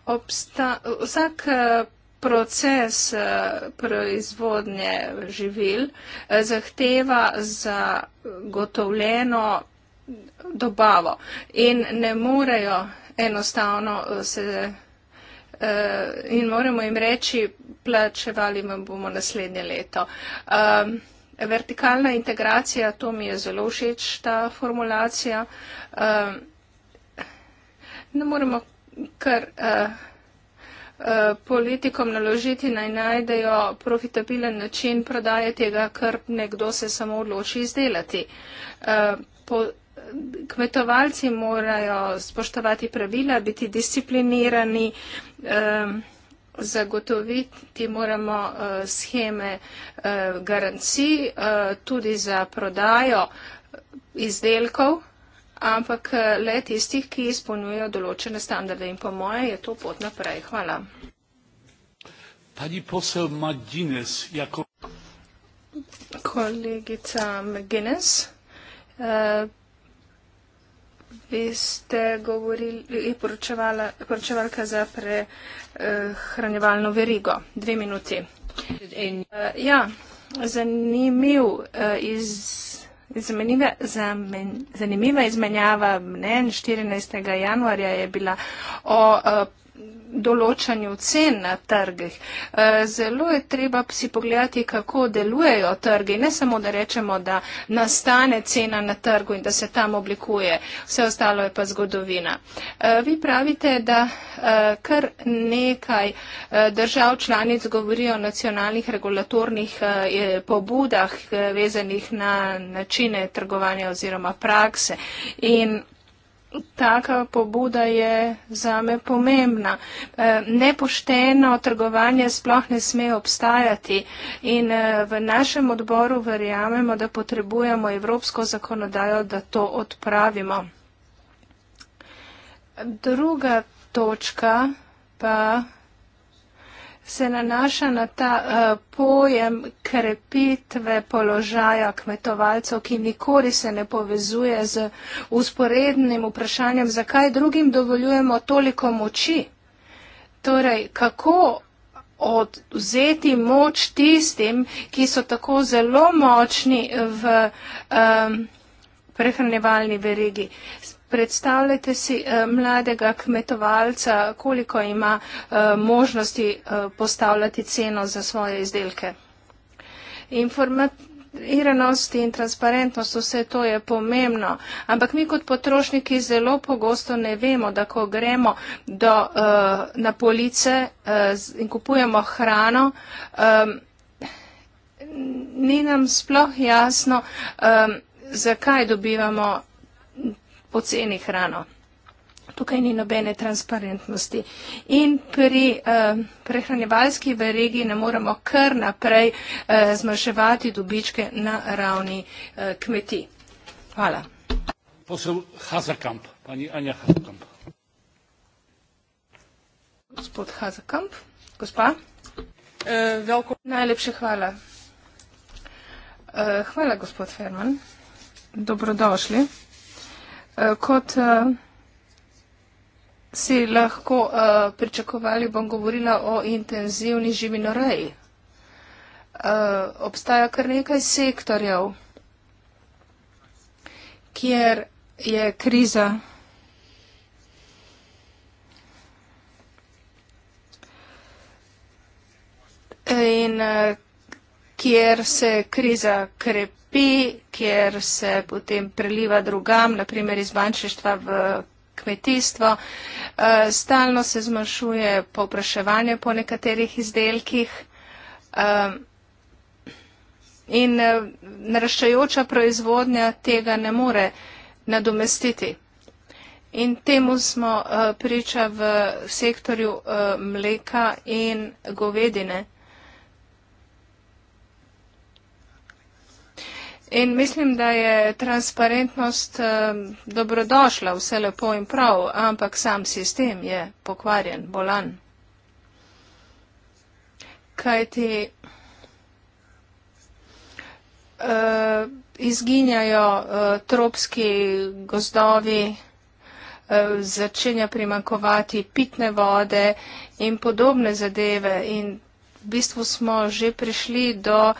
obsta, vsak eh, proces eh, proizvodnje živil eh, zahteva zagotovljeno dobavo in ne morejo enostavno se. In moramo jim reči, plačevali vam bomo naslednje leto. Um, vertikalna integracija, to mi je zelo všeč, ta formulacija. Um, ne moremo kar uh, uh, politikom naložiti, naj najdejo profitabilen način prodaje tega, kar nekdo se samo odloči izdelati. Uh, po, kmetovalci morajo spoštovati pravila, biti disciplinirani. Um, Zagotoviti moramo uh, scheme uh, garancij uh, tudi za prodajo izdelkov, uh, ampak eh, le tistih, ki izpolnjujejo določene standarde. In po moje je to pot naprej. Hvala. Pani posel Madines, jako. Kolegica Madines, eh, vi ste govorili, poročevala, poročevalka za prehranjevalno verigo. Dve minuti. Eh, ja, zanimiv iz. Zmeniva, zamen, zanimiva izmenjava mnen 14. januarja je bila o uh, določanju cen na trgih. E, zelo je treba si pogledati, kako delujejo trgi. Ne samo, da rečemo, da nastane cena na trgu in da se tam oblikuje. Vse ostalo je pa zgodovina. E, vi pravite, da e, kar nekaj držav članic govori o nacionalnih regulatornih pobudah vezanih na načine trgovanja oziroma prakse. In taka pobuda je zame pomembna. E, nepošteno trgovanje sploh ne sme obstajati in e, v našem odboru verjamemo, da potrebujemo evropsko zakonodajo, da to odpravimo. Druga točka pa se nanaša na ta uh, pojem krepitve položaja kmetovalcev, ki nikoli se ne povezuje z usporednim vprašanjem, zakaj drugim dovoljujemo toliko moči. Torej, kako odvzeti moč tistim, ki so tako zelo močni v um, eh, prehranevalni verigi. Predstavljajte si eh, mladega kmetovalca, koliko ima eh, možnosti eh, postavljati ceno za svoje izdelke. Informiranost in transparentnost, vse to je pomembno, ampak mi kot potrošniki zelo pogosto ne vemo, da ko gremo do, na police in kupujemo hrano, ni nam sploh jasno, zakaj dobivamo hrano poceni hrano. Tukaj ni nobene transparentnosti. In pri eh, prehranjevalski verigi ne moremo kar naprej eh, zmanjševati dobičke na ravni eh, kmetij. Hvala. Posel Hazakamp, pani Anja Hazakamp. Gospod Hazakamp, gospa. Eh, veliko... Najlepše hvala. Eh, hvala, gospod Ferman. Dobrodošli. Eh, kot uh, si lahko uh, pričakovali, bom govorila o intenzivni živinoreji. Uh, obstaja kar nekaj sektorjev, kjer je kriza. In uh, kjer se kriza krepi spi, kjer se potem preliva drugam, naprimer iz bančništva v kmetijstvo. E, stalno se zmanjšuje povpraševanje po nekaterih izdelkih e, in e, naraščajoča proizvodnja tega ne more nadomestiti. In temu smo priča v sektorju mleka in govedine. In mislim, da je transparentnost um, dobrodošla, vse lepo in prav, ampak sam sistem je pokvarjen, bolan. Kaj ti uh, eh, izginjajo uh, tropski gozdovi, uh, začenja primankovati pitne vode in podobne zadeve. In v bistvu smo že prišli do uh,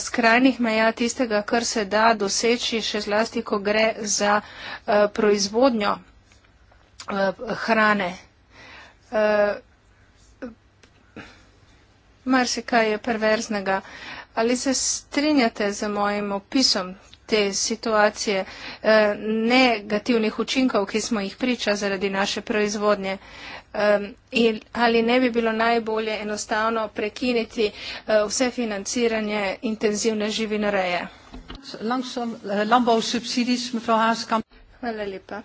skrajnih meja tistega, kar se da doseči, še zlasti, ko gre za uh, proizvodnjo uh, hrane. Uh, Mar se kaj je perverznega. Ali se strinjate z mojim opisom te situacije e, negativnih učinkov, ki smo jih priča zaradi naše proizvodnje. E, in ali ne bi bilo najbolje enostavno prekiniti e, vse financiranje intenzivne živinoreje? Eh, Hvala lepa.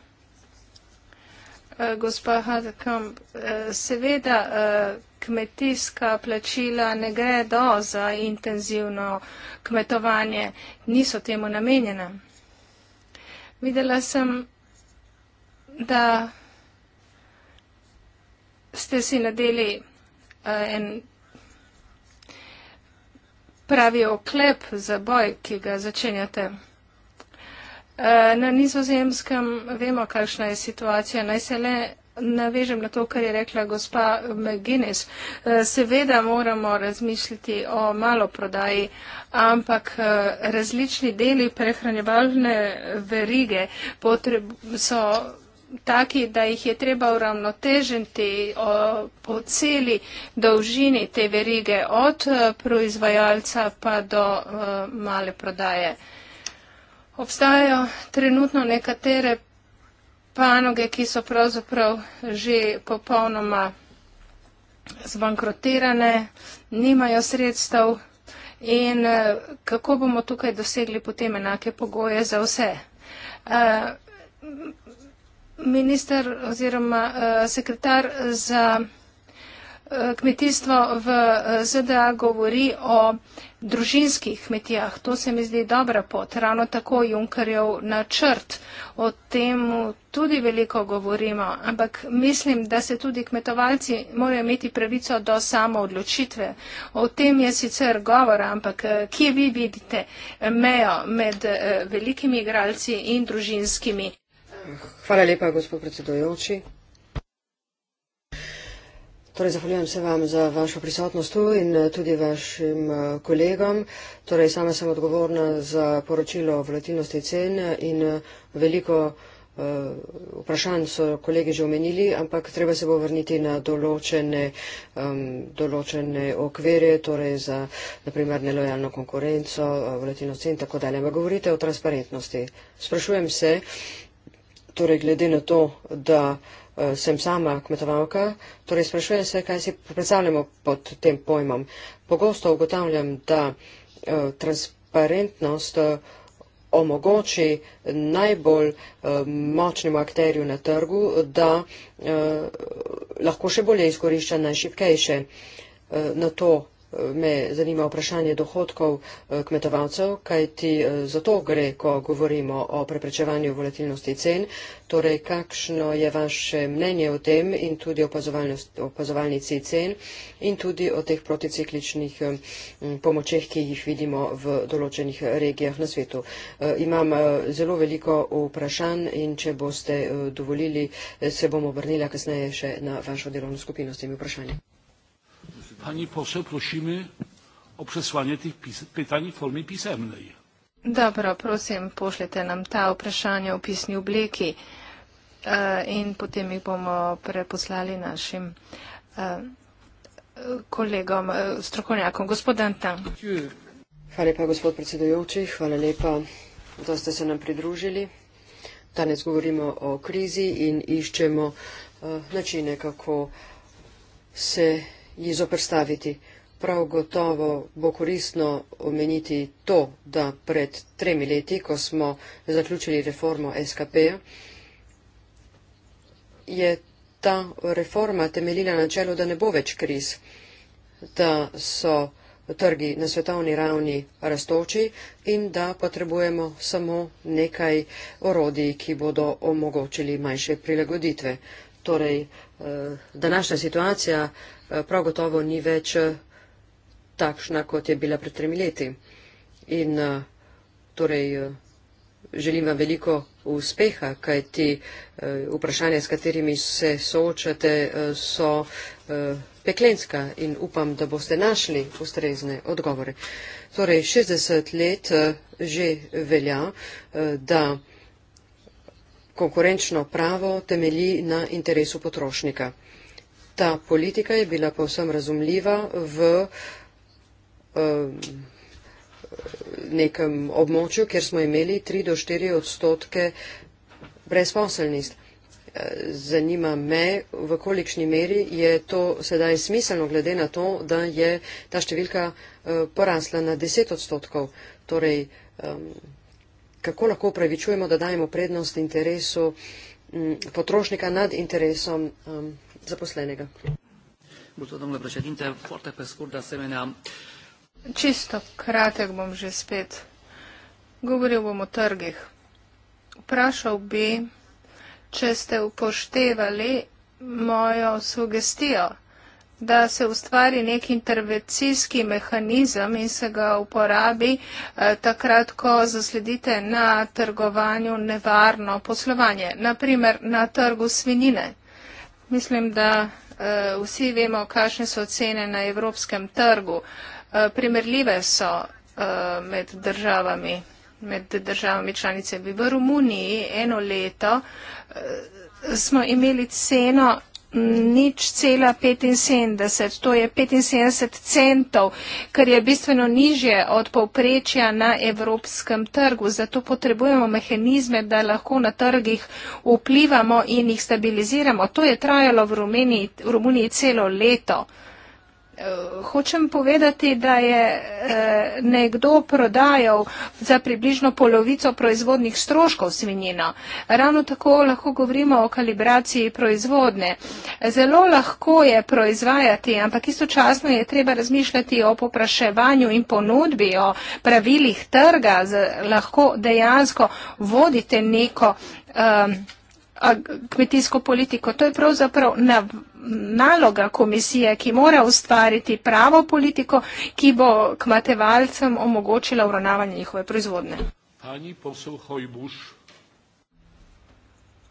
Eh, gospa Hadekamp, eh, seveda eh, kmetijska plačila ne gredo za intenzivno kmetovanje, niso temu namenjene. Videla sem, da ste si nadeli en pravi oklep za boj, ki ga začenjate. Eh, na nizozemskem vemo, kakšna je situacija. Naj se le navežem na to, kar je rekla gospa McGuinness. Eh, seveda moramo razmišljati o maloprodaji, ampak eh, različni deli prehranjevalne verige so taki, da jih je treba uravnotežiti po celi dolžini te verige od proizvajalca pa do male prodaje. Obstajajo trenutno nekatere panoge, ki so pravzaprav že popolnoma zbankrotirane, nimajo sredstev in eh, kako bomo tukaj dosegli potem enake pogoje za vse. Eh, minister oziroma eh, sekretar za kmetijstvo v eh, ZDA govori o družinskih kmetijah. To se mi zdi dobra pot. Ravno tako Junkerjev načrt. O tem tudi veliko govorimo, ampak mislim, da se tudi kmetovalci morajo imeti pravico do samoodločitve. O tem je sicer govor, ampak eh, kje vi vidite mejo med eh, velikimi igralci in družinskimi? Hvala lepa, gospod predsedujoči. Torej, zahvaljujem se vam za vašo prisotnost tu in eh, tudi vašim eh, kolegom. Torej, sama sem odgovorna za poročilo o volatilnosti cen in eh, veliko vprašanj so kolegi že omenili, ampak treba se bo vrniti na določene, um, določene okvere, torej za naprimer nelojalno konkurenco, volatilnost cen in tako dalje. Ampak govorite o transparentnosti. Sprašujem se, torej glede na to, da Eh, sem sama kmetovalka, torej sprašujem se, kaj si predstavljamo pod tem pojmom. Pogosto ugotavljam, da eh, transparentnost eh, omogoči najbolj močnemu akterju na trgu, da lahko še bolje izkorišča najšipkejše. Na to me zanima vprašanje dohodkov eh, kmetovalcev, kajti eh, zato gre, ko govorimo o preprečevanju volatilnosti cen. Torej, kakšno je vaše mnenje o tem in tudi o opazovalnici cen in tudi o teh proticikličnih eh, pomočeh, ki jih vidimo v določenih regijah na svetu. Imam zelo veliko vprašanj in če boste dovolili, se bom obrnila kasneje še na vašo delovno skupino s temi vprašanji. Pani poseł, prosimy o przesłanie tych pytań w formie pisemnej. Dobro, prosim, pošljite nam ta vprašanja v pisni obliki uh, in potem jih bomo preposlali našim uh, kolegom, uh, strokovnjakom. Gospod Antan. Hvala lepa, gospod predsedujoči. Hvala lepa, da ste se nam pridružili. Danes govorimo o krizi in iščemo uh, načine, kako se ji zoprstaviti. Prav gotovo bo koristno omeniti to, da pred tremi leti, ko smo zaključili reformo SKP, je ta reforma temeljila na čelu, da ne bo več kriz, da so trgi na svetovni ravni rastoči in da potrebujemo samo nekaj orodij, ki bodo omogočili manjše prilagoditve. Torej, eh, današnja situacija Eh, prav gotovo ni več eh, takšna, kot je bila pred tremi leti. In eh, torej želim vam veliko uspeha, kaj ti vprašanja, s katerimi se soočate, so peklenska in upam, da boste našli ustrezne odgovore. Torej, 60 let že velja, da konkurenčno pravo temelji na interesu potrošnika. Ta politika je bila povsem razumljiva v nekem območju, kjer smo imeli 3 do 4 odstotke brezposelnost. Zanima me, v kolikšni meri je to sedaj smiselno, glede na to, da je ta številka eh, porasla na 10 odstotkov. Torej, kako lahko upravičujemo, da dajemo prednost interesu Mm, potrošnika nad interesom um, zaposlenega. Čisto kratek bom že spet. Govoril bom o trgih. Vprašal bi, če ste upoštevali mojo sugestijo, da se ustvari nek intervencijski mehanizem in se ga uporabi eh, takrat, ko zasledite na trgovanju nevarno poslovanje, naprimer na trgu svinine. Mislim, da eh, vsi vemo, kakšne so cene na evropskem trgu. Eh, primerljive so eh, med državami, med državami članice. V Romuniji eno leto eh, smo imeli ceno nič cela 75, to je 75 centov, kar je bistveno nižje od povprečja na evropskem trgu. Zato potrebujemo mehanizme, da lahko na trgih vplivamo in jih stabiliziramo. To je trajalo v Romuniji, v Romuniji celo leto. Eh, hočem povedati, da je eh, nekdo prodajal za približno polovico proizvodnih stroškov svinjina. Ravno tako lahko govorimo o kalibraciji proizvodne. Zelo lahko je proizvajati, ampak istočasno je treba razmišljati o popraševanju in ponudbi, o pravilih trga, lahko dejansko vodite neko. Um, kmetijsko politiko. To je pravzaprav naloga komisije, ki mora ustvariti pravo politiko, ki bo kmetevalcem omogočila uravnavanje njihove proizvodne.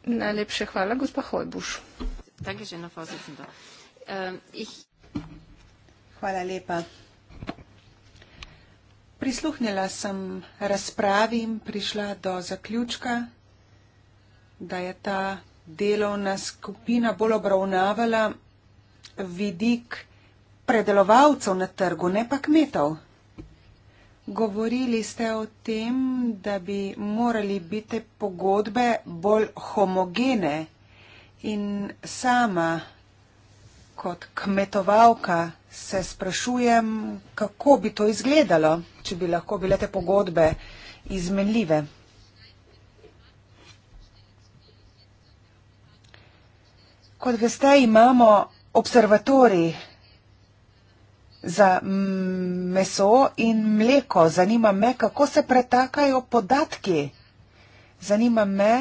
Najlepše hvala, gospa Hojbuš. Ähm, hvala lepa. Prisluhnila sem razpravi in prišla do zaključka, da je ta delovna skupina bolj obravnavala vidik predelovalcev na trgu, ne pa kmetov. Govorili ste o tem, da bi morali biti pogodbe bolj homogene in sama kot kmetovalka se sprašujem, kako bi to izgledalo, če bi lahko bile te pogodbe izmenljive. kot veste, imamo observatori za meso in mleko. Zanima me, kako se pretakajo podatki. Zanima me,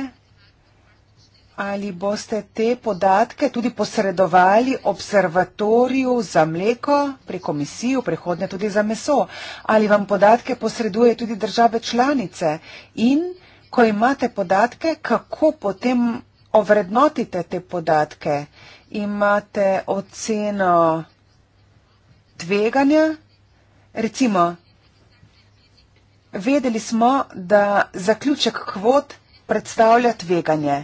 ali boste te podatke tudi posredovali observatorju za mleko pri komisiji, prihodne tudi za meso. Ali vam podatke posreduje tudi države članice in ko imate podatke, kako potem ovrednotite te podatke, imate oceno tveganja. Recimo, vedeli smo, da zaključek kvot predstavlja tveganje.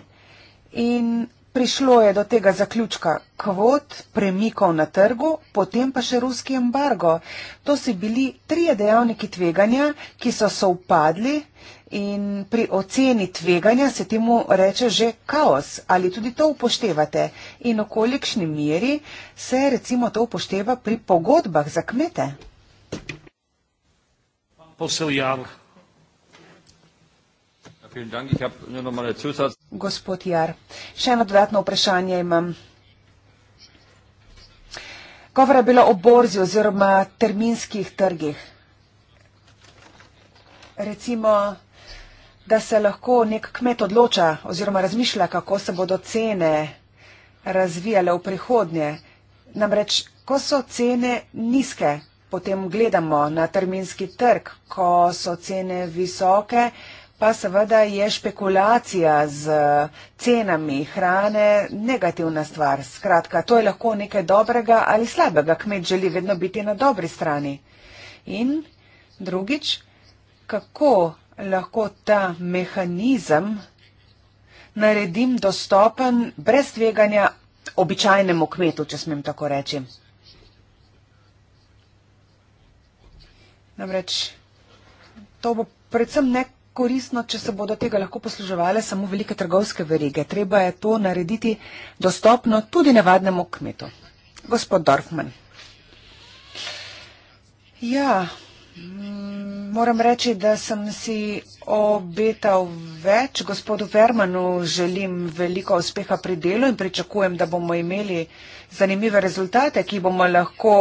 In prišlo je do tega zaključka kvot, premikov na trgu, potem pa še ruski embargo. To so bili trije dejavniki tveganja, ki so se upadli in pri oceni tveganja se temu reče že kaos. Ali tudi to upoštevate in v kolikšni meri se recimo to upošteva pri pogodbah za kmete? Gospod Jar, še eno dodatno vprašanje imam. Govora je bilo o borzi oziroma terminskih trgih. Recimo, da se lahko nek kmet odloča oziroma razmišlja, kako se bodo cene razvijale v prihodnje. Namreč, ko so cene nizke, potem gledamo na terminski trg, ko so cene visoke, pa seveda je špekulacija z eh, cenami hrane negativna stvar. Skratka, to je lahko nekaj dobrega ali slabega. Kmet želi vedno biti na dobri strani. In drugič, kako lahko ta mehanizem naredim dostopen brez tveganja običajnemu kmetu, če smem tako reči. Namreč, to bo predvsem nek koristno, če se bodo tega lahko posluževali samo velike trgovske verige. Treba je to narediti dostopno tudi navadnemu kmetu. Gospod Dorfman. Ja, mm, moram reči, da sem si obetal več. Gospodu Vermanu želim veliko uspeha pri delu in pričakujem, da bomo imeli zanimive rezultate, ki bomo lahko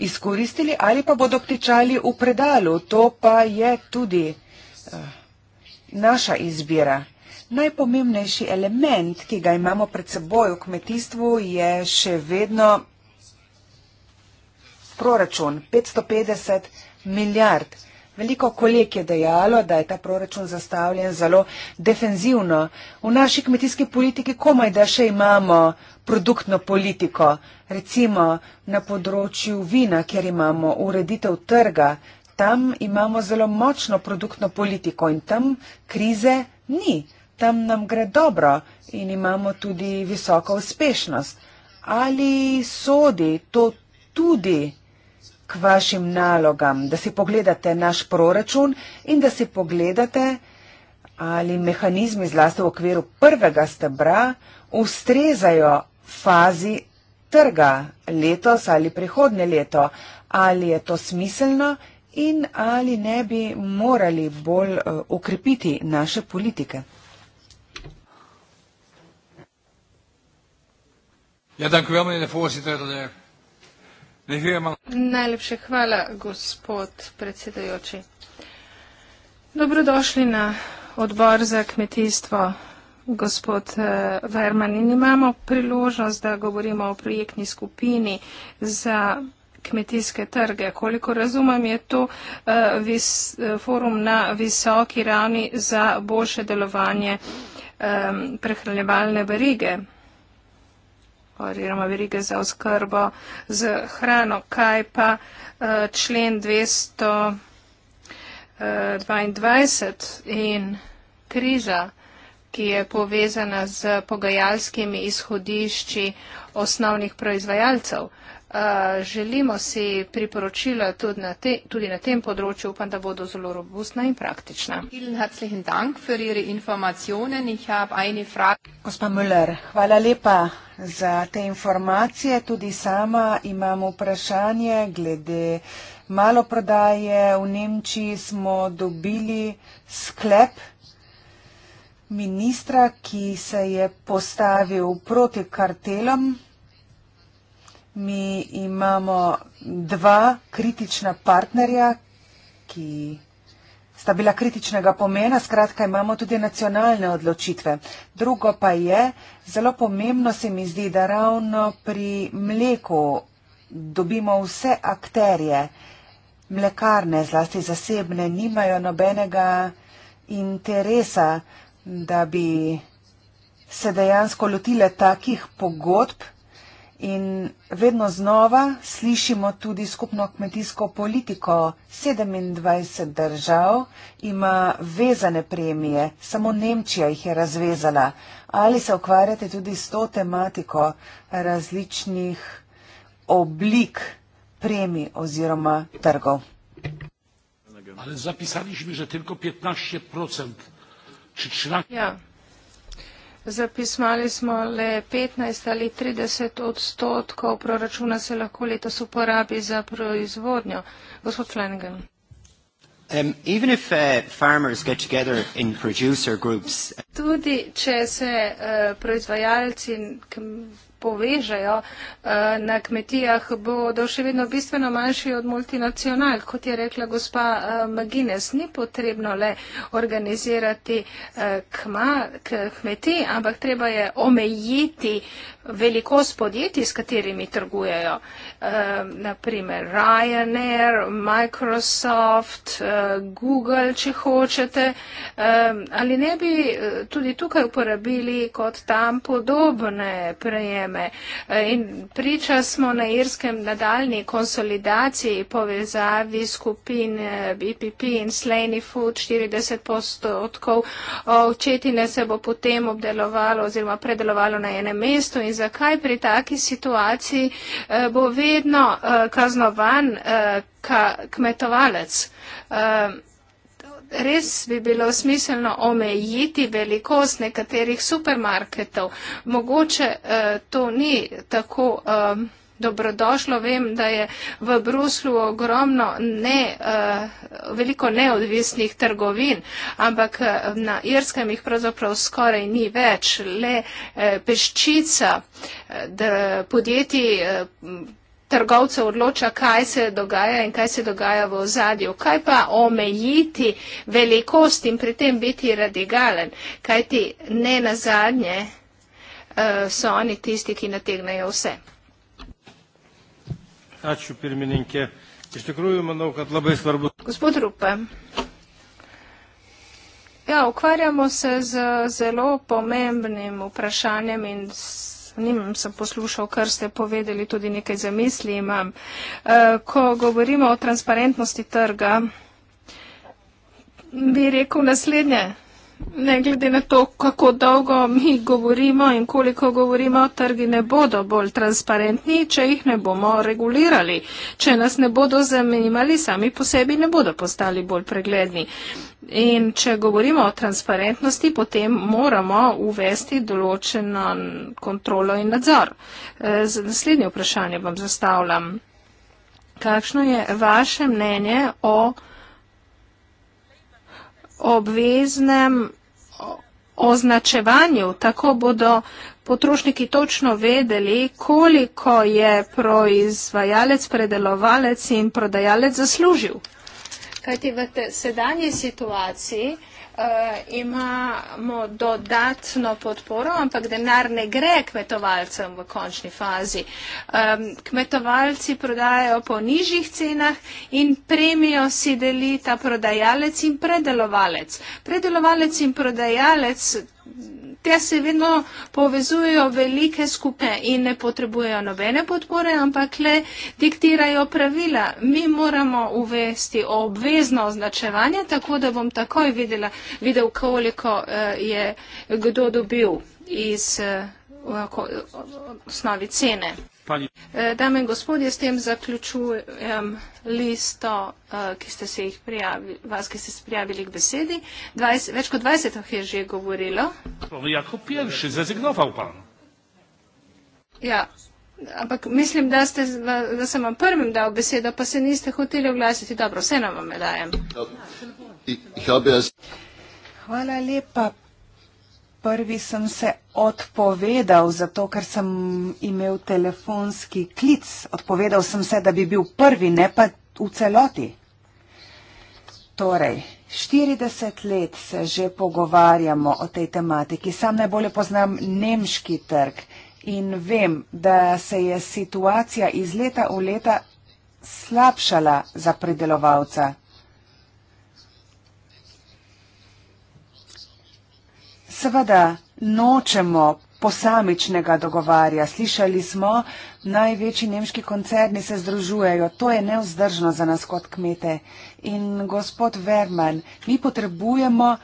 izkoristili ali pa bodo ptičali v predalu. To pa je tudi. Eh, naša izbira. Najpomembnejši element, ki ga imamo pred seboj v kmetijstvu, je še vedno proračun 550 milijard. Veliko kolek je dejalo, da je ta proračun zastavljen zelo defenzivno. V naši kmetijski politiki komaj da še imamo produktno politiko, recimo na področju vina, kjer imamo ureditev trga, tam imamo zelo močno produktno politiko in tam krize ni. Tam nam gre dobro in imamo tudi visoko uspešnost. Ali sodi to tudi k vašim nalogam, da si pogledate naš proračun in da si pogledate, ali mehanizmi zlasti v okviru prvega stebra ustrezajo fazi trga letos ali prihodne leto, ali je to smiselno in ali ne bi morali bolj ukrepiti eh, naše politike. Ja, eh, Najlepše hvala, gospod predsedajoči. Dobrodošli na odbor za kmetijstvo, gospod eh, Verman. In imamo priložnost, da govorimo o projektni skupini za kmetijske trge. Koliko razumem, je to uh, vis, eh, forum na visoki ravni za boljše delovanje um, prehranjevalne verige oziroma verige za oskrbo z hrano. Kaj pa uh, člen 222 in kriza, ki je povezana z pogajalskimi izhodišči osnovnih proizvajalcev? Eh, želimo si priporočila tudi na, te, tudi na tem področju, upam, da bodo zelo robustna in praktična. Gospa Müller, hvala lepa za te informacije. Tudi sama imam vprašanje glede maloprodaje. V Nemčiji smo dobili sklep ministra, ki se je postavil proti kartelom mi imamo dva kritična partnerja, ki sta bila kritičnega pomena, skratka imamo tudi nacionalne odločitve. Drugo pa je, zelo pomembno se mi zdi, da ravno pri mleku dobimo vse akterje, mlekarne, zlasti zasebne, nimajo nobenega interesa, da bi se dejansko lotile takih pogodb, In vedno znova slišimo tudi skupno kmetijsko politiko. 27 držav ima vezane premije, samo Nemčija jih je razvezala. Ali se ukvarjate tudi s to tematiko različnih oblik premij oziroma trgov? Ali zapisali smo, da je samo 15%? Ja, Zapisali smo le 15 ali 30 odstotkov proračuna se lahko letos uporabi za proizvodnjo. Gospod Flanagan. Um, if, uh, uh, Tudi če se uh, proizvajalci in kmetje povežejo eh, na kmetijah, bodo še vedno bistveno manjši od multinacionalk, kot je rekla gospa eh, Magines. Ni potrebno le organizirati eh, kma, kmetij, ampak treba je omejiti velikost podjetij, s katerimi trgujejo. Um, naprimer Ryanair, Microsoft, uh, Google, če hočete, um, ali ne bi uh, tudi tukaj uporabili kot tam podobne prejeme. Uh, in priča smo na irskem nadaljni konsolidaciji povezavi skupin uh, BPP in Slaney Food 40 postotkov, očetine se bo potem obdelovalo oziroma predelovalo na enem mestu in zakaj pri taki situaciji bo vedno vedno uh, kaznovan uh, ka, kmetovalec. Uh, Res bi bilo smiselno omejiti velikost nekaterih supermarketov. Mogoče eh, to ni tako eh, dobrodošlo. Vem, da je v Bruslu ogromno ne, eh, veliko neodvisnih trgovin, ampak eh, na Irskem jih pravzaprav skoraj ni več. Le eh, peščica eh, podjetij. Eh, trgovcev odloča, kaj se dogaja in kaj se dogaja v ozadju. Kaj pa omejiti velikost in pri tem biti radikalen, kaj ti ne na zadnje uh, eh, so oni tisti, ki nategnajo vse. Ačiū pirmininkė. Iš tikrųjų, manau, kad labai svarbu. Gospod Rupe. Ja, ukvarjamo se z zelo pomembnim vprašanjem in s zanimam se poslušal, kar ste povedali, tudi nekaj zamisli imam. Eh, ko govorimo o transparentnosti trga, bi rekel naslednje ne glede na to, kako dolgo mi govorimo in koliko govorimo, trgi ne bodo bolj transparentni, če jih ne bomo regulirali. Če nas ne bodo zanimali, sami po sebi ne bodo postali bolj pregledni. In če govorimo o transparentnosti, potem moramo uvesti določeno kontrolo in nadzor. E, naslednje vprašanje vam zastavljam. Kakšno je vaše mnenje o obveznem označevanju, tako bodo potrošniki točno vedeli, koliko je proizvajalec, predelovalec in prodajalec zaslužil. Kajti v sedanji situaciji uh, imamo dodatno podporo, ampak denar ne gre kmetovalcem v končni fazi. Um, kmetovalci prodajajo po nižjih cenah in premijo si deli ta prodajalec in predelovalec. Predelovalec in prodajalec te se vedno povezujejo velike skupine in ne potrebujejo nobene podpore, ampak le diktirajo pravila. Mi moramo uvesti obvezno označevanje, tako da bom takoj videla, videl, koliko uh, je kdo dobil iz uh, osnovi cene. Pani... E, dame in gospodje, s tem zaključujem listo, e, ki ste se jih prijavili, vas, ki ste se prijavili k besedi. 20, več kot 20 je že govorilo. Jako prvi, zrezignoval pa. Ja, ampak mislim, da, ste, da sem vam prvim dal besedo, pa se niste hoteli oglasiti. Dobro, vseeno vam je dajem. Ja, ja, Hvala lepa, prvi sem se odpovedal, zato ker sem imel telefonski klic. Odpovedal sem se, da bi bil prvi, ne pa v celoti. Torej, 40 let se že pogovarjamo o tej tematiki. Sam najbolje poznam nemški trg in vem, da se je situacija iz leta v leta slabšala za predelovalca seveda nočemo posamičnega dogovarja. Slišali smo, največji nemški koncerni se združujejo. To je neozdržno za nas kot kmete. In gospod Verman, mi potrebujemo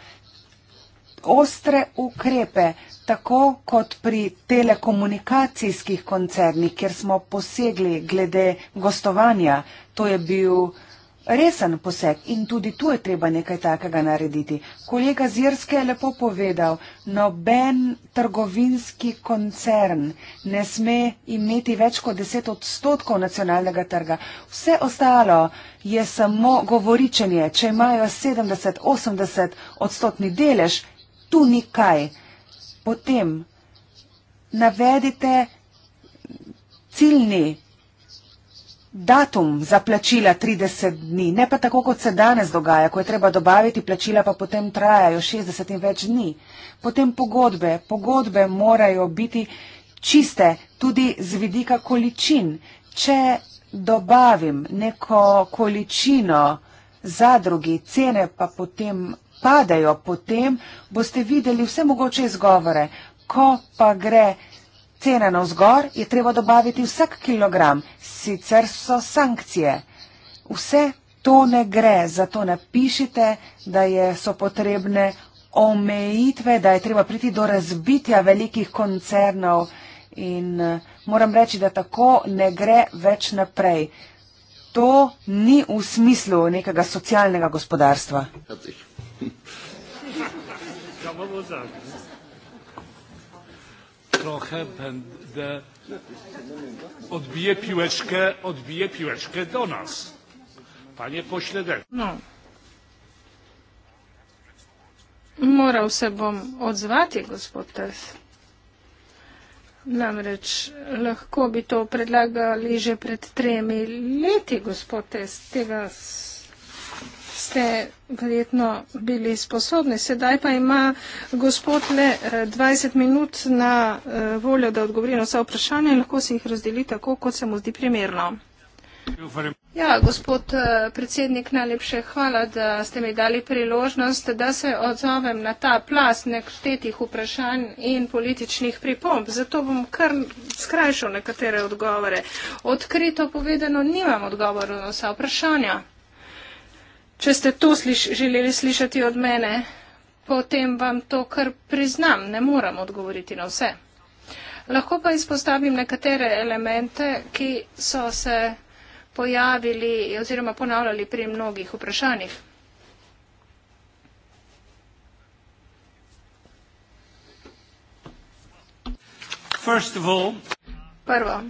ostre ukrepe, tako kot pri telekomunikacijskih koncernih, kjer smo posegli glede gostovanja. To je bil resen poseg in tudi tu je treba nekaj takega narediti. Kolega Zirske je lepo povedal, noben trgovinski koncern ne sme imeti več kot 10 odstotkov nacionalnega trga. Vse ostalo je samo govoričenje, če imajo 70-80 odstotni delež, tu ni kaj. Potem navedite ciljni datum za plačila 30 dni, ne pa tako, kot se danes dogaja, ko je treba dobaviti plačila, pa potem trajajo 60 in več dni. Potem pogodbe. Pogodbe morajo biti čiste tudi z vidika količin. Če dobavim neko količino zadrugi, cene pa potem padajo, potem boste videli vse mogoče izgovore. Ko pa gre cene navzgor, je treba dobaviti vsak kilogram, sicer so sankcije. Vse to ne gre, zato napišite, da je, so potrebne omejitve, da je treba priti do razbitja velikih koncernov in eh, moram reči, da tako ne gre več naprej. To ni v smislu nekega socialnega gospodarstva. Hrati. Hrati. Hrati. Hrati. Hrati. Hrati. Hrati. Hrati trochę będę odbiję piłeczkę, odbiję piłeczkę do nas. Panie pośle No. Morał se bom odzvati, gospod Tes. Namreč lahko bi to predlagali že pred tremi leti, gospod Tes. Tega ste verjetno bili sposobni. Sedaj pa ima gospod le 20 eh, minut na eh, voljo, da odgovori na vsa vprašanja in lahko si jih razdeli tako, kot se mu zdi primerno. Ja, gospod eh, predsednik, najlepše hvala, da ste mi dali priložnost, da se odzovem na ta plas nekštetih vprašanj in političnih pripomb. Zato bom kar skrajšal nekatere odgovore. Odkrito povedano, nimam odgovorov na vsa vprašanja če ste to sliš želeli slišati od mene, potem vam to kar priznam, ne moram odgovoriti na vse. Lahko pa izpostavim nekatere elemente, ki so se pojavili oziroma ponavljali pri mnogih vprašanjih. First of all, Prvo.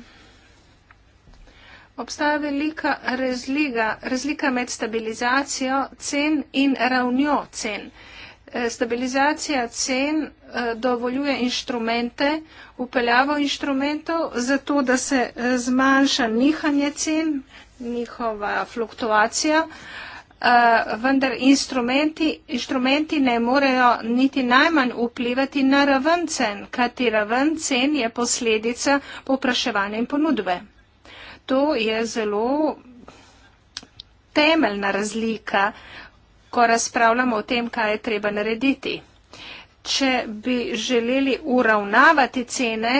Obstaja velika razliga, razlika med stabilizacijo cen in ravnjo cen. Eh, stabilizacija cen eh, dovoljuje inštrumente, upeljavo inštrumentov, zato da se eh, zmanjša nihanje cen, njihova fluktuacija, vendar instrumenti, inštrumenti ne morejo niti najmanj vplivati na raven cen, kajti raven cen je posledica popraševanja in ponudbe to je zelo temeljna razlika, ko razpravljamo o tem, kaj je treba narediti. Če bi želeli uravnavati cene,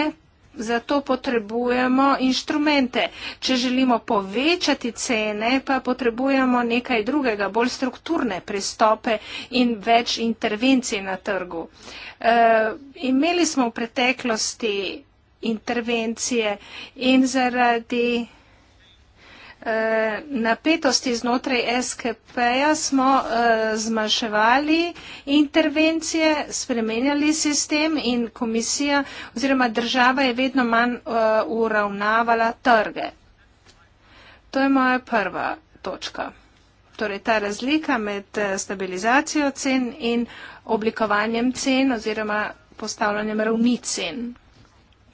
zato potrebujemo inštrumente. Če želimo povečati cene, pa potrebujemo nekaj drugega, bolj strukturne pristope in več intervencij na trgu. E, imeli smo v preteklosti intervencije in zaradi eh, napetosti znotraj SKP-ja smo eh, zmaševali intervencije, spremenjali sistem in komisija oziroma država je vedno manj eh, uravnavala trge. To je moja prva točka. Torej ta razlika med stabilizacijo cen in oblikovanjem cen oziroma postavljanjem ravni cen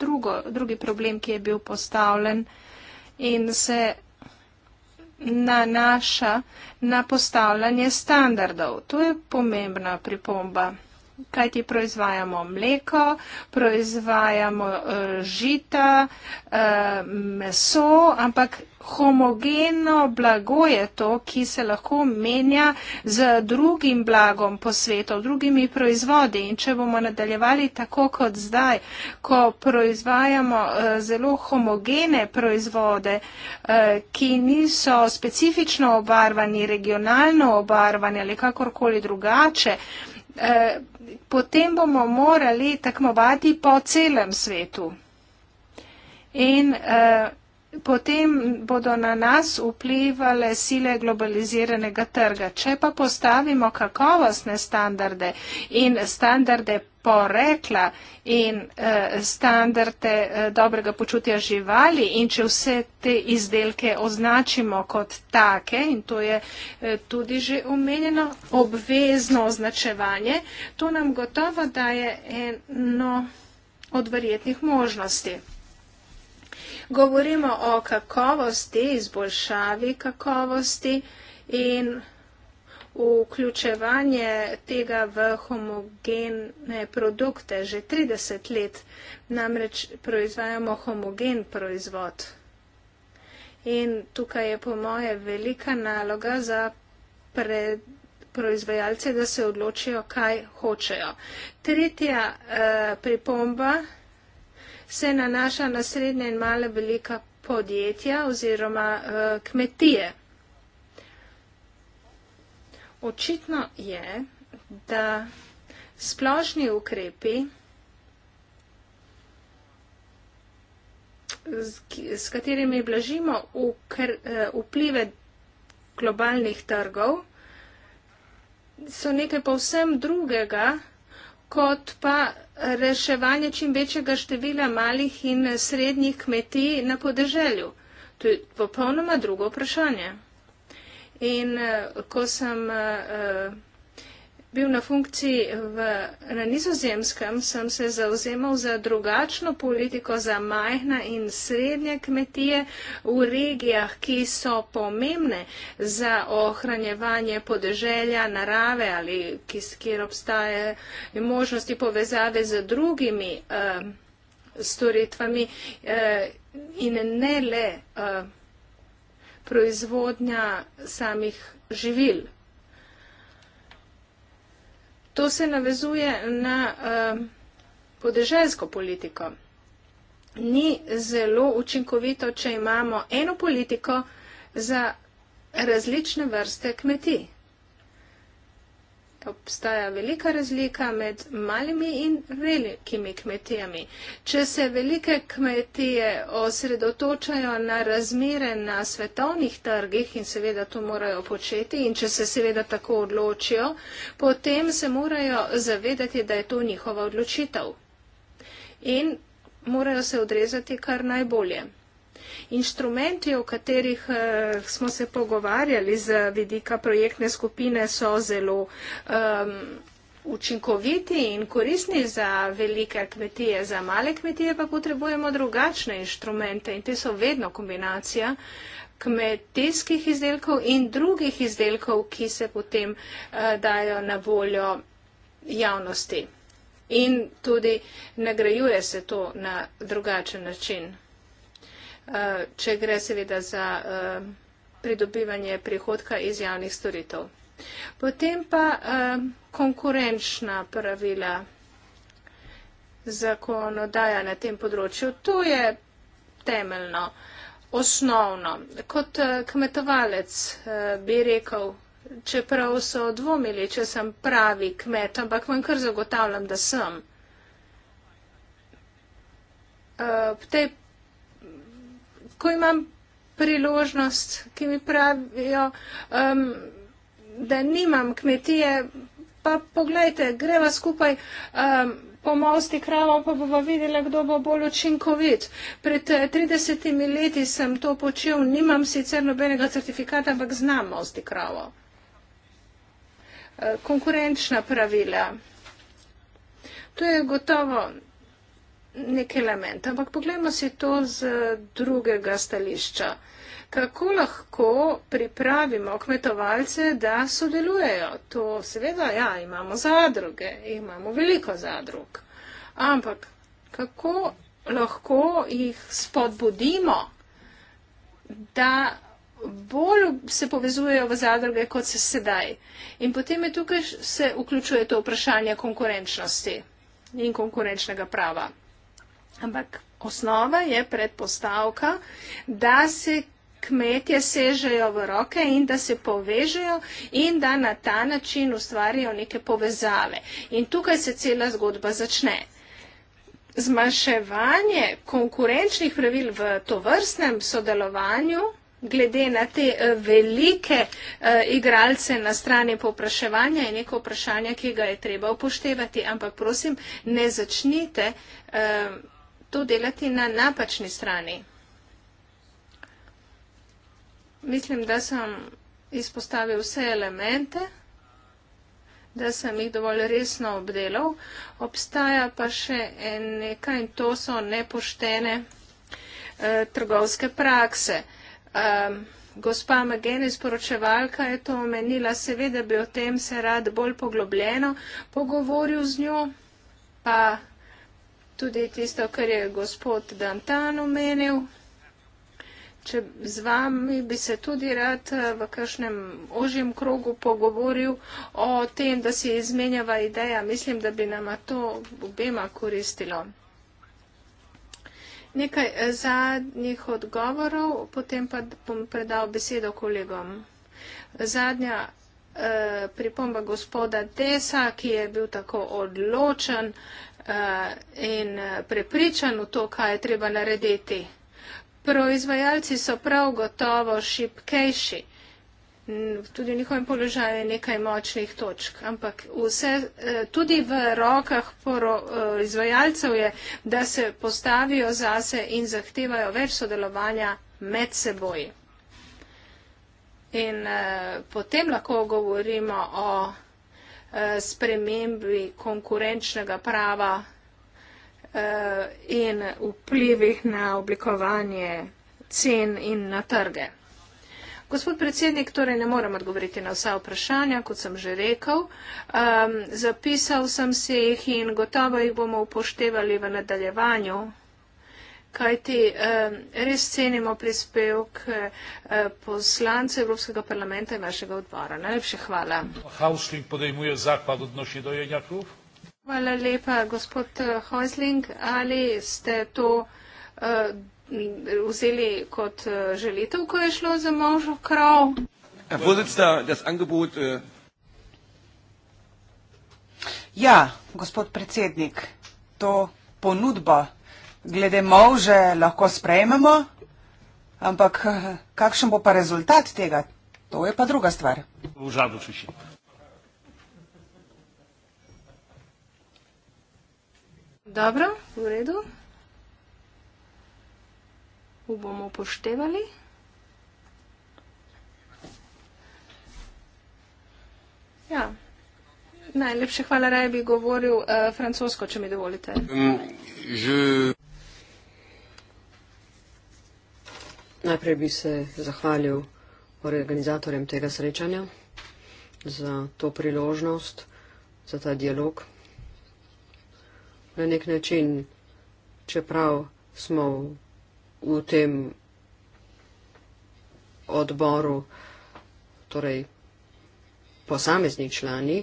drugo, drugi problem, ki je bil postavljen in se nanaša na postavljanje standardov. To je pomembna pripomba kajti proizvajamo mleko, proizvajamo eh, žita, eh, meso, ampak homogeno blago je to, ki se lahko menja z drugim blagom po svetu, drugimi proizvodi. In če bomo nadaljevali tako kot zdaj, ko proizvajamo eh, zelo homogene proizvode, ki niso specifično obarvani, regionalno obarvani ali kakorkoli drugače, potem bomo morali tekmovati po celem svetu. In uh, potem bodo na nas vplivale sile globaliziranega trga. Če pa postavimo kakovostne standarde in standarde porekla in eh, standarde eh, dobrega počutja živali in če vse te izdelke označimo kot take, in to je eh, tudi že omenjeno, obvezno označevanje, to nam gotovo daje eno od verjetnih možnosti govorimo o kakovosti, izboljšavi kakovosti in vključevanje tega v homogene produkte. Že 30 let namreč proizvajamo homogen proizvod. In tukaj je po moje velika naloga za proizvajalce, da se odločijo, kaj hočejo. Tretja eh, pripomba se nanaša na srednje in male velika podjetja oziroma uh, kmetije. Očitno je, da splošni ukrepi, s katerimi blažimo eh, vplive globalnih trgov, so nekaj povsem drugega, kot pa reševanje čim večjega števila malih in srednjih kmetij na podeželju. To je popolnoma drugo vprašanje. In eh, ko sem eh, bil na funkciji v, na nizozemskem, sem se zauzemal za drugačno politiko za majhna in srednje kmetije v regijah, ki so pomembne za ohranjevanje podeželja, narave ali kjer obstaje možnosti povezave z drugimi uh, storitvami uh, in ne le uh, proizvodnja samih živil. To se navezuje na eh, podeželsko politiko. Ni zelo učinkovito, če imamo eno politiko za različne vrste kmetij obstaja velika razlika med malimi in velikimi kmetijami. Če se velike kmetije osredotočajo na razmere na svetovnih trgih in seveda to morajo početi in če se seveda tako odločijo, potem se morajo zavedati, da je to njihova odločitev in morajo se odrezati kar najbolje. Inštrumenti, o katerih eh, smo se pogovarjali z vidika projektne skupine, so zelo um, učinkoviti in korisni za velike kmetije, za male kmetije pa potrebujemo drugačne inštrumente in te so vedno kombinacija kmetijskih izdelkov in drugih izdelkov, ki se potem uh, dajo na voljo javnosti. In tudi nagrajuje se to na drugačen način. Eh, če gre seveda za eh, pridobivanje prihodka iz javnih storitev. Potem pa eh, konkurenčna pravila zakonodaja na tem področju. To je temeljno, osnovno. Kot kmetovalec bi rekel, čeprav so dvomili, če sem pravi kmet, ampak vam kar zagotavljam, da sem. Ob tej ko imam priložnost, ki mi pravijo, um, da nimam kmetije, pa pogledajte, greva skupaj um, po mosti kravo, pa bova videla, kdo bo bolj učinkovit. Pred 30 eh, leti sem to počel, nimam sicer nobenega certifikata, ampak znam mosti kravo. Uh, konkurenčna pravila. To je gotovo nek element. Ampak poglejmo si to z drugega stališča. Kako lahko pripravimo kmetovalce, da sodelujejo? To seveda, ja, imamo zadruge, imamo veliko zadrug. Ampak kako lahko jih spodbudimo, da bolj se povezujejo v zadruge, kot se sedaj. In potem je tukaj se vključuje to vprašanje konkurenčnosti in konkurenčnega prava. Ampak osnova je predpostavka, da se kmetje sežejo v roke in da se povežejo in da na ta način ustvarijo neke povezave. In tukaj se cela zgodba začne. Zmanjševanje konkurenčnih pravil v tovrstnem sodelovanju glede na te eh, velike eh, igralce na strani popraševanja je neko vprašanje, ki ga je treba upoštevati, ampak prosim, ne začnite eh, to delati na napačni strani. Mislim, da sem izpostavil vse elemente, da sem jih dovolj resno obdelal. Obstaja pa še nekaj in to so nepoštene eh, trgovske prakse. Um, gospa Magen izporočevalka je to omenila, seveda bi o tem se rad bolj poglobljeno pogovoril z njo, pa tudi tisto, kar je gospod Dantan omenil. Če z vami bi se tudi rad eh, v kakšnem ožjem krogu pogovoril o tem, da se izmenjava ideja, mislim, da bi nama to obema koristilo. Nekaj eh, zadnjih odgovorov, potem pa bom predal besedo kolegom. Zadnja eh, pripomba gospoda Desa, ki je bil tako odločen, Eh, in eh, prepričan v to, kaj je treba narediti. Proizvajalci so prav gotovo šipkejši, tudi v njihovem položaju je nekaj močnih točk, ampak vse, eh, tudi v rokah proizvajalcev je, da se postavijo zase in zahtevajo več sodelovanja med seboj. In eh, potem lahko govorimo o spremembi konkurenčnega prava eh, in vplivih na oblikovanje cen in na trge. Gospod predsednik, torej ne morem odgovoriti na vsa vprašanja, kot sem že rekel. Um, zapisal sem se jih in gotovo jih bomo upoštevali v nadaljevanju kajti res cenimo prispevk eh, poslance Evropskega parlamenta in našega odbora. Najlepše hvala. Hausling podejmuje zakvad odnoši do jenjakov. Hvala lepa, gospod Hausling. Eh, Ali ste to eh, vzeli kot želitev, ko je šlo za možo krav? Äh, ja, gospod predsednik, to ponudbo glede može lahko sprejmemo, ampak eh, kakšen bo pa rezultat tega, to je pa druga stvar. V žadu še še. Dobro, v redu. Vu bomo poštevali. Ja. Najlepše hvala, raje bi govoril uh, francosko, če mi dovolite. Um, je... Najprej bi se zahvalil organizatorjem tega srečanja za to priložnost, za ta dialog. Na nek način, čeprav smo v tem odboru, torej posamezni člani,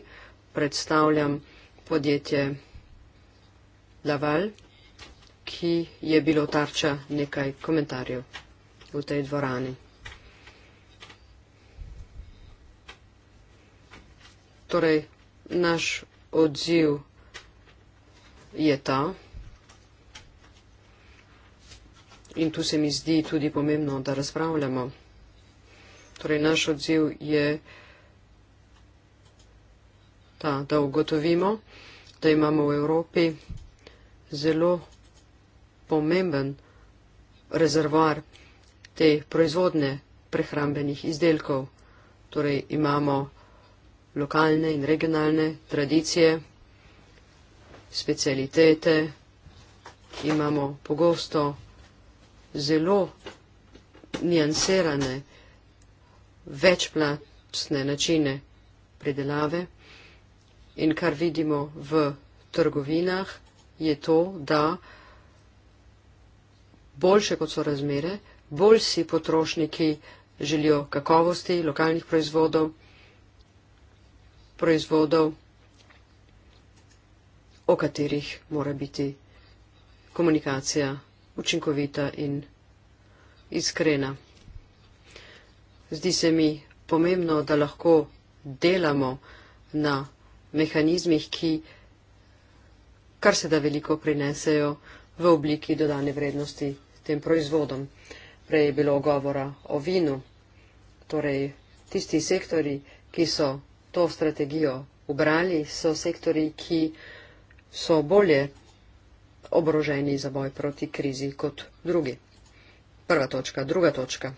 predstavljam podjetje Laval, ki je bilo tarča nekaj komentarjev v tej dvorani. Torej, naš odziv je ta. In tu se mi zdi tudi pomembno, da razpravljamo. Torej, naš odziv je ta, da ugotovimo, da imamo v Evropi zelo pomemben rezervar te proizvodne prehrambenih izdelkov. Torej imamo lokalne in regionalne tradicije, specialitete, imamo pogosto zelo nijanserane večplačne načine predelave in kar vidimo v trgovinah je to, da boljše kot so razmere, bolj si potrošniki želijo kakovosti lokalnih proizvodov, proizvodov, o katerih mora biti komunikacija učinkovita in iskrena. Zdi se mi pomembno, da lahko delamo na mehanizmih, ki kar se da veliko prinesejo v obliki dodane vrednosti tem proizvodom prej je bilo govora o vinu, torej tisti sektori, ki so to strategijo ubrali, so sektori, ki so bolje obroženi za boj proti krizi kot drugi. Prva točka, druga točka.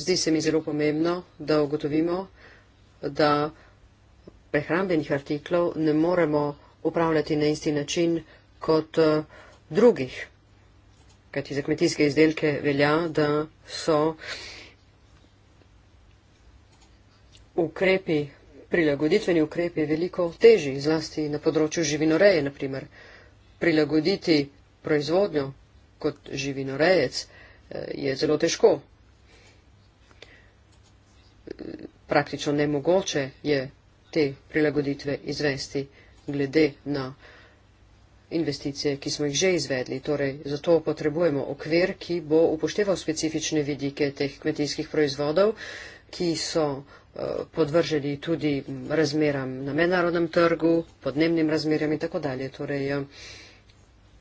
Zdi se mi zelo pomembno, da ugotovimo, da prehrambenih artiklov ne moremo upravljati na isti način kot eh, drugih kajti za kmetijske izdelke velja, da so ukrepi, prilagoditveni ukrepi veliko težji, zlasti na področju živinoreje, naprimer. Prilagoditi proizvodnjo kot živinorejec eh, je zelo težko. Praktično nemogoče je te prilagoditve izvesti glede na investicije, ki smo jih že izvedli. Torej, zato potrebujemo okvir, ki bo upošteval specifične vidike teh kmetijskih proizvodov, ki so eh, podvrženi tudi razmeram na mednarodnem trgu, podnebnim razmerjam in tako dalje. Torej, ja,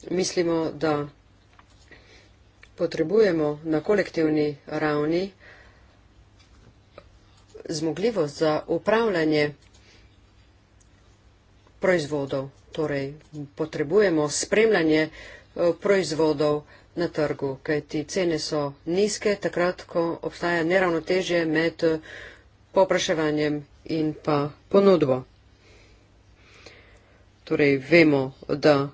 mislimo, da potrebujemo na kolektivni ravni zmogljivost za upravljanje proizvodov, torej potrebujemo spremljanje eh, proizvodov na trgu, kajti cene so nizke, takrat, ko obstaja neravnotežje med eh, popraševanjem in pa ponudbo. Torej vemo, da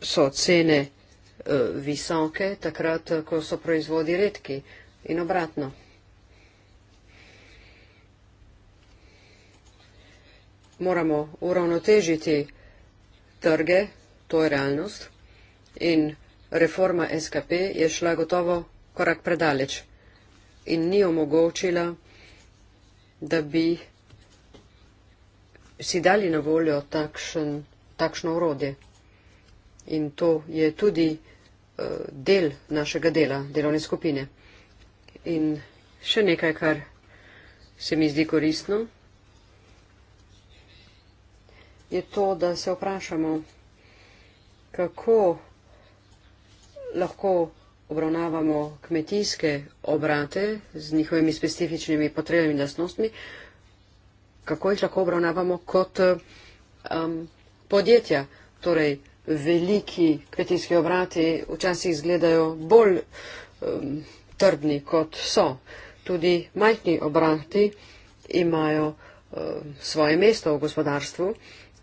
so cene eh, visoke, takrat, ko so proizvodi redki in obratno. moramo uravnotežiti trge, to je realnost, in reforma SKP je šla gotovo korak predaleč in ni omogočila, da bi si dali na voljo takšen, takšno urodje. In to je tudi uh, del našega dela, delovne skupine. In še nekaj, kar se mi zdi koristno je to, da se vprašamo, kako lahko obravnavamo kmetijske obrate z njihovimi specifičnimi potrebami in lastnostmi, kako jih lahko obravnavamo kot um, podjetja. Torej, veliki kmetijski obrati včasih izgledajo bolj um, trdni, kot so. Tudi majhni obrati imajo um, svoje mesto v gospodarstvu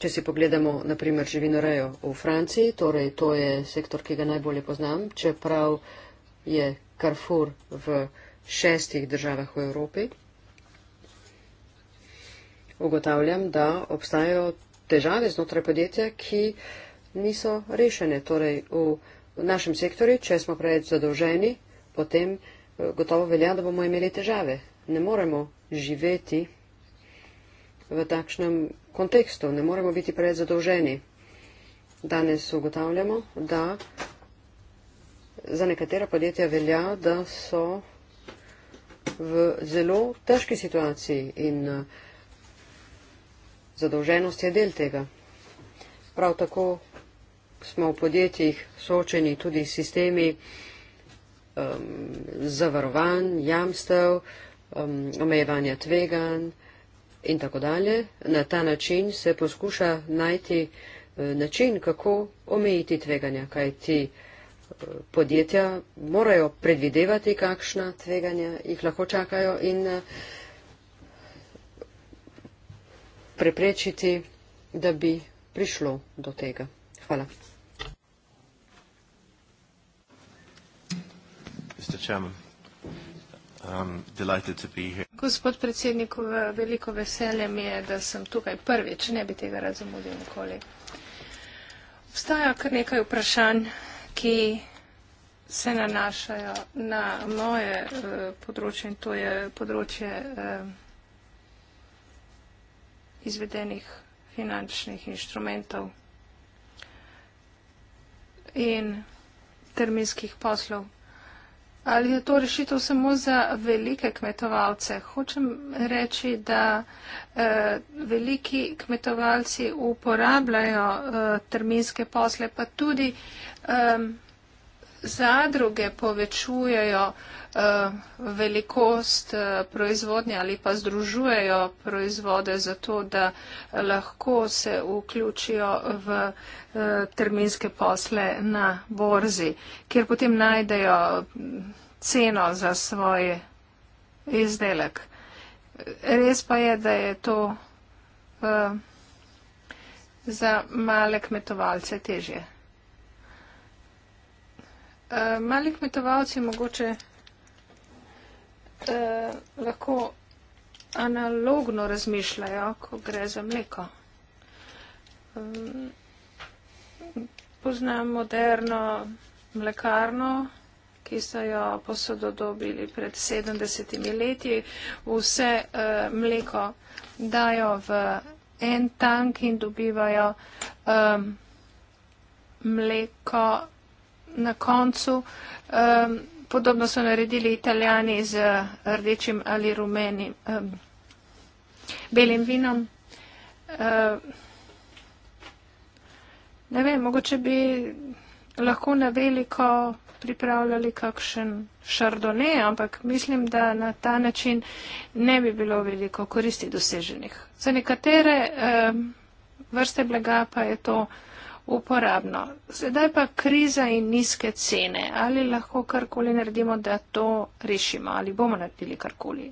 Če si pogledamo, naprimer, živinorejo v Franciji, torej to je sektor, ki ga najbolje poznam, čeprav je Carrefour v šestih državah v Evropi, ugotavljam, da obstajajo težave znotraj podjetja, ki niso rešene. Torej, v našem sektorju, če smo preveč zadolženi, potem eh, gotovo velja, da bomo imeli težave. Ne moremo živeti v takšnem kontekstu, ne moremo biti preveč zadolženi. Danes ugotavljamo, da za nekatera podjetja velja, da so v zelo težki situaciji in eh, zadolženost je del tega. Prav tako smo v podjetjih soočeni tudi s sistemi um, zavarovanj, jamstev, um, omejevanja tveganj, in tako dalje. Na ta način se poskuša najti eh, način, kako omejiti tveganja, kaj ti eh, podjetja morajo predvidevati, kakšna tveganja jih lahko čakajo in eh, preprečiti, da bi prišlo do tega. Hvala. Mr. Chairman. Um, Gospod predsednik, veliko veselje mi je, da sem tukaj prvič, ne bi tega razumudil nikoli. Obstaja kar nekaj vprašanj, ki se nanašajo na moje eh, področje in to je področje eh, izvedenih finančnih inštrumentov in terminskih poslov. Ali je to rešitev samo za velike kmetovalce? Hočem reči, da eh, veliki kmetovalci uporabljajo eh, terminske posle, pa tudi eh, zadruge povečujejo eh, Eh, velikost eh, proizvodnje ali pa združujejo proizvode za to, da lahko se vključijo v eh, terminske posle na borzi, kjer potem najdejo ceno za svoj izdelek. Res pa je, da je to za male kmetovalce težje. Mali kmetovalci mogoče eh, lahko analogno razmišljajo, ko gre za mleko. Ehm, poznam moderno mlekarno, ki so jo posododobili pred 70 leti. Vse eh, mleko dajo v en tank in dobivajo eh, mleko na koncu. Eh, podobno so naredili italijani z rdečim ali rumenim um, belim vinom. Uh, ne vem, mogoče bi lahko na veliko pripravljali kakšen šardone, ampak mislim, da na ta način ne bi bilo veliko koristi doseženih. Za nekatere um, vrste blaga pa je to uporabno. Sedaj pa kriza in nizke cene. Ali lahko karkoli naredimo, da to rešimo ali bomo naredili karkoli?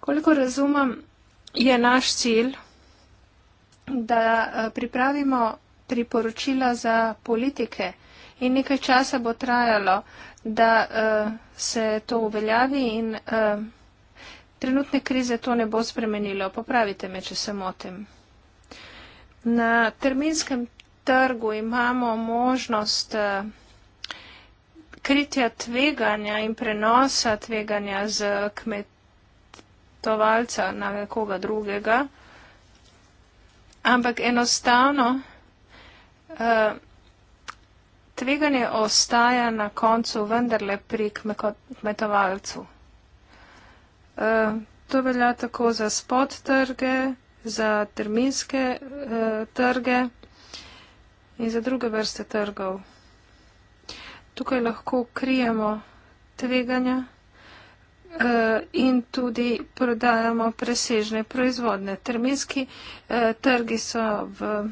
Koliko razumem, je naš cilj, da eh, pripravimo priporočila za politike in nekaj časa bo trajalo, da uh, se to uveljavi in uh, trenutne krize to ne bo spremenilo. Popravite me, če se motim. Na terminskem trgu imamo možnost eh, kritja tveganja in prenosa tveganja z kmetovalca na nekoga drugega, ampak enostavno eh, tveganje ostaja na koncu vendarle pri kmetovalcu. Eh, to velja tako za spot trge, za terminske trge in za druge vrste trgov. Tukaj lahko krijemo tveganja eh, in tudi prodajamo presežne proizvodne. Terminski eh, trgi so v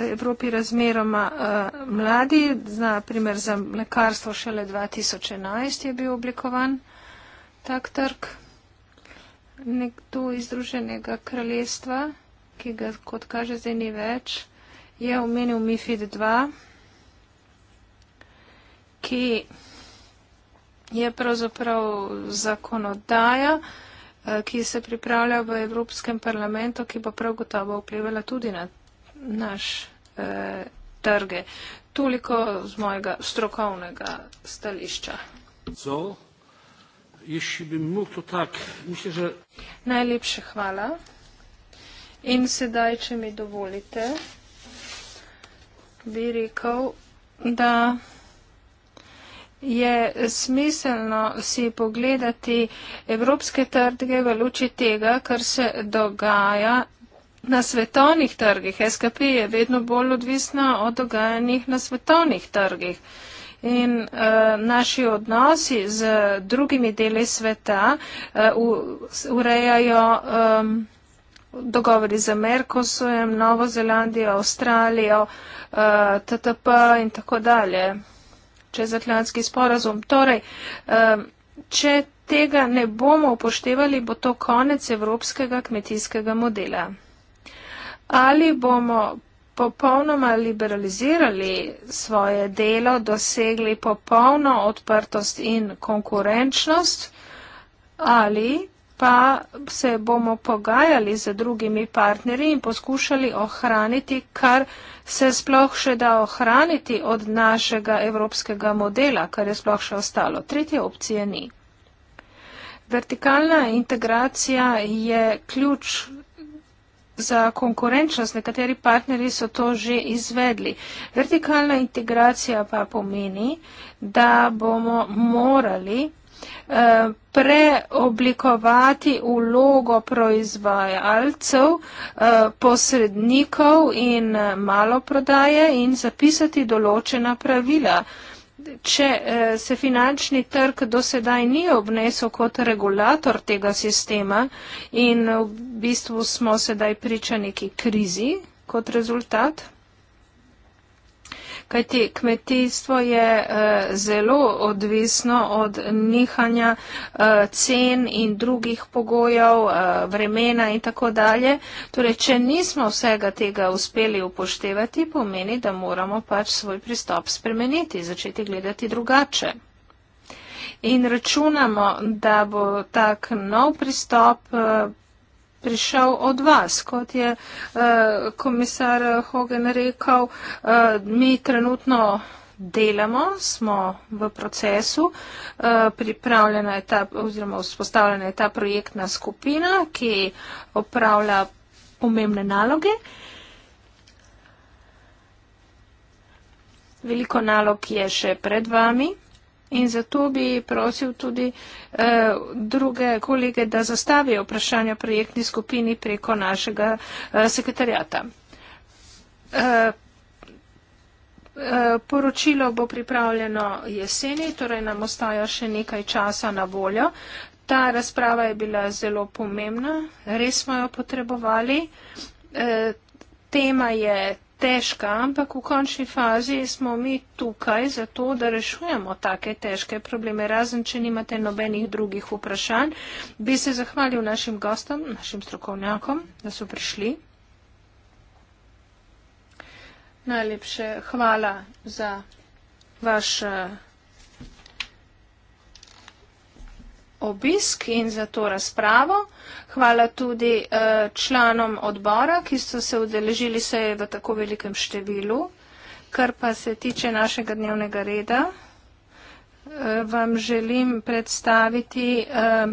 Evropi razmeroma eh, mladi, na primer za mlekarstvo šele 2011 je bil oblikovan tak trg. Nekdo iz Združenega kraljestva, ki ga kot kaže zdaj ni več, je omenil MIFID 2, ki je pravzaprav zakonodaja, eh, ki se pripravlja v Evropskem parlamentu, ki bo prav gotovo vplivala tudi na naš eh, trge. Toliko z mojega strokovnega stališča. So, bi tak, mislim, že... Najlepše hvala. In sedaj, če mi dovolite bi rekel, da je smiselno si pogledati evropske trge v luči tega, kar se dogaja na svetovnih trgih. SKP je vedno bolj odvisna od dogajanjih na svetovnih trgih. In uh, naši odnosi z drugimi deli sveta uh, urejajo. Um, dogovori z Merkosujem, Novo Zelandijo, Avstralijo, eh, TTP in tako dalje, čez Atlantski sporazum. Torej, eh, če tega ne bomo upoštevali, bo to konec evropskega kmetijskega modela. Ali bomo popolnoma liberalizirali svoje delo, dosegli popolno odprtost in konkurenčnost, ali pa se bomo pogajali z drugimi partnerji in poskušali ohraniti, kar se sploh še da ohraniti od našega evropskega modela, kar je sploh še ostalo. Tretje opcije ni. Vertikalna integracija je ključ za konkurenčnost. Nekateri partnerji so to že izvedli. Vertikalna integracija pa pomeni, da bomo morali Eh, preoblikovati vlogo proizvajalcev, eh, posrednikov in eh, maloprodaje in zapisati določena pravila. Če se finančni trg dosedaj ni obnesel kot regulator tega sistema in v bistvu smo sedaj priča neki krizi kot rezultat, kajti kmetijstvo je eh, zelo odvisno od nihanja eh, cen in drugih pogojev, eh, vremena in tako dalje. Torej, če nismo vsega tega uspeli upoštevati, pomeni, da moramo pač svoj pristop spremeniti, začeti gledati drugače. In računamo, da bo tak nov pristop prišel od vas, kot je eh, komisar Hogan rekel, eh, mi trenutno delamo, smo v procesu, eh, pripravljena je ta, oziroma vzpostavljena je ta projektna skupina, ki opravlja pomembne naloge. Veliko nalog je še pred vami. In zato bi prosil tudi uh, druge kolege, da zastavijo vprašanja projektni skupini preko našega uh, eh, sekretarjata. Uh, eh, Poročilo bo pripravljeno jeseni, torej nam ostaja še nekaj časa na voljo. Ta razprava je bila zelo pomembna, res smo jo potrebovali. Tema je težka, ampak v končni fazi smo mi tukaj zato, da rešujemo take težke probleme. Razen, če nimate nobenih drugih vprašanj, bi se zahvalil našim gostom, našim strokovnjakom, da so prišli. Najlepše hvala za vaš. Uh, obisk in za to razpravo. Hvala tudi eh, članom odbora, ki so se udeležili seje v tako velikem številu. Kar pa se tiče našega dnevnega reda, eh, vam želim predstaviti eh,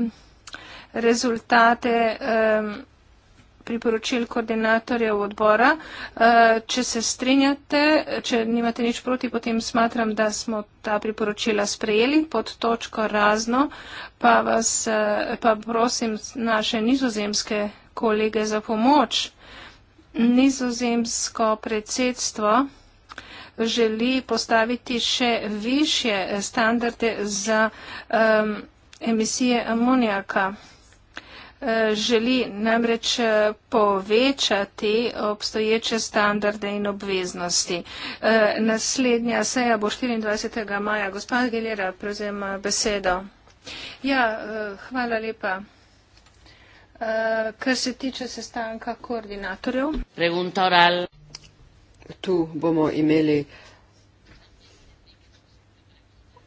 rezultate priporočil koordinatorjev odbora. Eh, če se strinjate, če nimate nič proti, potem smatram, da smo ta priporočila sprejeli pod točko razno, pa vas eh, pa prosim naše nizozemske kolege za pomoč. Nizozemsko predsedstvo želi postaviti še više standarde za um, emisije amonijaka. Eh, želi namreč eh, povečati obstoječe standarde in obveznosti. Eh, naslednja seja bo 24. maja. Gospa Gelera, prevzem besedo. Ja, hvala lepa. Kar se tiče sestanka koordinatorjev. Tu bomo imeli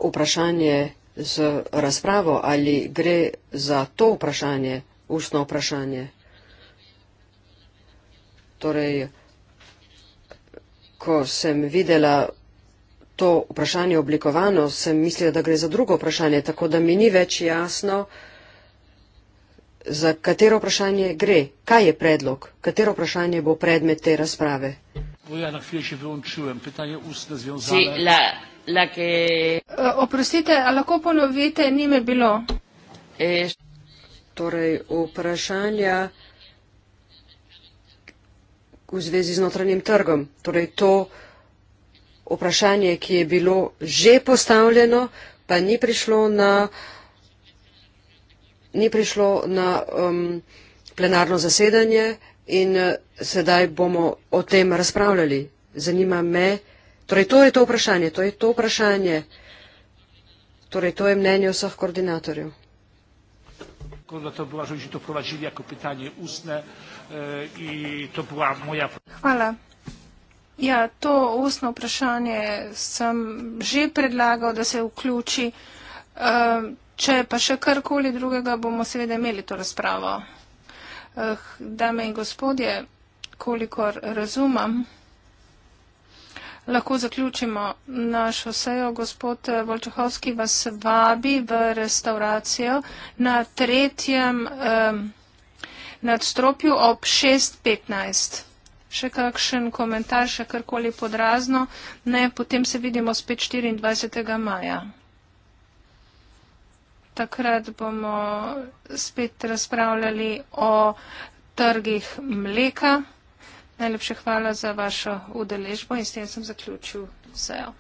vprašanje z razpravo, ali gre za to vprašanje ustno vprašanje. Torej, ko sem videla to vprašanje oblikovano, sem mislila, da gre za drugo vprašanje, tako da mi ni več jasno, za katero vprašanje gre, kaj je predlog, katero vprašanje bo predmet te razprave. Ja, si, la, la que... uh, oprostite, lahko ponovite, ni me bilo. Eh, torej vprašanja v zvezi z notranjim trgom. Torej to vprašanje, ki je bilo že postavljeno, pa ni prišlo na, ni prišlo na um, plenarno zasedanje in uh, sedaj bomo o tem razpravljali. Zanima me, torej to je to vprašanje, to je to vprašanje, torej to je mnenje vseh koordinatorjev. Kurwa, to była, żebyśmy to wprowadzili jako pytanie ustne e, i to była moja... Hvala. Ja, to ustno vprašanje sem že predlagal, da se vključi. E, če pa še karkoli drugega, bomo seveda imeli to razpravo. Eh, dame in gospodje, kolikor razumem, lahko zaključimo našo sejo. Gospod Volčehovski vas vabi v restauracijo na tretjem um, nadstropju ob 6.15. Še kakšen komentar, še karkoli podrazno, ne, potem se vidimo spet 24. maja. Takrat bomo spet razpravljali o trgih mleka. Najlepša hvala za vašo udeležbo in s tem sem zaključil sejo.